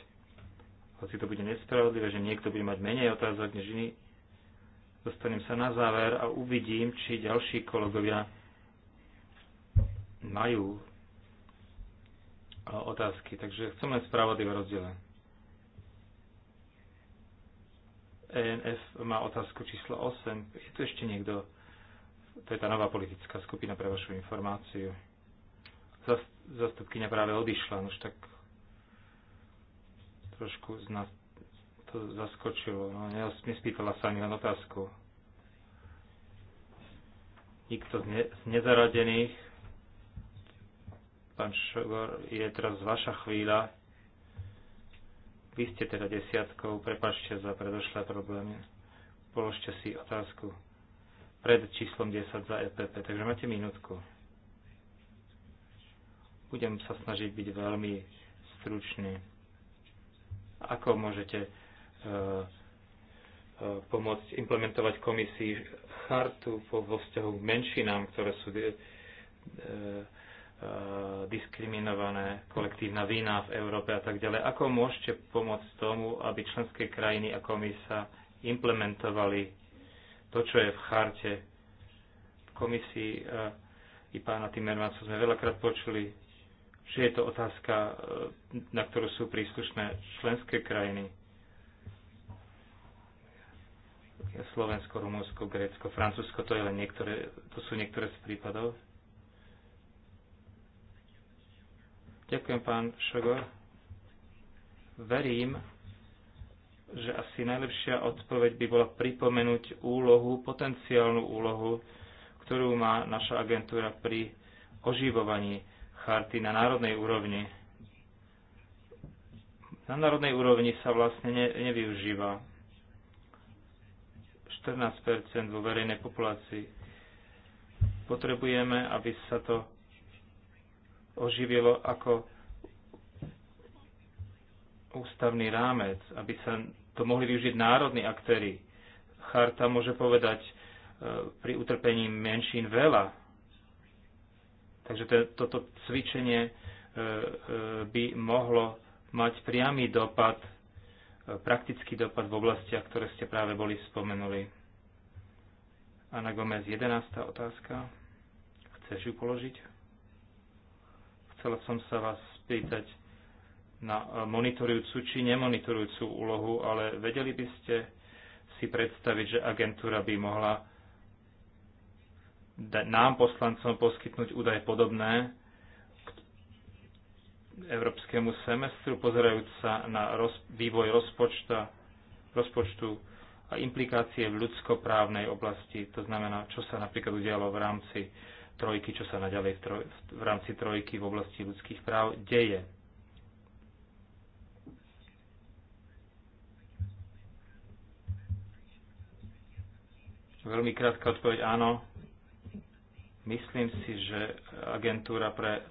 D: hoci to bude nespravodlivé, že niekto bude mať menej otázok než iný, dostanem sa na záver a uvidím, či ďalší kolegovia majú e, otázky. Takže chcem len spravodlivé rozdiele. ENF má otázku číslo 8. Je tu ešte niekto? To je tá nová politická skupina pre vašu informáciu. Zastupkynia práve odišla, no už tak trošku z nás to zaskočilo. No, nespýtala sa ani len otázku. Nikto z, ne, z nezaradených. Pán Šogor, je teraz vaša chvíľa. Vy ste teda desiatkou, prepačte za predošlé problémy. Položte si otázku pred číslom 10 za EPP, takže máte minútku. Budem sa snažiť byť veľmi stručný ako môžete e, e, pomôcť implementovať komisii chartu vo vzťahu k menšinám, ktoré sú e, diskriminované, kolektívna vína v Európe a tak ďalej. Ako môžete pomôcť tomu, aby členské krajiny a komisa implementovali to, čo je v charte? V komisii i pána Timmermansu sme veľakrát počuli, že je to otázka, eh, na ktorú sú príslušné členské krajiny. Slovensko, Rumunsko, Grécko, Francúzsko, to, je len niektoré, to sú niektoré z prípadov. Ďakujem, pán Šogor. Verím, že asi najlepšia odpoveď by bola pripomenúť úlohu, potenciálnu úlohu, ktorú má naša agentúra pri oživovaní charty na národnej úrovni. Na národnej úrovni sa vlastne ne, nevyužíva. 14 vo verejnej populácii. Potrebujeme, aby sa to oživilo ako ústavný rámec, aby sa to mohli využiť národní aktéry. Charta môže povedať e, pri utrpení menšín veľa, Takže to, toto cvičenie e, e, by mohlo mať priamy dopad, e, praktický dopad v oblastiach, ktoré ste práve boli spomenuli. Na Gomez, 11. otázka. Chceš ju položiť? Chcela som sa vás spýtať na monitorujúcu či nemonitorujúcu úlohu, ale vedeli by ste si predstaviť, že agentúra by mohla nám poslancom poskytnúť údaje podobné k európskemu semestru, pozerajúc sa na roz, vývoj rozpočta, rozpočtu a implikácie v ľudskoprávnej oblasti. To znamená, čo sa napríklad udialo v rámci trojky, čo sa naďalej v, troj, v rámci trojky v oblasti ľudských práv deje. Veľmi krátka odpoveď áno. Myslím si, že agentúra pre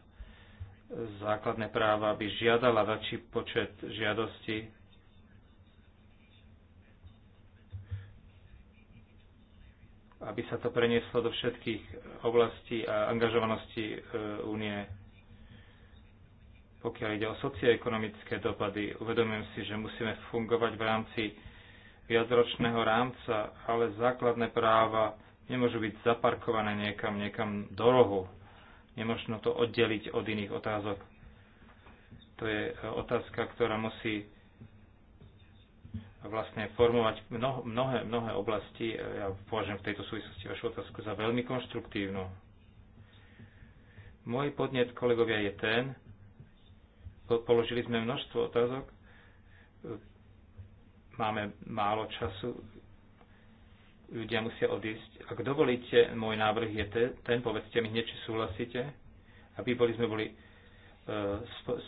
D: základné práva by žiadala väčší počet žiadostí. aby sa to prenieslo do všetkých oblastí a angažovanosti e, únie. Pokiaľ ide o socioekonomické dopady, uvedomujem si, že musíme fungovať v rámci viacročného rámca, ale základné práva nemôžu byť zaparkované niekam, niekam do rohu. Nemôžno to oddeliť od iných otázok. To je e, otázka, ktorá musí vlastne formovať mnoho, mnohé, mnohé oblasti. E, ja považujem v tejto súvislosti vašu otázku za veľmi konštruktívnu. Môj podnet, kolegovia, je ten, položili sme množstvo otázok, e, máme málo času, ľudia musia odísť. Ak dovolíte, môj návrh je ten, povedzte mi hneď, či súhlasíte, aby boli sme boli e,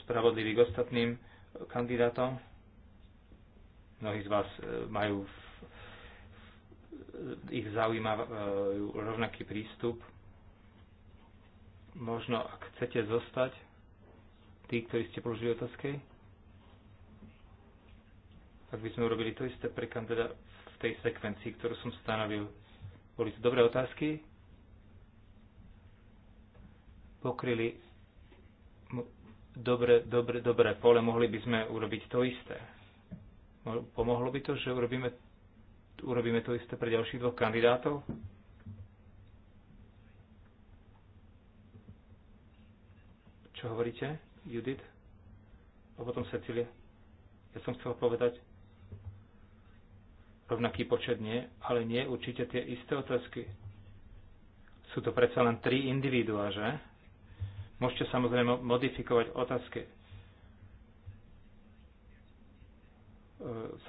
D: spravodliví k ostatným e, kandidátom. Mnohí z vás e, majú v ich zaujíma rovnaký prístup. Možno, ak chcete zostať, tí, ktorí ste položili otázky, ak by sme urobili to isté pre kandidáta tej sekvencii, ktorú som stanovil. Boli to dobré otázky? Pokryli dobre, dobre, dobre pole, mohli by sme urobiť to isté. Pomohlo by to, že urobíme, urobíme to isté pre ďalších dvoch kandidátov? Čo hovoríte, Judith? A potom Cecilia. Ja som chcel povedať, rovnaký počet nie, ale nie určite tie isté otázky. Sú to predsa len tri individuá, že? Môžete samozrejme modifikovať otázky. E,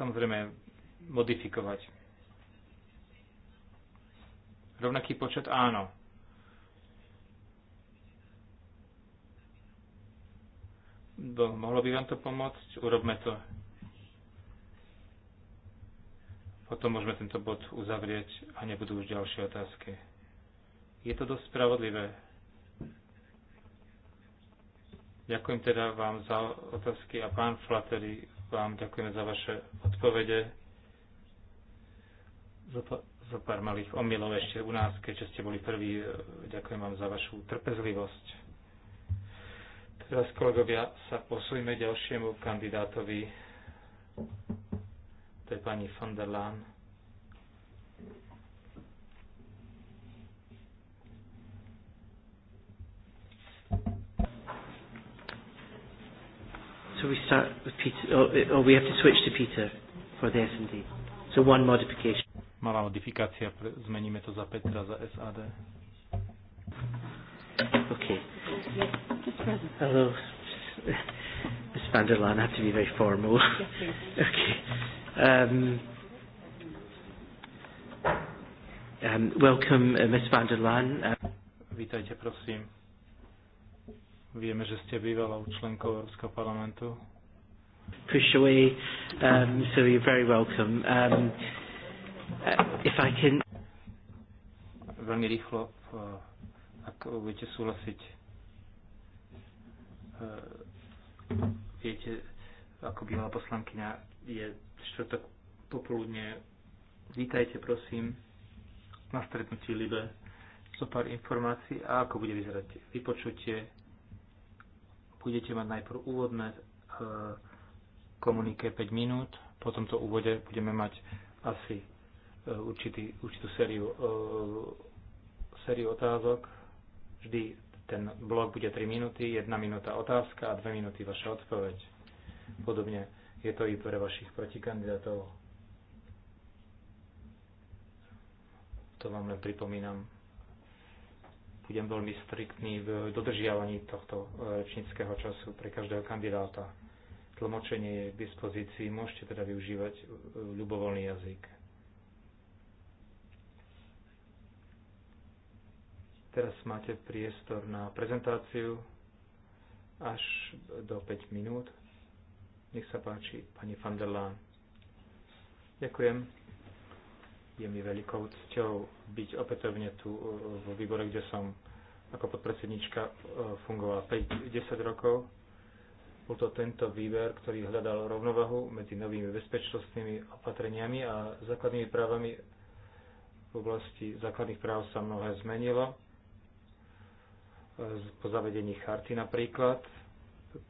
D: samozrejme, modifikovať. Rovnaký počet áno. Mohlo by vám to pomôcť? Urobme to. Potom môžeme tento bod uzavrieť a nebudú už ďalšie otázky. Je to dosť spravodlivé. Ďakujem teda vám za otázky a pán Flattery, vám ďakujeme za vaše odpovede. Za pár malých omylov ešte u nás, keďže ste boli prví, e, ďakujem vám za vašu trpezlivosť. Teraz, kolegovia, sa posujme ďalšiemu kandidátovi to je pani von der Lahn.
B: So we start with Peter, or, oh, eh, or oh, we have to switch to Peter for the S&D. So one modification.
D: Malá modifikácia, zmeníme to za Petra, za SAD. Okay. Hello. [LAUGHS]
B: Ms. Vanderlaan, I have to be very formal. Yes, [LAUGHS] okay. Um,
D: um, welcome,
B: uh, Ms. van der Laan. Uh...
D: Vítajte, prosím. Vieme, že ste bývalou členkou Európskeho parlamentu.
B: Push away, um, so you're very welcome.
D: Um, uh, if I can... Veľmi rýchlo, uh, ak budete súhlasiť. Uh, viete, ako bývala poslankyňa je čtvrtok popoludne. Vítajte, prosím, na stretnutí Libe so pár informácií a ako bude vyzerať vypočutie. Budete mať najprv úvodné e, komuniké 5 minút, po tomto úvode budeme mať asi e, určitý, určitú sériu, e, sériu otázok. Vždy ten blok bude 3 minúty, 1 minúta otázka a 2 minúty vaša odpoveď. Podobne je to i pre vašich protikandidátov. To vám len pripomínam. Budem veľmi striktný v dodržiavaní tohto e, rečnického času pre každého kandidáta. Tlmočenie je k dispozícii, môžete teda využívať e, ľubovoľný jazyk. Teraz máte priestor na prezentáciu až do 5 minút. Nech sa páči, pani van der Laan. Ďakujem. Je mi veľkou cťou byť opätovne tu eh, vo výbore, kde som ako podpredsednička eh, fungovala 5-10 rokov. Bol to tento výber, ktorý hľadal rovnovahu medzi novými bezpečnostnými opatreniami a základnými právami v oblasti základných práv sa mnohé zmenilo. Eh, po zavedení charty napríklad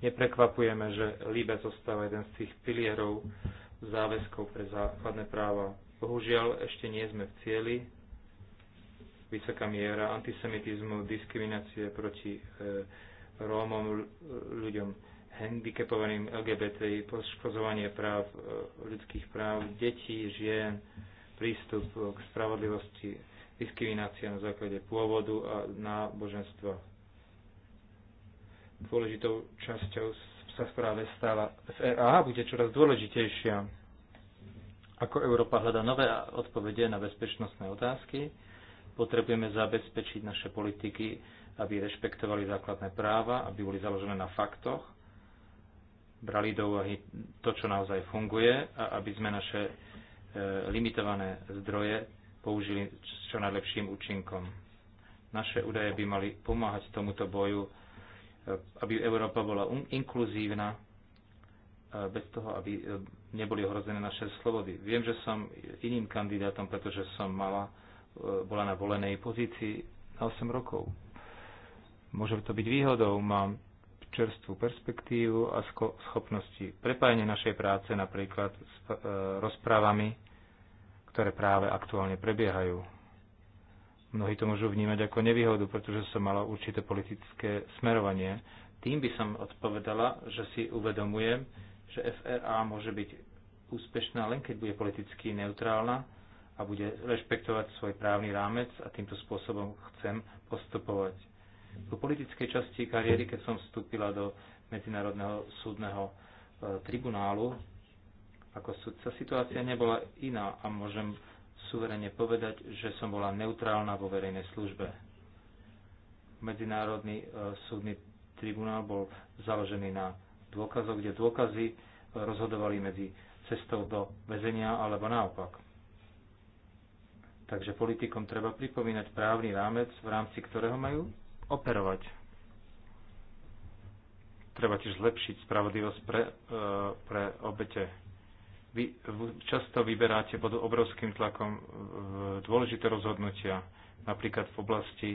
D: neprekvapujeme, že Líbe zostáva jeden z tých pilierov záväzkov pre základné práva. Bohužiaľ, ešte nie sme v cieli. Vysoká miera antisemitizmu, diskriminácie proti e, Rómom, ľuďom handicapovaným LGBTI, poškozovanie práv, e, ľudských práv, detí, žien, prístup k spravodlivosti, diskriminácia na základe pôvodu a náboženstva dôležitou časťou sa správe stala EA a bude čoraz dôležitejšia. Ako Európa hľada nové odpovede na bezpečnostné otázky, potrebujeme zabezpečiť naše politiky, aby rešpektovali základné práva, aby boli založené na faktoch, brali do úvahy to, čo naozaj funguje a aby sme naše e, limitované zdroje použili s čo najlepším účinkom. Naše údaje by mali pomáhať tomuto boju aby Európa bola um, inkluzívna, e, bez toho, aby e, neboli ohrozené naše slobody. Viem, že som iným kandidátom, pretože som mala, e, bola na volenej pozícii na 8 rokov. Môže to byť výhodou, mám čerstvú perspektívu a schopnosti. prepájenia našej práce napríklad s rozprávami, ktoré práve aktuálne prebiehajú Mnohí to môžu vnímať ako nevýhodu, pretože som mala určité politické smerovanie. Tým by som odpovedala, že si uvedomujem, že FRA môže byť úspešná len keď bude politicky neutrálna a bude rešpektovať svoj právny rámec a týmto spôsobom chcem postupovať. Po politickej časti kariéry, keď som vstúpila do Medzinárodného súdneho e, tribunálu, ako súdca, situácia nebola iná a môžem suverene povedať, že som bola neutrálna vo verejnej službe. Medzinárodný e, súdny tribunál bol založený na dôkazoch, kde dôkazy e, rozhodovali medzi cestou do väzenia alebo naopak. Takže politikom treba pripomínať právny rámec, v rámci ktorého majú operovať. Treba tiež zlepšiť spravodlivosť pre, e, pre obete vy často vyberáte pod obrovským tlakom dôležité rozhodnutia, napríklad v oblasti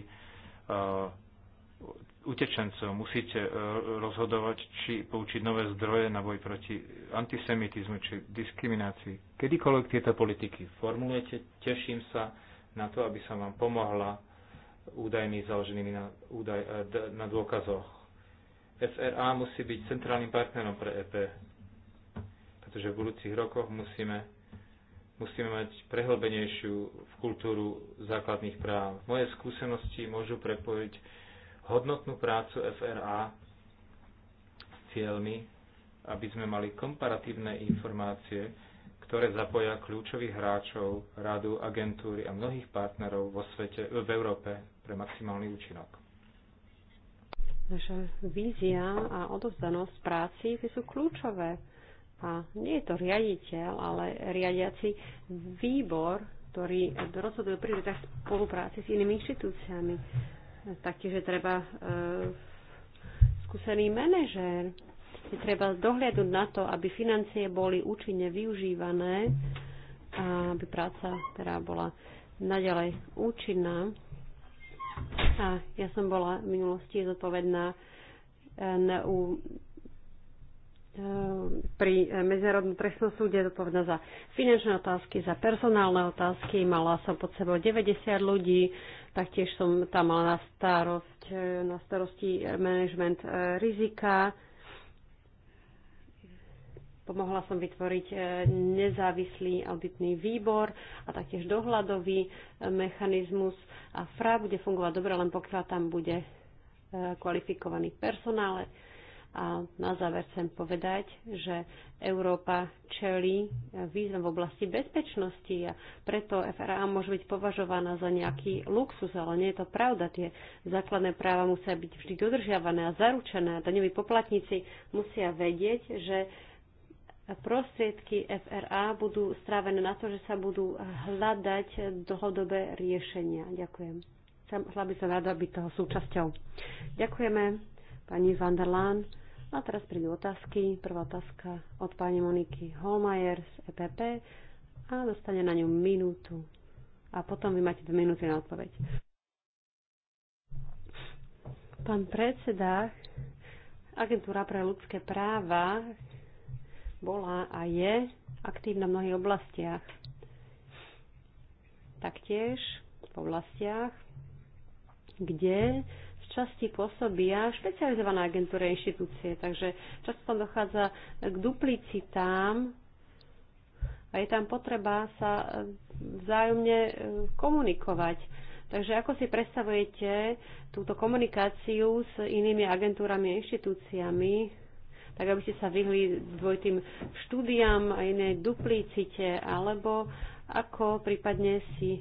D: utečencov. Musíte e, rozhodovať, či poučiť nové zdroje na boj proti antisemitizmu či diskriminácii. Kedykoľvek tieto politiky formulujete, teším sa na to, aby som vám pomohla údajmi založenými na, údaj, e, na dôkazoch. FRA musí byť centrálnym partnerom pre EP pretože v budúcich rokoch musíme, musíme mať prehlbenejšiu v kultúru základných práv. Moje skúsenosti môžu prepojiť hodnotnú prácu FRA s cieľmi, aby sme mali komparatívne informácie, ktoré zapoja kľúčových hráčov, radu, agentúry a mnohých partnerov vo svete, v Európe pre maximálny účinok
A: naša vízia a odovzdanosť práci, sú kľúčové. A nie je to riaditeľ, ale riadiaci výbor, ktorý rozhoduje pri prioritách spolupráci s inými inštitúciami. Taktiež je treba e, skúsený manažér. Je treba dohliadnúť na to, aby financie boli účinne využívané a aby práca teda bola naďalej účinná. A ja som bola v minulosti zodpovedná e, na, u Eh, pri Medzinárodnom trestnom súde zodpovedná za finančné otázky, za personálne otázky. Mala som pod sebou 90 ľudí, taktiež som tam mala na, starosť, eh, na starosti eh, management rizika. Pomohla som vytvoriť nezávislý auditný výbor a taktiež dohľadový mechanizmus. A FRA bude fungovať dobre, len pokiaľ tam bude kvalifikovaný personál a na záver chcem povedať, že Európa čelí význam v oblasti bezpečnosti a preto FRA môže byť považovaná za nejaký luxus, ale nie je to pravda. Tie základné práva musia byť vždy dodržiavané a zaručené. Daňoví poplatníci musia vedieť, že prostriedky FRA budú strávené na to, že sa budú hľadať dlhodobé riešenia. Ďakujem. Chcela by som rada byť toho súčasťou. Ďakujeme pani van der Laan. A teraz prídu otázky. Prvá otázka od pani Moniky Holmajer z EPP a dostane na ňu minútu. A potom vy máte dve minúty na odpoveď. Pán predseda, agentúra pre ľudské práva bola a je aktívna v mnohých oblastiach. Taktiež v oblastiach, kde časti pôsobia špecializované a inštitúcie, takže často tam dochádza k duplicitám a je tam potreba sa vzájomne e, komunikovať. Takže ako si predstavujete túto komunikáciu s inými agentúrami a inštitúciami, tak aby ste sa vyhli dvojitým štúdiam a inej duplicite, alebo ako prípadne si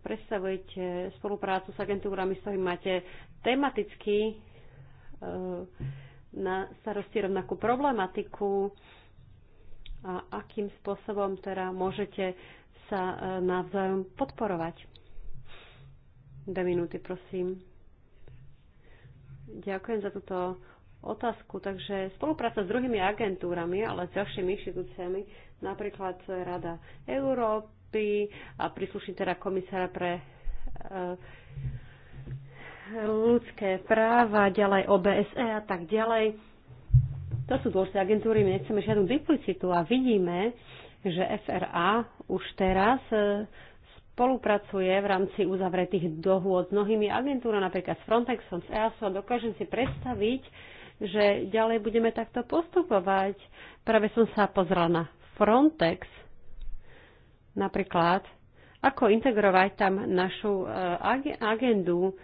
A: predstavujete spoluprácu s agentúrami, s ktorými máte tematicky e, na starosti rovnakú problematiku a akým spôsobom teda môžete sa e, navzájom podporovať. Dve minúty, prosím. Ďakujem za túto otázku. Takže spolupráca s druhými agentúrami, ale s ďalšími inštitúciami, napríklad Rada Európy, Európy a príslušný teda komisára pre eh, ľudské práva, ďalej OBSE a tak ďalej. To sú dôležité agentúry, my nechceme žiadnu duplicitu a vidíme, že FRA už teraz eh, spolupracuje v rámci uzavretých dohôd s mnohými agentúrami, napríklad s Frontexom, s EASO. Dokážem si predstaviť, že ďalej budeme takto postupovať. Práve som sa pozrela na Frontex, Napríklad, ako integrovať tam našu eh, agendu,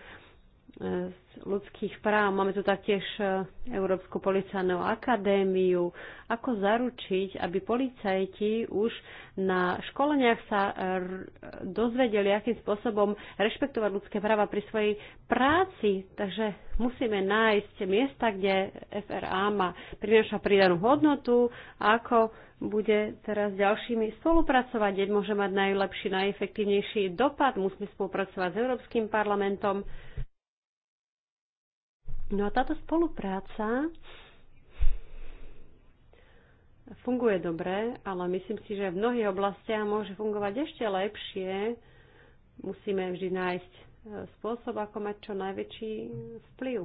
A: z ľudských práv. Máme tu taktiež e, Európsku policajnú akadémiu. Ako zaručiť, aby policajti už na školeniach sa e, dozvedeli, akým spôsobom rešpektovať ľudské práva pri svojej práci. Takže musíme nájsť miesta, kde FRA má prináša pridanú hodnotu, ako bude teraz ďalšími spolupracovať, kde môže mať najlepší, najefektívnejší dopad. Musíme spolupracovať s Európskym parlamentom. No a táto spolupráca funguje dobre, ale myslím si, že v mnohých oblastiach môže fungovať ešte lepšie. Musíme vždy nájsť e, spôsob, ako mať čo najväčší vplyv.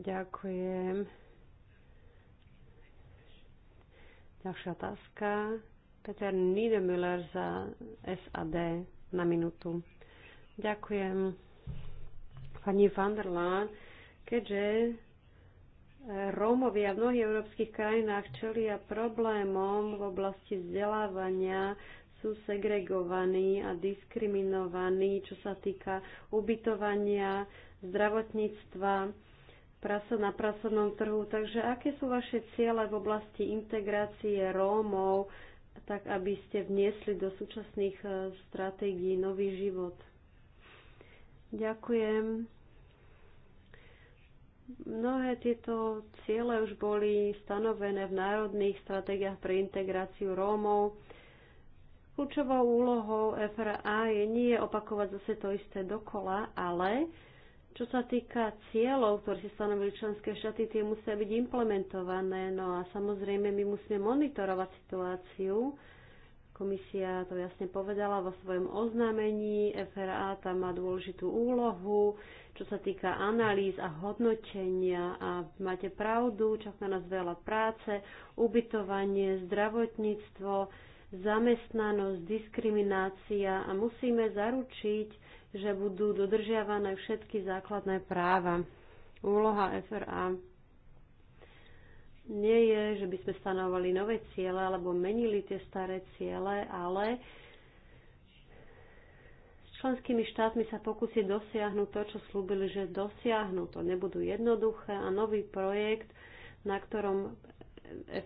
A: Ďakujem. Ďalšia otázka. Peter Niedemüller za SAD na minútu. Ďakujem pani van der Laan, keďže e, Rómovia v mnohých európskych krajinách čelia problémom v oblasti vzdelávania, sú segregovaní a diskriminovaní, čo sa týka ubytovania, zdravotníctva, praso na pracovnom trhu. Takže aké sú vaše ciele v oblasti integrácie Rómov, tak aby ste vniesli do súčasných e, stratégií nový život? Ďakujem. Mnohé tieto ciele už boli stanovené v národných stratégiách pre integráciu Rómov. Kľúčovou úlohou FRA je nie opakovať zase to isté dokola, ale čo sa týka cieľov, ktoré si stanovili členské štáty, tie musia byť implementované. No a samozrejme, my musíme monitorovať situáciu Komisia to jasne povedala vo svojom oznámení. FRA tam má dôležitú úlohu, čo sa týka analýz a hodnotenia. A máte pravdu, čaká nás veľa práce, ubytovanie, zdravotníctvo, zamestnanosť, diskriminácia a musíme zaručiť, že budú dodržiavané všetky základné práva. Úloha FRA nie je, že by sme stanovali nové ciele alebo menili tie staré ciele, ale s členskými štátmi sa pokusí dosiahnuť to, čo slúbili, že dosiahnu. To nebudú jednoduché a nový projekt, na ktorom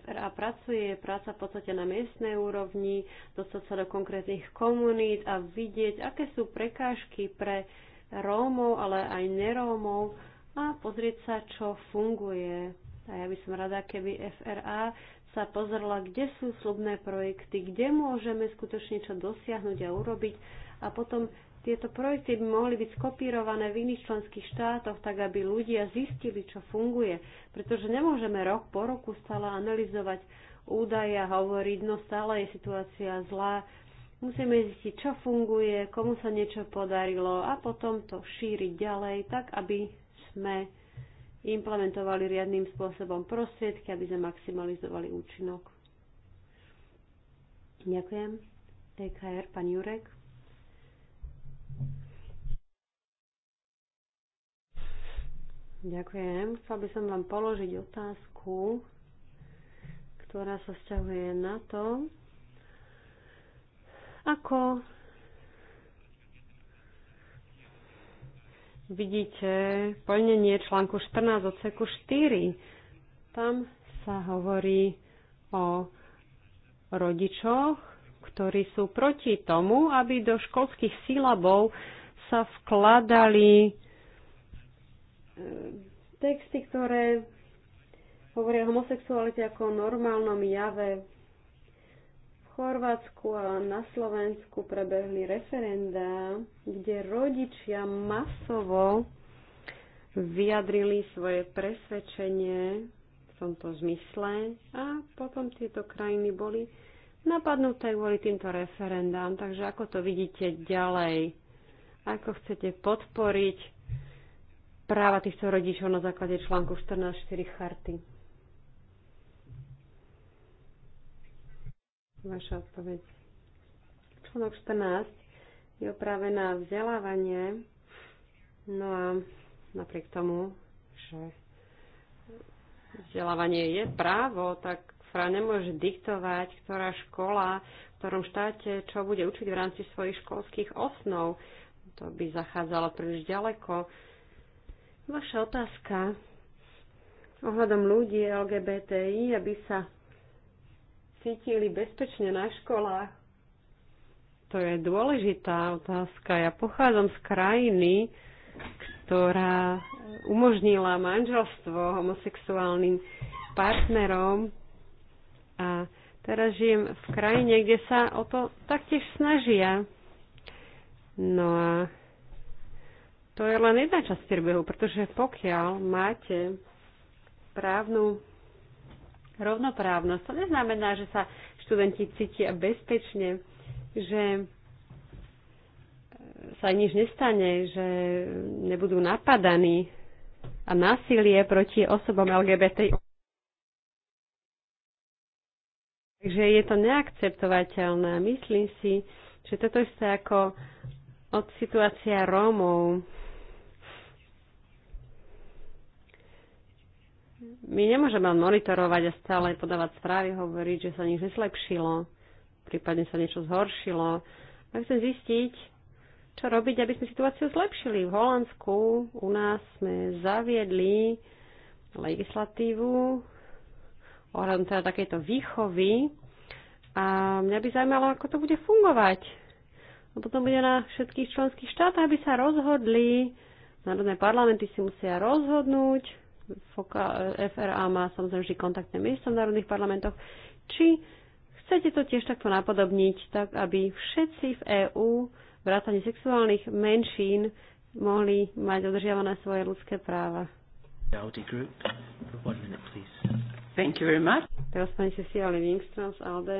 A: FRA pracuje, je práca v podstate na miestnej úrovni, dostať sa do konkrétnych komunít a vidieť, aké sú prekážky pre Rómov, ale aj nerómov a pozrieť sa, čo funguje a ja by som rada, keby FRA sa pozrela, kde sú slubné projekty, kde môžeme skutočne čo dosiahnuť a urobiť a potom tieto projekty by mohli byť skopírované v iných členských štátoch, tak aby ľudia zistili, čo funguje. Pretože nemôžeme rok po roku stále analyzovať údaje a hovoriť, no stále je situácia zlá. Musíme zistiť, čo funguje, komu sa niečo podarilo a potom to šíriť ďalej, tak aby sme implementovali riadným spôsobom prostriedky, aby sme maximalizovali účinok. Ďakujem. EKR, pán Jurek. Ďakujem. Chcel by som vám položiť otázku, ktorá sa vzťahuje na to, ako vidíte plnenie článku 14 odseku 4. Tam sa hovorí o rodičoch, ktorí sú proti tomu, aby do školských sílabov sa vkladali eh, texty, ktoré hovoria o homosexualite ako o normálnom jave Chorvátsku a na Slovensku prebehli referenda, kde rodičia masovo vyjadrili svoje presvedčenie v tomto zmysle a potom tieto krajiny boli napadnuté kvôli týmto referendám. Takže ako to vidíte ďalej? Ako chcete podporiť práva týchto rodičov na základe článku 14.4 charty? vaša odpoveď. Článok 14 je práve na vzdelávanie. No a napriek tomu, že vzdelávanie je právo, tak ktorá nemôže diktovať, ktorá škola, v ktorom štáte, čo bude učiť v rámci svojich školských osnov. To by zachádzalo príliš ďaleko. Vaša otázka ohľadom ľudí LGBTI, aby sa cítili bezpečne na školách. To je dôležitá otázka. Ja pochádzam z krajiny, ktorá umožnila manželstvo homosexuálnym partnerom a teraz žijem v krajine, kde sa o to taktiež snažia. No a to je len jedna časť príbehu, pretože pokiaľ máte právnu rovnoprávnosť. To neznamená, že sa študenti cítia bezpečne, že e, sa nič nestane, že nebudú napadaní a násilie proti osobom LGBT. Takže je to neakceptovateľné. Myslím si, že toto je ako od situácia Rómov My nemôžeme len monitorovať a stále podávať správy, hovoriť, že sa nič neslepšilo, prípadne sa niečo zhoršilo. A chcem zistiť, čo robiť, aby sme situáciu zlepšili. V Holandsku u nás sme zaviedli legislatívu ohľadom teda takéto výchovy a mňa by zaujímalo, ako to bude fungovať. No potom bude na všetkých členských štátoch, aby sa rozhodli, národné parlamenty si musia rozhodnúť, FRA eh, má samozrejme vždy kontaktné miesto v národných parlamentoch, či chcete to tiež takto napodobniť, tak aby všetci v EÚ vrátane sexuálnych menšín mohli mať održiavané svoje ľudské práva. Thank you very much. Teraz pani Cecilia Wingström z ALDE.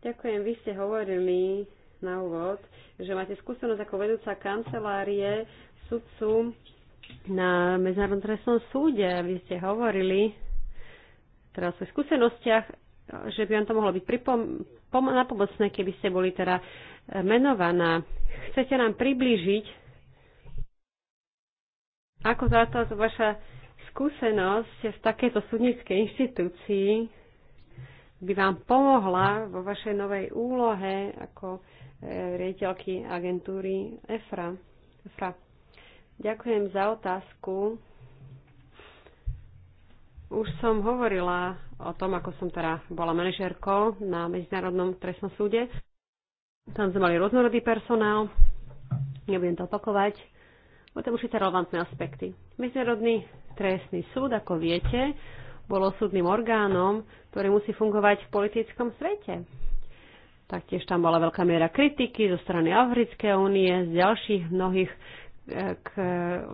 A: Ďakujem, vy ste hovorili na úvod, že máte skúsenosť ako vedúca kancelárie sudcu na Medzinárodnom trestnom súde. aby ste hovorili teda o skúsenostiach, že by vám to mohlo byť pripom- pom- napomocné, keby ste boli teda e, menovaná. Chcete nám priblížiť, ako táto vaša skúsenosť v takejto súdnickej inštitúcii by vám pomohla vo vašej novej úlohe ako e, riaditeľky agentúry EFRA. EFRA. Ďakujem za otázku. Už som hovorila o tom, ako som teda bola manažérkou na Medzinárodnom trestnom súde. Tam sme mali rôznorodý personál, nebudem to opakovať. Boli tam určité relevantné aspekty. Medzinárodný trestný súd, ako viete, bolo súdnym orgánom, ktorý musí fungovať v politickom svete. Taktiež tam bola veľká miera kritiky zo strany Africkej únie, z ďalších mnohých k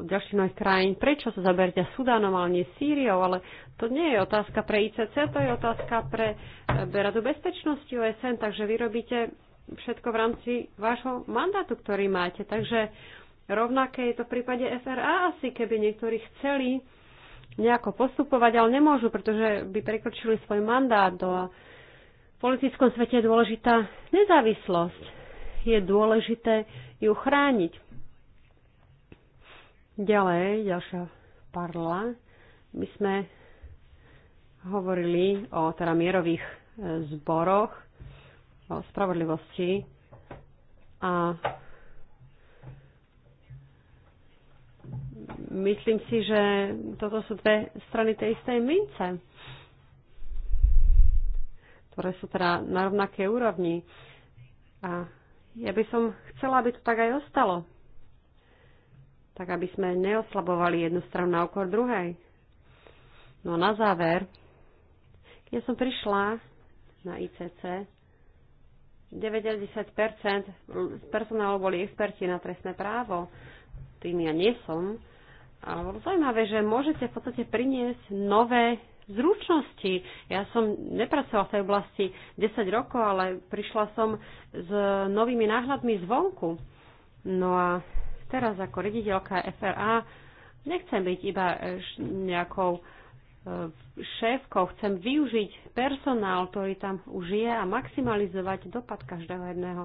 A: ďalším krajín. Prečo sa zaberia Sudánom, ale nie Sýriou? Ale to nie je otázka pre ICC, to je otázka pre e, Radu bezpečnosti OSN, takže vy robíte všetko v rámci vášho mandátu, ktorý máte. Takže rovnaké je to v prípade FRA asi, keby niektorí chceli nejako postupovať, ale nemôžu, pretože by prekročili svoj mandát. Do... No v politickom svete je dôležitá nezávislosť. Je dôležité ju chrániť. Ďalej, ďalšia parla. My sme hovorili o teda mierových e, zboroch, o spravodlivosti a myslím si, že toto sú dve strany tej istej mince, ktoré sú teda na rovnaké úrovni. A ja by som chcela, aby to tak aj ostalo tak aby sme neoslabovali jednu stranu na okor druhej. No a na záver, keď som prišla na ICC, 90% personálu boli experti na trestné právo, tým ja nie som, ale bolo zaujímavé, že môžete v podstate priniesť nové zručnosti. Ja som nepracovala v tej oblasti 10 rokov, ale prišla som s novými náhľadmi zvonku. No a Teraz ako rediteľka FRA nechcem byť iba e, nejakou e, šéfkou, chcem využiť personál, ktorý tam už je a maximalizovať dopad každého jedného.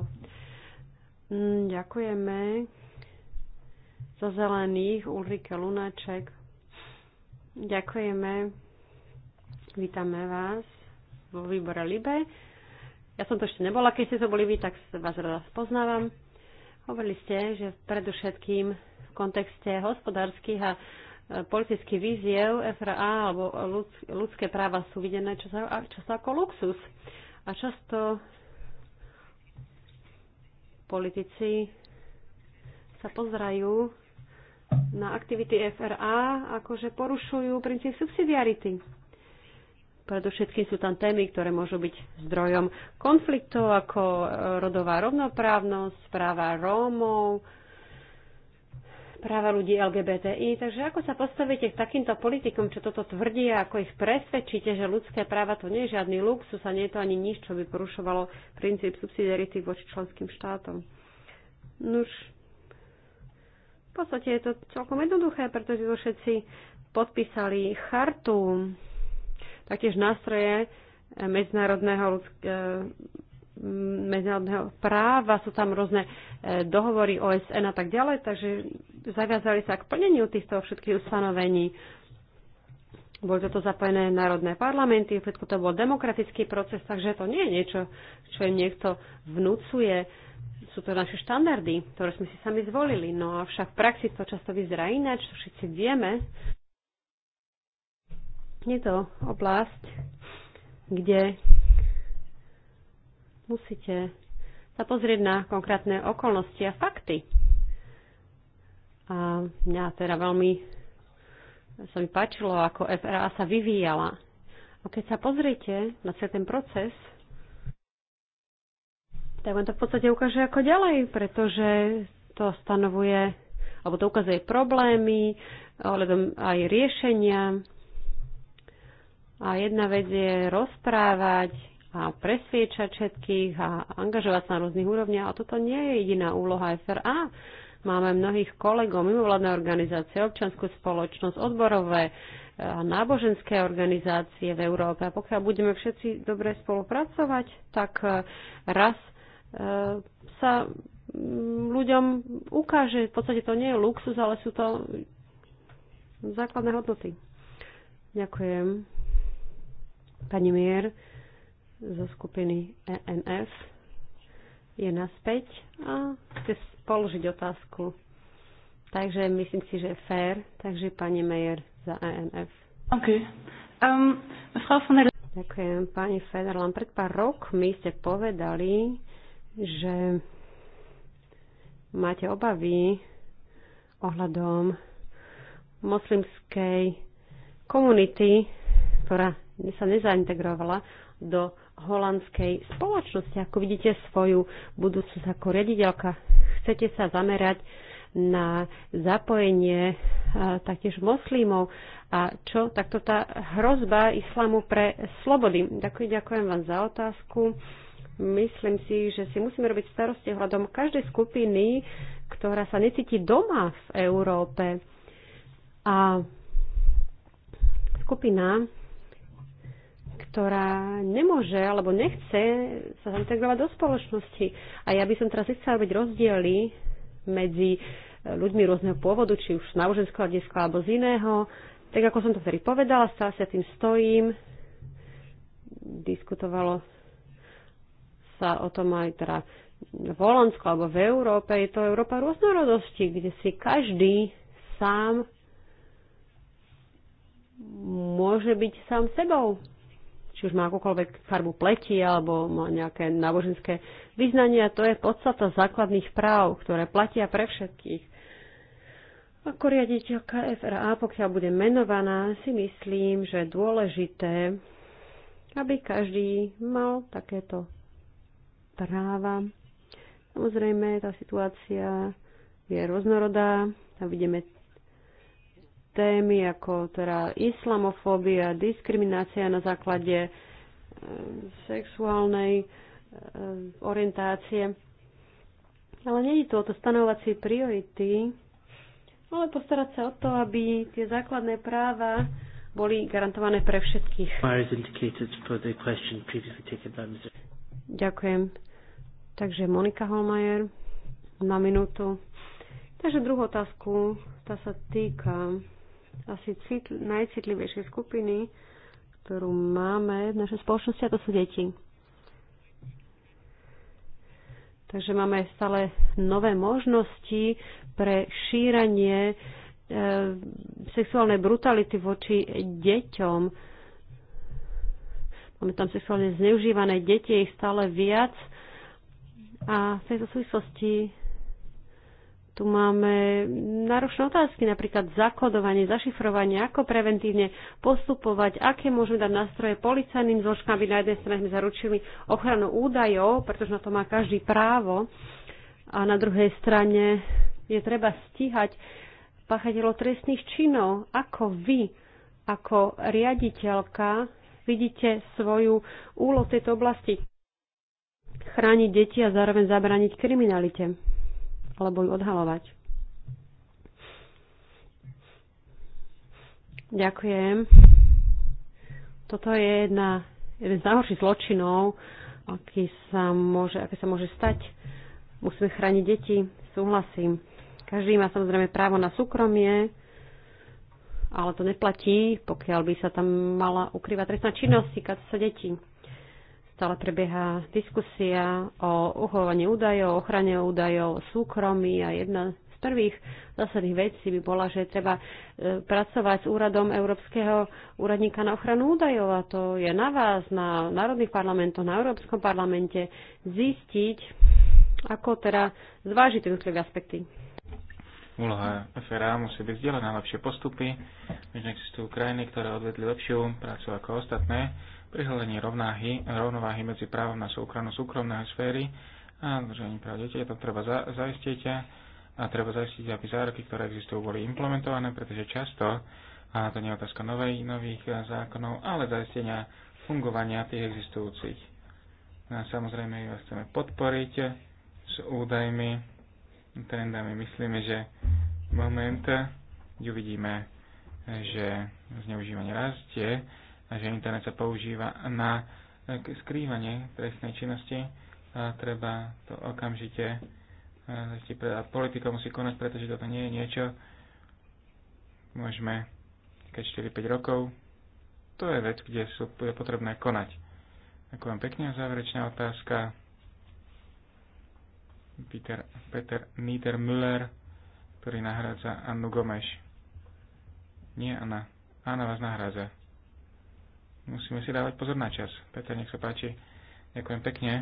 A: Mm, ďakujeme. Za zelených Ulrike Lunaček. Ďakujeme. Vítame vás vo výbore Libe. Ja som to ešte nebola, keď ste to boli vy, tak vás rada spoznávam. Hovorili ste, že predovšetkým v kontexte hospodárskych a e, politických víziev FRA alebo ľudské práva sú videné často ako luxus. A často politici sa pozerajú na aktivity FRA, akože porušujú princíp subsidiarity. Predovšetkým sú tam témy, ktoré môžu byť zdrojom konfliktov, ako e, rodová rovnoprávnosť, práva Rómov, práva ľudí LGBTI. Takže ako sa postavíte k takýmto politikom, čo toto tvrdia, ako ich presvedčíte, že ľudské práva to nie je žiadny luxus a nie je to ani nič, čo by porušovalo princíp subsidiarity voči členským štátom? Nuž, v podstate je to celkom jednoduché, pretože to všetci podpísali chartu taktiež nástroje eh, medzinárodného, eh, medzinárodného práva, sú tam rôzne eh, dohovory OSN a tak ďalej, takže zaviazali sa k plneniu týchto všetkých ustanovení. Boli to zapojené národné parlamenty, všetko to bol demokratický proces, takže to nie je niečo, čo im niekto vnúcuje. Sú to naše štandardy, ktoré sme si sami zvolili. No a však v praxi to často vyzerá ináč, to všetci vieme. Je to oblasť, kde musíte sa pozrieť na konkrétne okolnosti a fakty. A mňa teda veľmi sa mi páčilo, ako FRA sa vyvíjala. A keď sa pozriete na celý ten proces, tak vám to v podstate ukáže ako ďalej, pretože to stanovuje, alebo to ukazuje problémy, ale aj riešenia, a jedna vec je rozprávať a presviečať všetkých a angažovať sa na rôznych úrovniach. A toto nie je jediná úloha FRA. Máme mnohých kolegov, mimovládne organizácie, občanskú spoločnosť, odborové a e, náboženské organizácie v Európe. A pokiaľ budeme všetci dobre spolupracovať, tak e, raz e, sa ľuďom ukáže, v podstate to nie je luxus, ale sú to základné hodnoty. Ďakujem. Pani Mier zo skupiny ENF je naspäť a chce položiť otázku. Takže myslím si, že je fér. Takže pani Mejer za ENF. OK. Um, von der... Ďakujem. Pani Federland. pred pár rokmi ste povedali, že máte obavy ohľadom moslimskej komunity, ktorá sa nezaintegrovala do holandskej spoločnosti. Ako vidíte svoju budúcnosť ako rediteľka, chcete sa zamerať na zapojenie taktiež moslimov a čo takto tá hrozba islamu pre slobody. Ďakujem, ďakujem vám za otázku. Myslím si, že si musíme robiť starosti hľadom každej skupiny, ktorá sa necíti doma v Európe. A skupina, ktorá nemôže alebo nechce sa zaintegrovať do spoločnosti. A ja by som teraz chcela robiť rozdiely medzi e, ľuďmi rôzneho pôvodu, či už na úženského hľadiska alebo z iného. Tak ako som to vtedy povedala, stále sa tým stojím. Diskutovalo sa o tom aj teda v Holandsku alebo v Európe. Je to Európa rôznorodosti, kde si každý sám môže byť sám sebou či už má akúkoľvek farbu pleti alebo má nejaké náboženské vyznania. To je podstata základných práv, ktoré platia pre všetkých. Ako riaditeľka FRA, pokiaľ bude menovaná, si myslím, že je dôležité, aby každý mal takéto práva. Samozrejme, tá situácia je rôznorodá. Tam vidíme témy ako teda islamofóbia, diskriminácia na základe e, sexuálnej e, orientácie. Ale nie je to o to stanovať si priority, ale postarať sa o to, aby tie základné práva boli garantované pre všetkých. Ďakujem. Takže Monika Holmajer na minútu. Takže druhú otázku, tá sa týka asi citl- najcitlivejšej skupiny, ktorú máme v našej spoločnosti, a to sú deti. Takže máme stále nové možnosti pre šíranie e, sexuálnej brutality voči deťom. Máme tam sexuálne zneužívané deti, ich stále viac. A v tejto súvislosti tu máme náročné otázky, napríklad zakodovanie, zašifrovanie, ako preventívne postupovať, aké môžeme dať nástroje policajným zložkám, aby na jednej strane sme zaručili ochranu údajov, pretože na to má každý právo, a na druhej strane je treba stíhať páchateľov trestných činov. Ako vy, ako riaditeľka, vidíte svoju úlohu v tejto oblasti? Chrániť deti a zároveň zabrániť kriminalite alebo ju odhalovať. Ďakujem. Toto je jedna, jeden z najhorších zločinov, aký sa môže, aké sa môže stať. Musíme chrániť deti, súhlasím. Každý má samozrejme právo na súkromie, ale to neplatí, pokiaľ by sa tam mala ukrývať trestná činnosť, týkať sa detí. Stále prebieha diskusia o uchovaní údajov, ochrane údajov, súkromí a jedna z prvých zásadných vecí by bola, že treba e, pracovať s úradom Európskeho úradníka na ochranu údajov a to je na vás, na národných parlamentoch, na Európskom parlamente zistiť, ako teda zvážiť jednotlivé aspekty.
C: Úloha FRA musí byť na lepšie postupy, než existujú krajiny, ktoré odvedli lepšiu prácu ako ostatné pri rovnáhy, rovnováhy medzi právom na súkromnú súkromného sféry a dodržaním práv detí. To treba za, zaistiť a treba zaistiť, aby zároky, ktoré existujú, boli implementované, pretože často, a to nie je otázka novej, nových zákonov, ale zaistenia fungovania tých existujúcich. A samozrejme, ju chceme podporiť s údajmi, trendami. Myslíme, že moment, kde uvidíme, že zneužívanie rastie, a že internet sa používa na e, skrývanie trestnej činnosti, a treba to okamžite e, a politika musí konať, pretože toto nie je niečo, môžeme keď 4-5 rokov, to je vec, kde sú, je potrebné konať. Ďakujem pekne, záverečná otázka. Peter, Peter Niedermüller, ktorý nahrádza Annu Gomeš. Nie Anna. Anna vás nahrádza musíme si dávať pozor na čas. Petr, nech sa páči. Ďakujem pekne.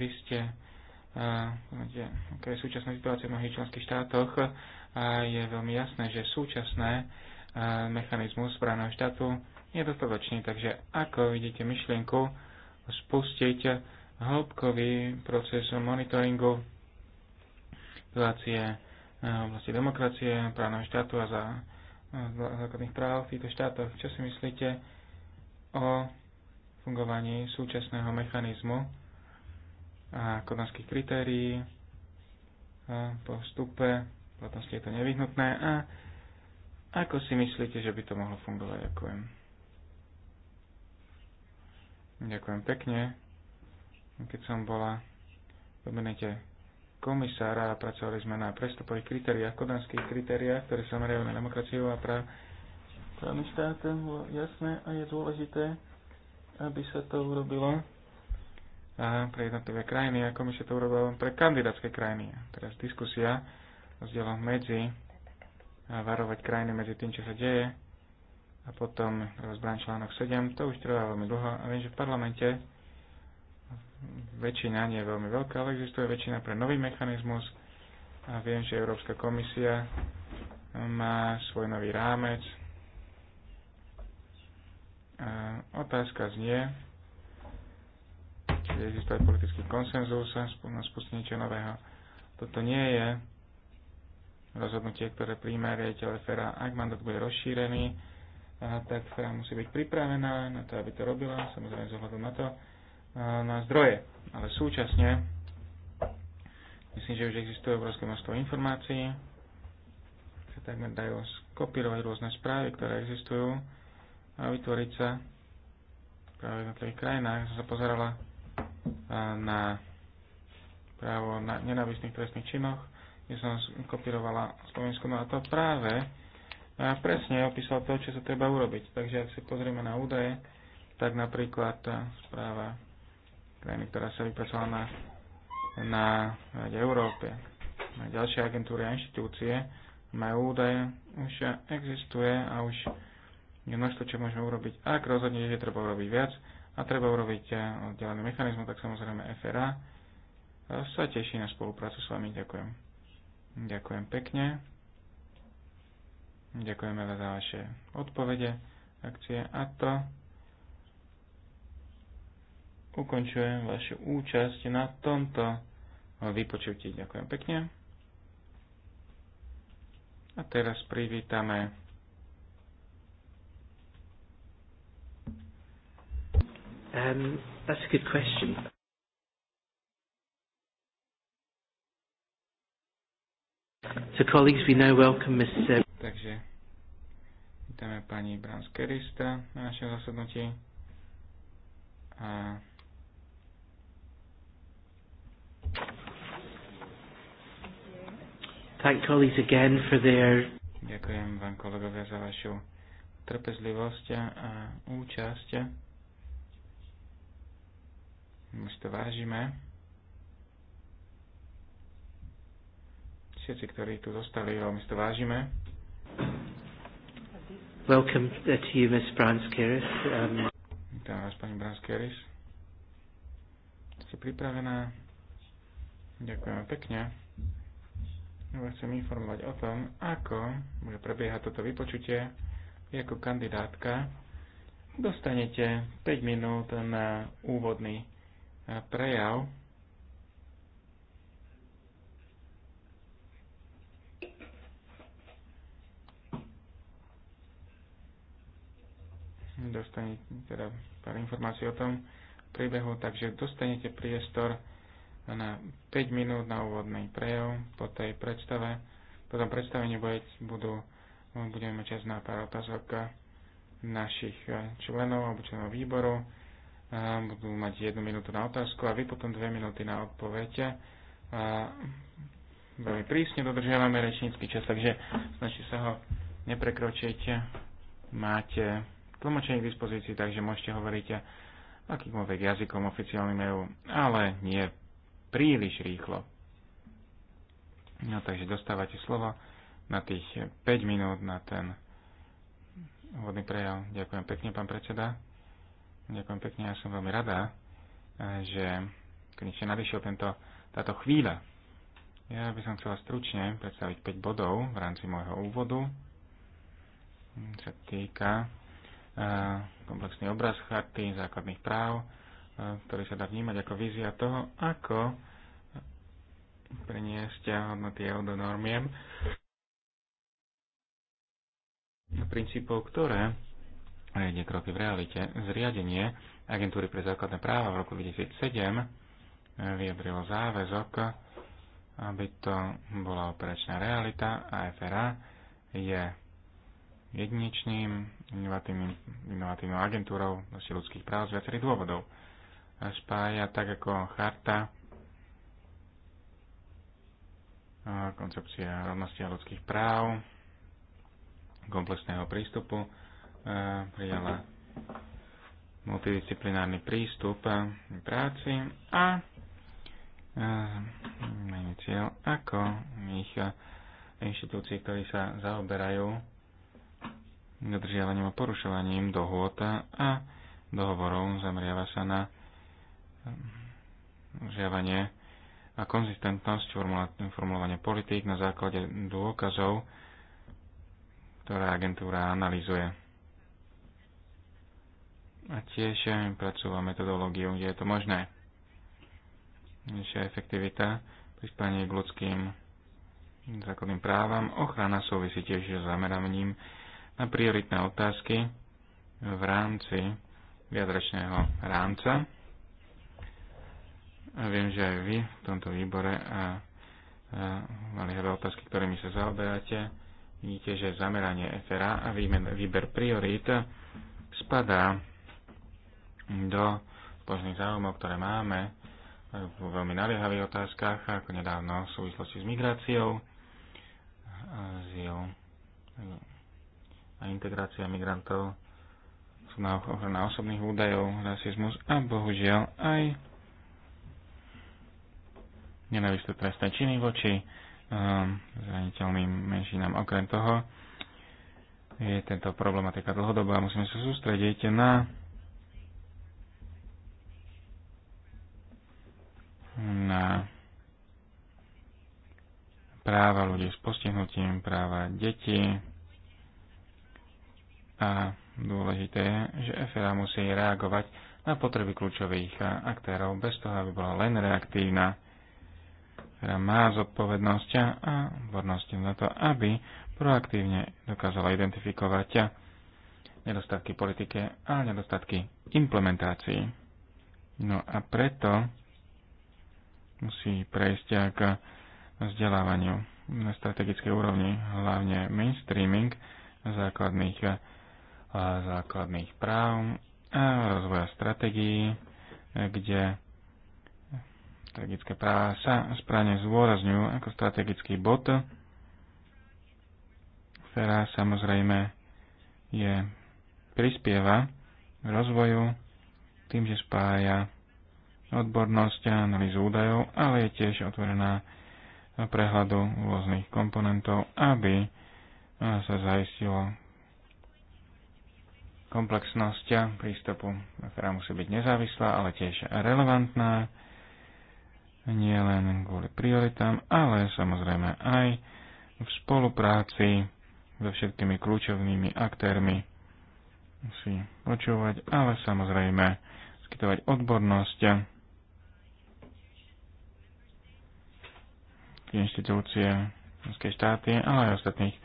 C: Vy ste eh, aké je súčasná situácia v mnohých členských štátoch a je veľmi jasné, že súčasné eh, mechanizmus správneho štátu je dostatočný. Takže ako vidíte myšlienku spustiť hĺbkový proces monitoringu situácie eh, v oblasti demokracie, právneho štátu a za základných práv v týchto štátoch. Čo si myslíte o fungovaní súčasného mechanizmu a kodanských kritérií po vstupe, platnosti je to nevyhnutné a ako si myslíte, že by to mohlo fungovať? Ďakujem. Ďakujem pekne. Keď som bola v komisára a pracovali sme na prestupových kritériách, kodanských kritériách, ktoré sa merajú na demokraciu a práv právny štát. Jasné a je dôležité, aby sa to urobilo a pre jednotlivé krajiny a komisia to urobila len pre kandidátske krajiny. Teraz diskusia rozdielom medzi a varovať krajiny medzi tým, čo sa deje a potom rozbrán článok 7, to už trvá veľmi dlho a viem, že v parlamente väčšina nie je veľmi veľká, ale existuje väčšina pre nový mechanizmus a viem, že Európska komisia e, má svoj nový rámec. A otázka znie, či existuje politický konsenzus na spustenie čo nového. Toto nie je rozhodnutie, ktoré príjme riaditeľ FRA. Ak mandát bude rozšírený, tak FRA musí byť pripravená na to, aby to robila, samozrejme zohľadom na to, na zdroje. Ale súčasne myslím, že už existuje obrovské množstvo informácií, sa takmer dajú skopírovať rôzne správy, ktoré existujú a vytvoriť sa práve na tých krajinách. Ja som sa pozerala na právo na nenávistných trestných činoch, kde som kopírovala Slovensku no a to práve a presne opísal to, čo sa treba urobiť. Takže ak si pozrieme na údaje, tak napríklad správa krajiny, ktorá sa vypracovala na, na na Európe. Na ďalšie agentúry a inštitúcie majú údaje, už existuje a už je množstvo, čo môžeme urobiť. Ak rozhodne, že treba urobiť viac a treba urobiť e, oddelený mechanizmus, tak samozrejme FRA sa teší na spoluprácu s vami. Ďakujem. Ďakujem pekne. Ďakujeme za vaše odpovede, akcie a to ukončujem vašu účasť na tomto vypočutí. Ďakujem pekne. A teraz privítame
B: Um, that's a good question. So colleagues, we now welcome Ms. Uh,
C: Takže vítame pani Branskerista na našem zasadnutí. A Thank colleagues again for their... Ďakujem vám kolegovia za vašu trpezlivosť a účasť. My si to vážime. Všetci, ktorí tu zostali, my si to vážime.
B: Welcome to you, Ms. Branskeris. Um... Vítam vás, pani Branskeris.
C: Ste pripravená? Ďakujem pekne vás chcem informovať o tom, ako bude prebiehať toto vypočutie. Vy ako kandidátka dostanete 5 minút na úvodný eh, prejav. Dostanete teda pár informácií o tom príbehu, takže dostanete priestor na 5 minút na úvodný prejav po tej predstave. Po tom predstavení budú, budeme mať čas na pár otázok našich členov alebo členov výboru. Budú mať jednu minútu na otázku a vy potom dve minúty na odpoveď. Veľmi prísne dodržiavame rečnícky čas, takže snažte sa ho neprekročiť. Máte tlmočenie k dispozícii, takže môžete hovoriť akýmkoľvek jazykom oficiálnym EU, ale nie príliš rýchlo. No takže dostávate slovo na tých 5 minút na ten úvodný prejav. Ďakujem pekne, pán predseda. Ďakujem pekne, ja som veľmi rada, eh, že konečne nadišiel tento, táto chvíľa. Ja by som chcela stručne predstaviť 5 bodov v rámci môjho úvodu. Čo týka eh, komplexný obraz charty základných práv, ktorý sa dá vnímať ako vízia toho, ako priniesť hodnoty EU do normiem princípov, ktoré riadne kroky v realite. Zriadenie Agentúry pre základné práva v roku 2007 e, vyjadrilo záväzok, aby to bola operačná realita a FRA je jedinečným inovatívnym, inovatívnou agentúrou ľudských práv z viacerých dôvodov spája tak ako charta koncepcia rovnosti a ľudských práv, komplexného prístupu, e, prijala multidisciplinárny prístup k e, práci a e, mení cieľ ako ich inštitúcií, ktorí sa zaoberajú dodržiavaním a porušovaním dohôta a dohovorov zameriava sa na žiavanie a konzistentnosť formulovania politík na základe dôkazov, ktoré agentúra analýzuje. A tiež pracujú metodológiu, kde je to možné. Nižšia efektivita, prispanie k ľudským základným právam, ochrana súvisí tiež s zameraním na prioritné otázky v rámci viadračného rámca a viem, že aj vy v tomto výbore a, a mali veľa otázky, ktorými sa zaoberáte. Vidíte, že zameranie etera a výmen, výber priorít spadá do spoločných záujmov, ktoré máme v veľmi naliehavých otázkach, ako nedávno v súvislosti s migráciou, azyl a integrácia migrantov, ochrana osobných údajov, rasizmus a bohužiaľ aj nenavistné trestné činy voči ehm, zraniteľným menšinám. Okrem toho je tento problematika dlhodobá. Musíme sa sústrediť na na práva ľudí s postihnutím, práva detí a dôležité je, že FRA musí reagovať na potreby kľúčových aktérov bez toho, aby bola len reaktívna ktorá má zodpovednosť a odbornosť na to, aby proaktívne dokázala identifikovať nedostatky politike a nedostatky implementácií. No a preto musí prejsť k vzdelávaniu na strategickej úrovni, hlavne mainstreaming základných, eh, základných práv a rozvoja strategií, kde strategické práva sa správne zdôrazňujú ako strategický bod, ktorá samozrejme je prispieva rozvoju tým, že spája odbornosť a analýzu údajov, ale je tiež otvorená prehľadu rôznych komponentov, aby sa zaistilo komplexnosť prístupu, ktorá musí byť nezávislá, ale tiež relevantná nie len kvôli prioritám, ale samozrejme aj v spolupráci so všetkými kľúčovými aktérmi si počúvať, ale samozrejme skytovať odbornosť inštitúcie, členské štáty, ale aj ostatných eh,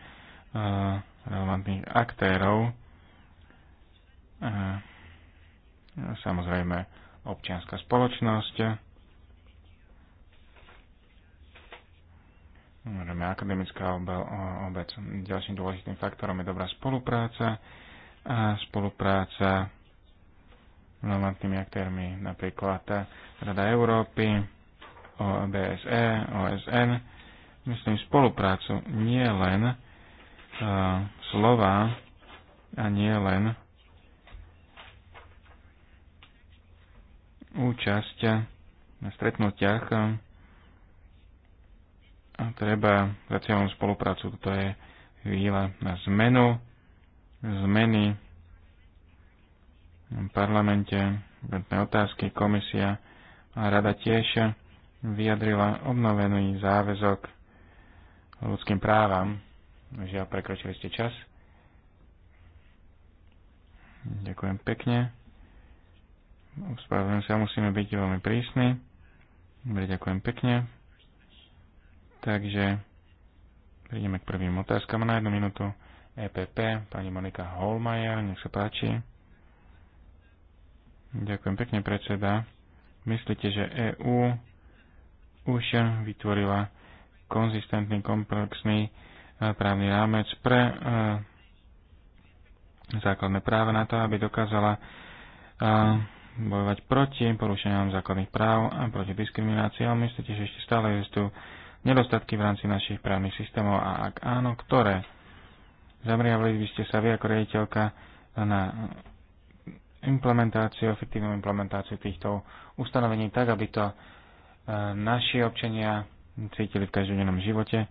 C: relevantných aktérov. a eh, samozrejme občianská spoločnosť Môžeme akademická obec. Ďalším dôležitým faktorom je dobrá spolupráca a spolupráca s relevantnými aktérmi, napríklad Rada Európy, OBSE, OSN. Myslím spoluprácu nie len uh, slova a nie len účasť na stretnutiach treba zacielnúť spoluprácu. Toto je chvíľa na zmenu, zmeny v parlamente, otázky, komisia a rada tiež vyjadrila obnovený záväzok ľudským právam. Žiaľ, prekročili ste čas. Ďakujem pekne. Ospravedlňujem sa, musíme byť veľmi prísni. Dobre, ďakujem pekne. Takže prídeme k prvým otázkam na jednu minútu. EPP, pani Monika Holmajer, nech sa páči. Ďakujem pekne, predseda. Myslíte, že EÚ už vytvorila konzistentný, komplexný e, právny rámec pre e, základné práva na to, aby dokázala e, bojovať proti porušeniam základných práv a proti diskriminácii, ale myslíte, že ešte stále existujú nedostatky v rámci našich právnych systémov a ak áno, ktoré? Zamriavali by ste sa vy ako riaditeľka na implementáciu, efektívnu implementáciu týchto ustanovení tak, aby to e, naši občania cítili v každodennom živote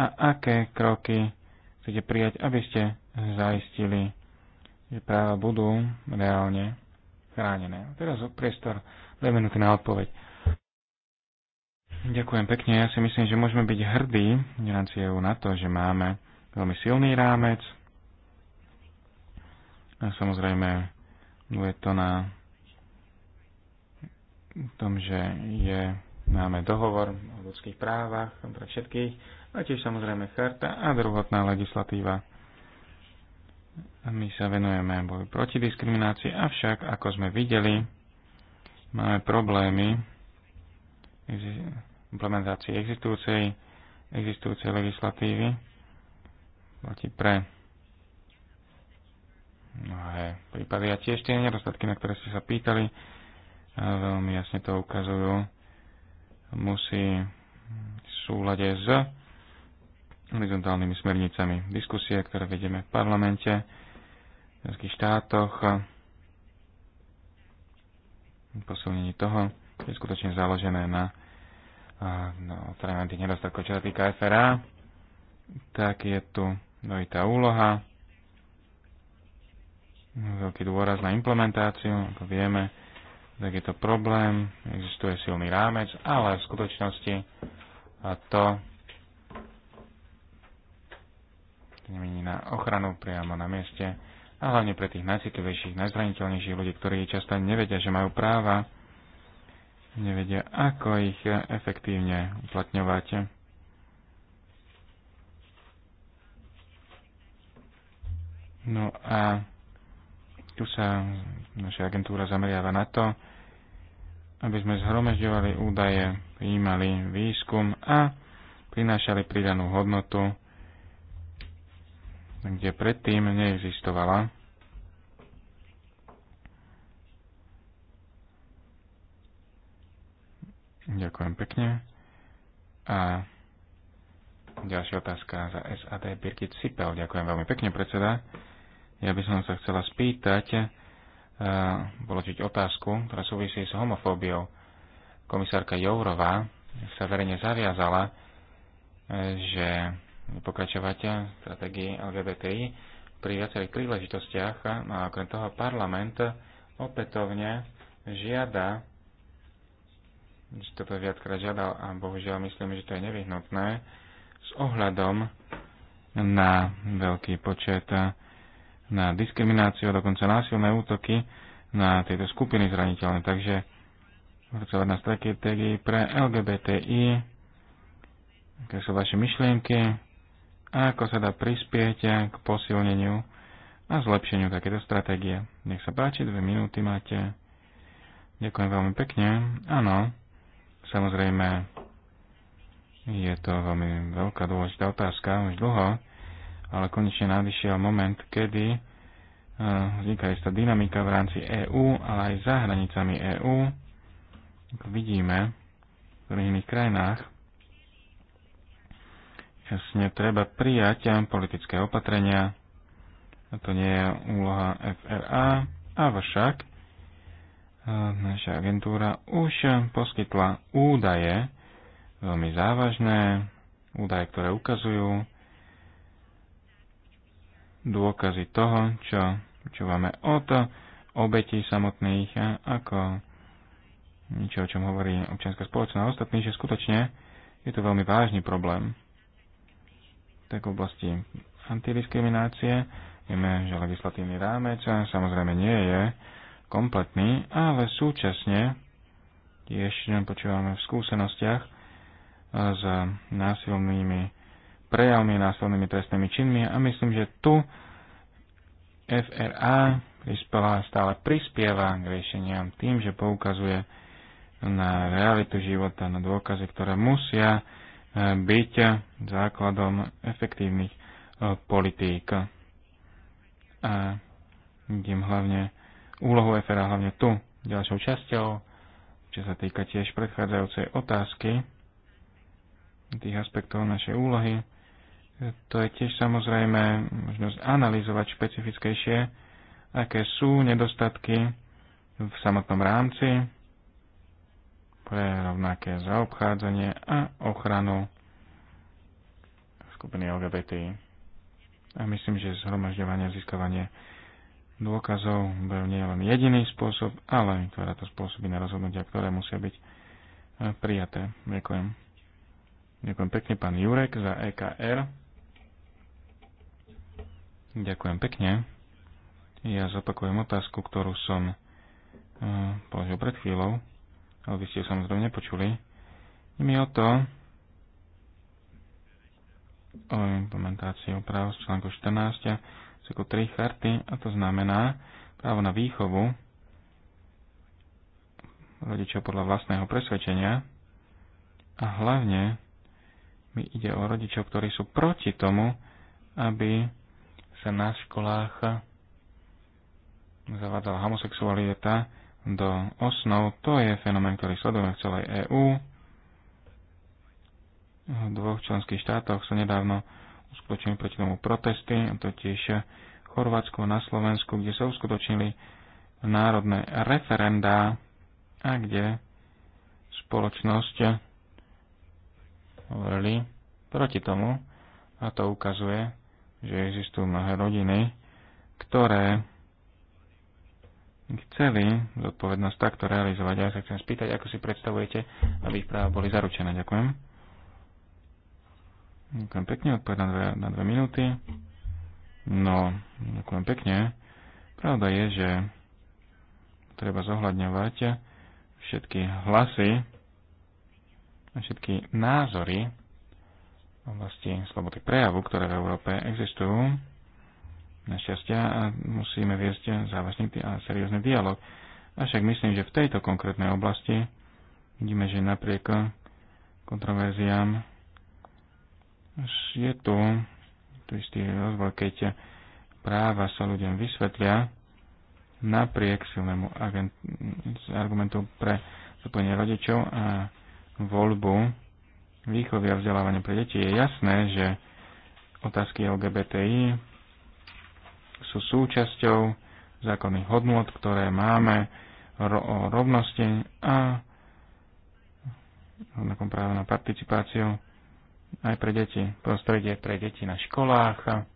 C: a aké kroky chcete prijať, aby ste zaistili, že práva budú reálne chránené. Teraz priestor 2 minúty na odpoveď. Ďakujem pekne. Ja si myslím, že môžeme byť hrdí v rámci EU na to, že máme veľmi silný rámec. A samozrejme, je to na tom, že je, máme dohovor o ľudských právach pre všetkých a tiež samozrejme charta a druhotná legislatíva. A my sa venujeme boju proti diskriminácii, avšak, ako sme videli, máme problémy implementácii existujúcej, existujúcej legislatívy. Platí pre mnohé prípady a tiež tie nedostatky, na ktoré ste sa pýtali, veľmi jasne to ukazujú, musí v súlade s horizontálnymi smernicami. Diskusie, ktoré vedieme v parlamente, v členských štátoch, posilnení toho, je skutočne založené na no, teda tých nedostatkov, čo sa týka FRA, tak je tu dvojitá úloha, veľký dôraz na implementáciu, ako vieme, tak je to problém, existuje silný rámec, ale v skutočnosti a to nemení na ochranu priamo na mieste a hlavne pre tých najcitlivejších, najzraniteľnejších ľudí, ktorí často nevedia, že majú práva nevedia, ako ich efektívne uplatňovať. No a tu sa naša agentúra zameriava na to, aby sme zhromažďovali údaje, prijímali výskum a prinášali pridanú hodnotu, kde predtým neexistovala. Ďakujem pekne. A ďalšia otázka za SAD Birgit Sipel. Ďakujem veľmi pekne, predseda. Ja by som sa chcela spýtať, e, položiť otázku, ktorá súvisí s homofóbiou. Komisárka Jourová sa verejne zaviazala, e, že pokračovať v stratégii LGBTI pri viacerých príležitostiach no a okrem toho parlament opätovne žiada že toto viackrát žiadal a bohužiaľ myslím, že to je nevyhnutné s ohľadom na veľký počet na diskrimináciu a dokonca násilné útoky na tieto skupiny zraniteľné. Takže pracovať na stratégii pre LGBTI, aké sú vaše myšlienky a ako sa dá prispieť k posilneniu a zlepšeniu takéto stratégie. Nech sa páči, dve minúty máte. Ďakujem veľmi pekne. Áno, Samozrejme, je to veľmi veľká dôležitá otázka už dlho, ale konečne nadišiel moment, kedy eh, vzniká istá dynamika v rámci EÚ, ale aj za hranicami EÚ. Vidíme v iných krajinách, jasne treba prijať politické opatrenia. A to nie je úloha FRA, avšak naša agentúra už poskytla údaje, veľmi závažné, údaje, ktoré ukazujú dôkazy toho, čo počúvame od obetí samotných, ako niečo, o čom hovorí občianská spoločnosť a ostatní, že skutočne je to veľmi vážny problém. Tak v oblasti antidiskriminácie vieme, že legislatívny rámec samozrejme nie je kompletný, ale súčasne tiež počúvame v skúsenostiach e, s násilnými prejavmi, násilnými trestnými činmi a myslím, že tu FRA prispela, stále prispieva k riešeniam tým, že poukazuje na realitu života, na dôkazy, ktoré musia e, byť základom efektívnych e, politík. A vidím hlavne úlohu efera hlavne tu. Ďalšou časťou, čo sa týka tiež predchádzajúcej otázky, tých aspektov našej úlohy, to je tiež samozrejme možnosť analyzovať špecifickejšie, aké sú nedostatky v samotnom rámci pre rovnaké zaobchádzanie a ochranu skupiny LGBT. A myslím, že zhromažďovanie a získavanie dôkazov bol nie len jediný spôsob, ale vytvára to spôsoby na rozhodnutia, ktoré musia byť e, prijaté. Ďakujem. Ďakujem pekne pán Jurek za EKR. Ďakujem pekne. Ja zopakujem otázku, ktorú som e, položil pred chvíľou, ale vy ste ju samozrejme nepočuli. Mi o to, o implementácii práv z článku 14 sú ako tri charty a to znamená právo na výchovu rodičov podľa vlastného presvedčenia a hlavne mi ide o rodičov, ktorí sú proti tomu, aby sa na školách zavádzala homosexualita do osnov. To je fenomén, ktorý sledujeme v celej EÚ. V dvoch členských štátoch sa nedávno uskutočnili proti tomu protesty, totiž Chorvátsku na Slovensku, kde sa uskutočnili národné referendá a kde spoločnosť hovorili proti tomu a to ukazuje, že existujú mnohé rodiny, ktoré chceli zodpovednosť takto realizovať. Ja sa chcem spýtať, ako si predstavujete, aby ich práva boli zaručené. Ďakujem. Ďakujem pekne, odpovedám na dve, na dve minúty. No, ďakujem pekne. Pravda je, že treba zohľadňovať všetky hlasy a všetky názory v oblasti slobody prejavu, ktoré v Európe existujú. Našťastia a musíme viesť závažný a seriózny dialog. Avšak myslím, že v tejto konkrétnej oblasti vidíme, že napriek kontroverziám je tu, to istý rozvoj, keď práva sa ľuďom vysvetlia napriek silnému agent, argumentu pre zapojenie rodičov a voľbu výchovy a vzdelávania pre deti, je jasné, že otázky LGBTI sú súčasťou zákonných hodnôt, ktoré máme ro- o rovnosti a rovnakom práve na participáciu aj pre deti. Prostredie pre deti na školách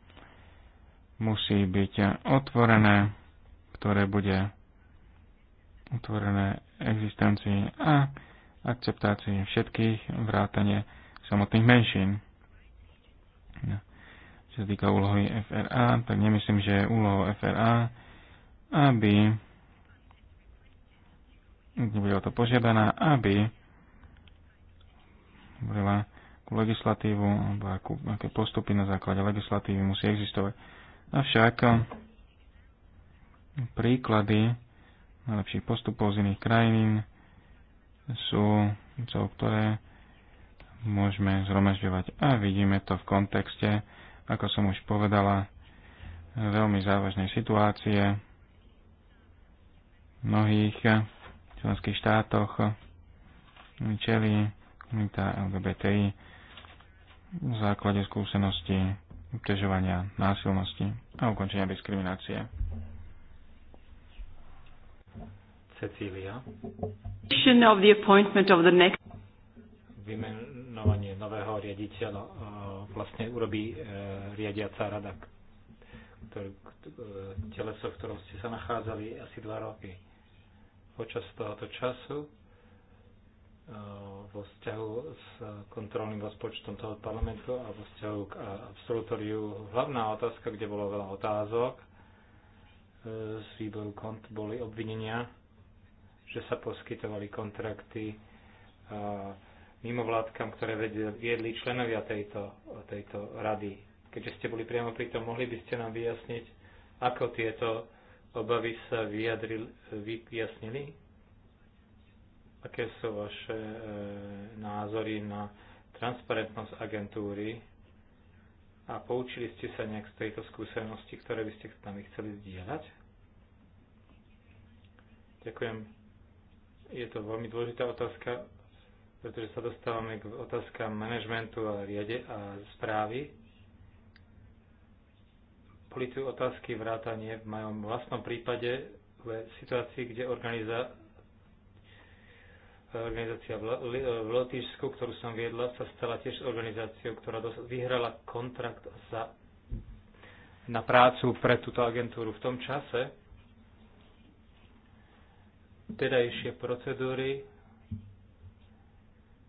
C: musí byť otvorené, ktoré bude otvorené existencii a akceptácii všetkých vrátane samotných menšín. No. Čo sa týka úlohy FRA, tak nemyslím, že je úlohou FRA, aby bude o to požiadaná, aby bola akú legislatívu alebo akú, aké postupy na základe legislatívy musí existovať. Avšak eh, príklady najlepších postupov z iných krajín sú, cel, ktoré môžeme zhromažďovať. A vidíme to v kontexte, ako som už povedala, veľmi závažnej situácie v mnohých členských štátoch čeli komunita LGBTI v základe skúsenosti, obťažovania, násilnosti a ukončenia diskriminácie.
D: Cecília. Vymenovanie nového riaditeľa no, vlastne urobí e, riadiaca rada, ktorý, eh, teleso, v ktorom ste sa nachádzali asi dva roky. Počas tohoto času E, vo vzťahu s kontrolným rozpočtom toho parlamentu a vo vzťahu k absolutóriu. Hlavná otázka, kde bolo veľa otázok e, z výboru kont, boli obvinenia, že sa poskytovali kontrakty e, mimovládkam, ktoré viedli členovia tejto, tejto rady. Keďže ste boli priamo pri tom, mohli by ste nám vyjasniť, ako tieto obavy sa vyjadrili, vyjasnili? Aké sú vaše e, názory na transparentnosť agentúry a poučili ste sa nejak z tejto skúsenosti, ktoré by ste s nami chceli zdieľať? Ďakujem. Je to veľmi dôležitá otázka, pretože sa dostávame k otázkam manažmentu a riade a správy. Boli tu otázky vrátanie v mojom vlastnom prípade v situácii, kde organiza organizácia v Lotyšsku, ktorú som viedla, sa stala tiež organizáciou, ktorá vyhrala kontrakt za, na prácu pre túto agentúru. V tom čase tedajšie procedúry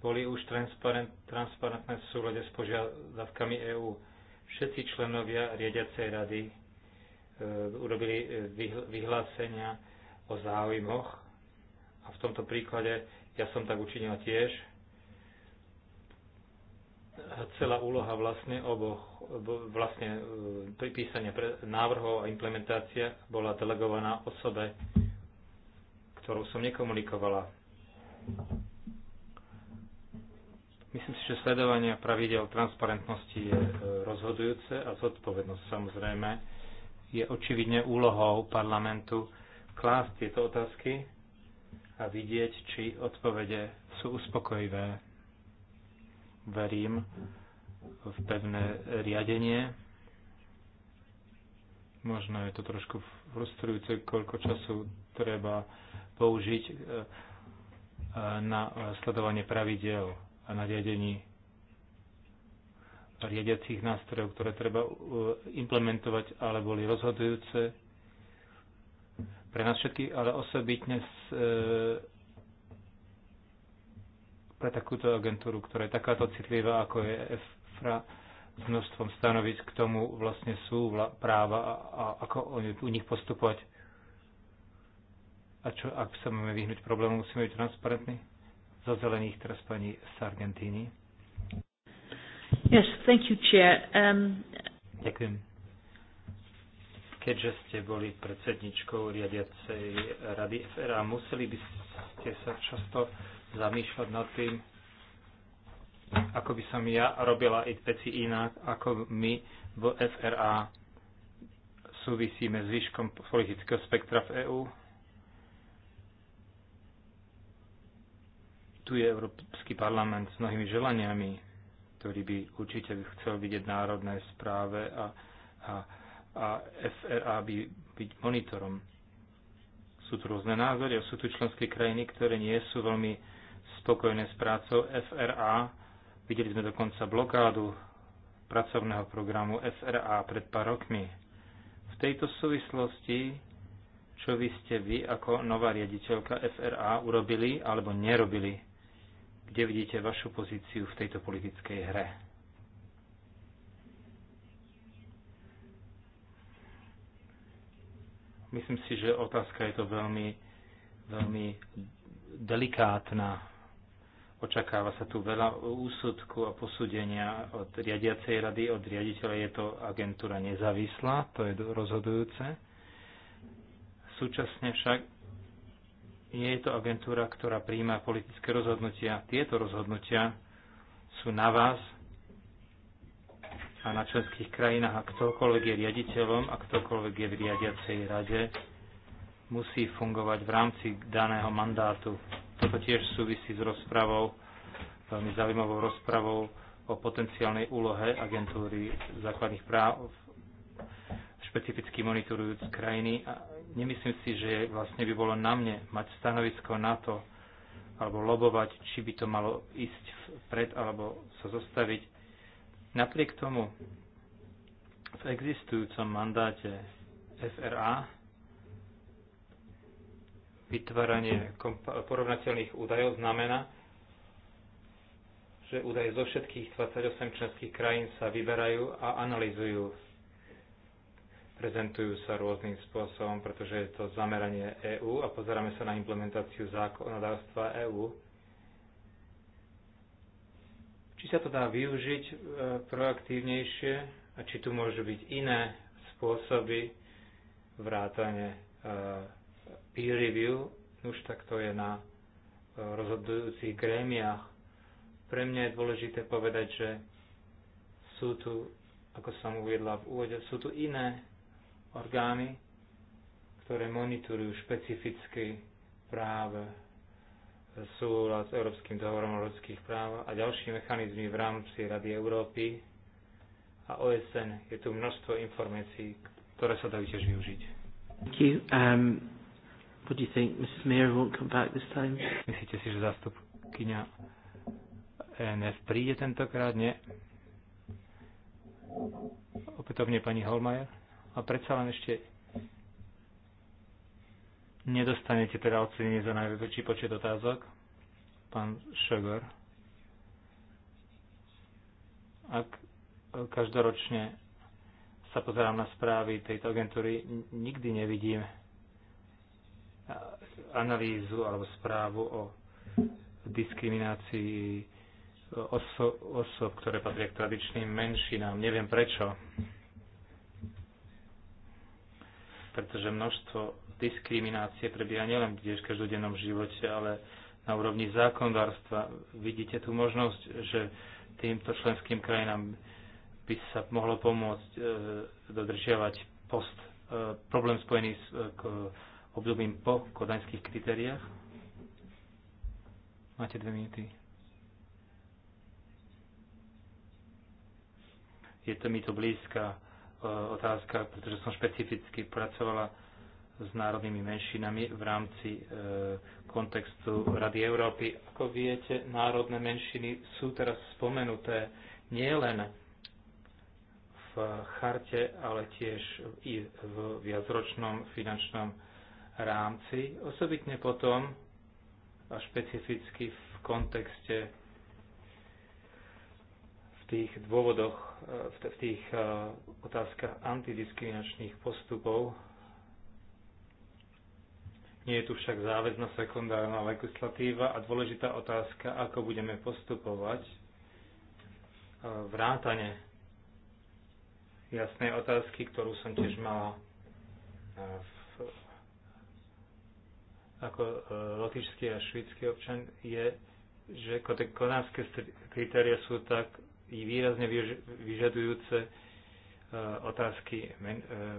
D: boli už transparent, transparentné v súlade s požiadavkami EÚ. Všetci členovia riadiacej rady e, urobili e, vyhlásenia o záujmoch a v tomto príklade ja som tak učinila tiež. Celá úloha vlastne oboch, vlastne e, pripísanie návrhov a implementácia bola delegovaná osobe, ktorou som nekomunikovala. Myslím si, že sledovanie pravidel transparentnosti je e, rozhodujúce a zodpovednosť samozrejme je očividne úlohou parlamentu klásť tieto otázky a vidieť, či odpovede sú uspokojivé. Verím v pevné riadenie. Možno je to trošku frustrujúce, koľko času treba použiť e, e, na sledovanie pravidel a na riadení riadiacich nástrojov, ktoré treba e, implementovať, ale boli rozhodujúce pre nás všetky, ale osobitne s, e, pre takúto agentúru, ktorá je takáto citlivá, ako je EFRA, s množstvom stanovisk k tomu vlastne sú vla, práva a, a ako u nich postupovať. A čo, ak sa máme vyhnúť problému, musíme byť transparentní. Zo zelených teraz pani Sargentini.
B: Yes, thank you, Chair. Um...
D: Ďakujem keďže ste boli predsedničkou riadiacej rady FRA, museli by ste sa často zamýšľať nad tým, ako by som ja robila i veci inak, ako my v FRA súvisíme s výškom politického spektra v EÚ. Tu je Európsky parlament s mnohými želaniami, ktorý by určite chcel vidieť národné správe a, a a FRA by byť monitorom. Sú tu rôzne názory, a sú tu členské krajiny, ktoré nie sú veľmi spokojné s prácou FRA. Videli sme dokonca blokádu pracovného programu FRA pred pár rokmi. V tejto súvislosti, čo vy ste vy ako nová riaditeľka FRA urobili alebo nerobili? Kde vidíte vašu pozíciu v tejto politickej hre? Myslím si, že otázka je to veľmi, veľmi delikátna. Očakáva sa tu veľa úsudku a posúdenia od riadiacej rady, od riaditeľa. Je to agentúra nezávislá, to je rozhodujúce. Súčasne však je to agentúra, ktorá príjma politické rozhodnutia. Tieto rozhodnutia sú na vás, a na členských krajinách a ktokoľvek je riaditeľom a ktokoľvek je v riadiacej rade, musí fungovať v rámci daného mandátu. Toto tiež súvisí s rozpravou, veľmi zaujímavou rozpravou o potenciálnej úlohe agentúry základných práv, špecificky monitorujúc krajiny. A nemyslím si, že vlastne by bolo na mne mať stanovisko na to, alebo lobovať, či by to malo ísť vpred, alebo sa zostaviť Napriek tomu v existujúcom mandáte FRA vytváranie porovnateľných údajov znamená, že údaje zo všetkých 28 členských krajín sa vyberajú a analýzujú. Prezentujú sa rôznym spôsobom, pretože je to zameranie EÚ a pozeráme sa na implementáciu zákonodárstva EÚ či sa to dá využiť e, proaktívnejšie a či tu môžu byť iné spôsoby vrátane e, peer review, no už tak to je na e, rozhodujúcich grémiách. Pre mňa je dôležité povedať, že sú tu, ako som uviedla v úvode, sú tu iné orgány, ktoré monitorujú špecificky práve súlad s Európskym dohovorom o ľudských práv a ďalšími mechanizmy v rámci Rady Európy a OSN. Je tu množstvo informácií, ktoré sa dajú tiež využiť. Thank you. Um, what do you think? Mrs. won't come back this time? Myslíte si, že zastupkyňa ENF príde tentokrát? Nie. Opätovne pani Holmajer. A predsa len ešte Nedostanete teda ocenenie za najväčší počet otázok, pán Šogor. Ak každoročne sa pozerám na správy tejto agentúry, nikdy nevidím analýzu alebo správu o diskriminácii oso- osob, ktoré patria k tradičným menšinám. Neviem prečo. Pretože množstvo diskriminácie prebieha nielen tiež v každodennom živote, ale na úrovni zákonodárstva. Vidíte tu možnosť, že týmto členským krajinám by sa mohlo pomôcť e, dodržiavať post, e, problém spojený s e, k, obdobím po kodaňských kritériách? Máte dve minúty. Je to mi to blízka e, otázka, pretože som špecificky pracovala s národnými menšinami v rámci e, kontextu Rady Európy. Ako viete, národné menšiny sú teraz spomenuté nielen v charte, ale tiež i v viacročnom finančnom rámci, osobitne potom a špecificky v kontexte v tých dôvodoch, e, v tých e, otázkach antidiskriminačných postupov nie je tu však záväzná sekundárna legislatíva a dôležitá otázka, ako budeme postupovať e, vrátane jasnej otázky, ktorú som tiež mala e, v, ako e, lotišský a švedský občan, je, že konávské kritéria sú tak výrazne vyžadujúce otázky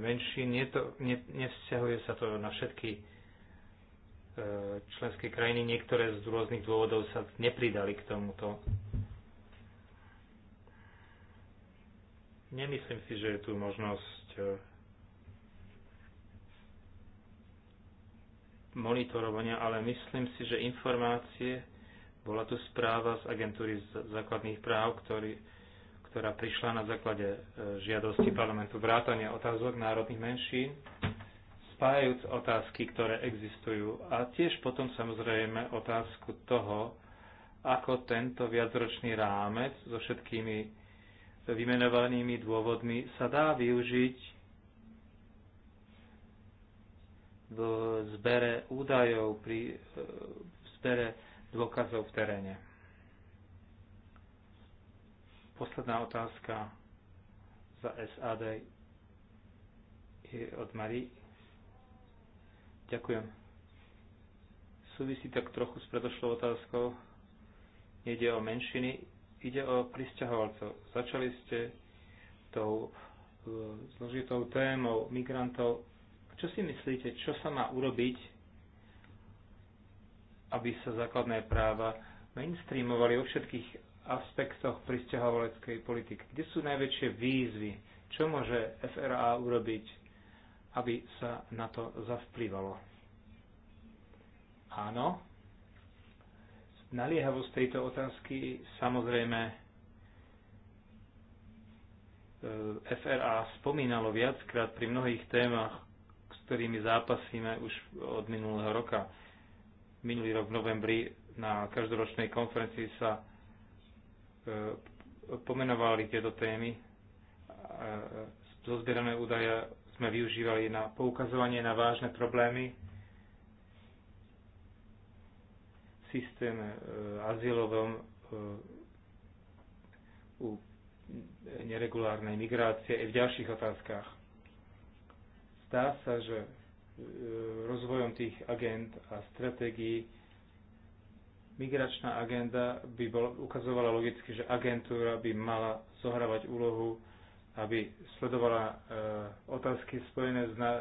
D: menšie. Nie to, nevzťahuje sa to na všetky E, členské krajiny, niektoré z rôznych dôvodov sa nepridali k tomuto. Nemyslím si, že je tu možnosť e, monitorovania, ale myslím si, že informácie, bola tu správa z agentúry základných práv, ktorý, ktorá prišla na základe e, žiadosti parlamentu vrátania otázok národných menšín spájajúc otázky, ktoré existujú a tiež potom samozrejme otázku toho, ako tento viacročný rámec so všetkými vymenovanými dôvodmi sa dá využiť v zbere údajov, pri zbere dôkazov v teréne. Posledná otázka za SAD je od Marie Ďakujem. Súvisí tak trochu s predošlou otázkou. Nejde o menšiny, ide o pristahovalcov. Začali ste tou e, zložitou témou migrantov. Čo si myslíte, čo sa má urobiť, aby sa základné práva mainstreamovali vo všetkých aspektoch pristahovaleckej politiky? Kde sú najväčšie výzvy? Čo môže FRA urobiť? aby sa na to zavplyvalo. Áno, naliehavosť tejto otázky samozrejme e, FRA spomínalo viackrát pri mnohých témach, s ktorými zápasíme už od minulého roka. Minulý rok v novembri na každoročnej konferencii sa e, pomenovali tieto témy. E, zozbierané údaje sme využívali na poukazovanie na vážne problémy systém systéme azylovom e, u neregulárnej migrácie aj v ďalších otázkach. Zdá sa, že e, rozvojom tých agent a stratégií migračná agenda by bol, ukazovala logicky, že agentúra by mala zohrávať úlohu aby sledovala e, otázky spojené s, na,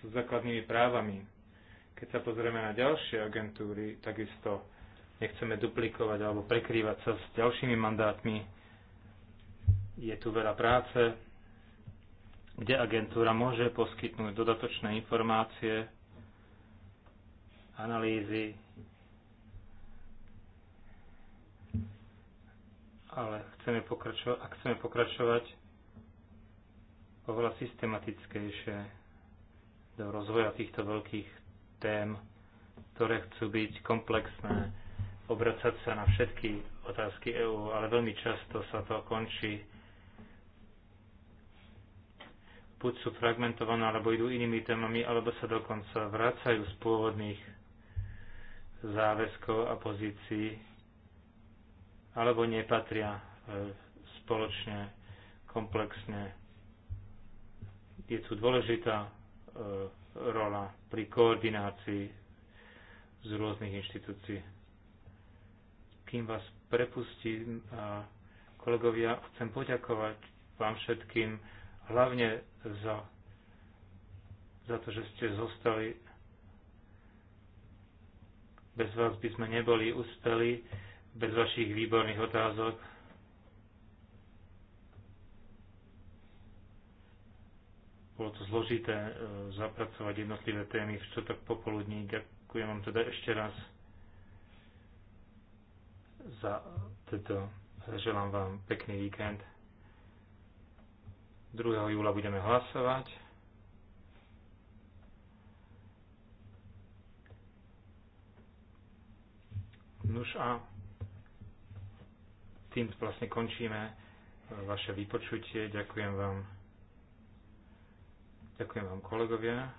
D: s základnými právami. Keď sa pozrieme na ďalšie agentúry, takisto nechceme duplikovať alebo prekrývať sa s ďalšími mandátmi. Je tu veľa práce, kde agentúra môže poskytnúť dodatočné informácie, analýzy, ale chceme pokračovať, ak chceme pokračovať oveľa systematickejšie do rozvoja týchto veľkých tém, ktoré chcú byť komplexné, obracať sa na všetky otázky EÚ, ale veľmi často sa to končí buď sú fragmentované, alebo idú inými témami, alebo sa dokonca vracajú z pôvodných záväzkov a pozícií, alebo nepatria e, spoločne, komplexne je tu dôležitá e, rola pri koordinácii z rôznych inštitúcií. Kým vás prepustím, kolegovia, chcem poďakovať vám všetkým, hlavne za, za to, že ste zostali. Bez vás by sme neboli uspeli, bez vašich výborných otázok. Bolo to zložité e, zapracovať jednotlivé témy v čtvrtok popoludní. Ďakujem vám teda ešte raz za tento. Želám vám pekný víkend. 2. júla budeme hlasovať. Nuž a tým vlastne končíme e, vaše vypočutie. Ďakujem vám. Ďakujem vám kolegovia.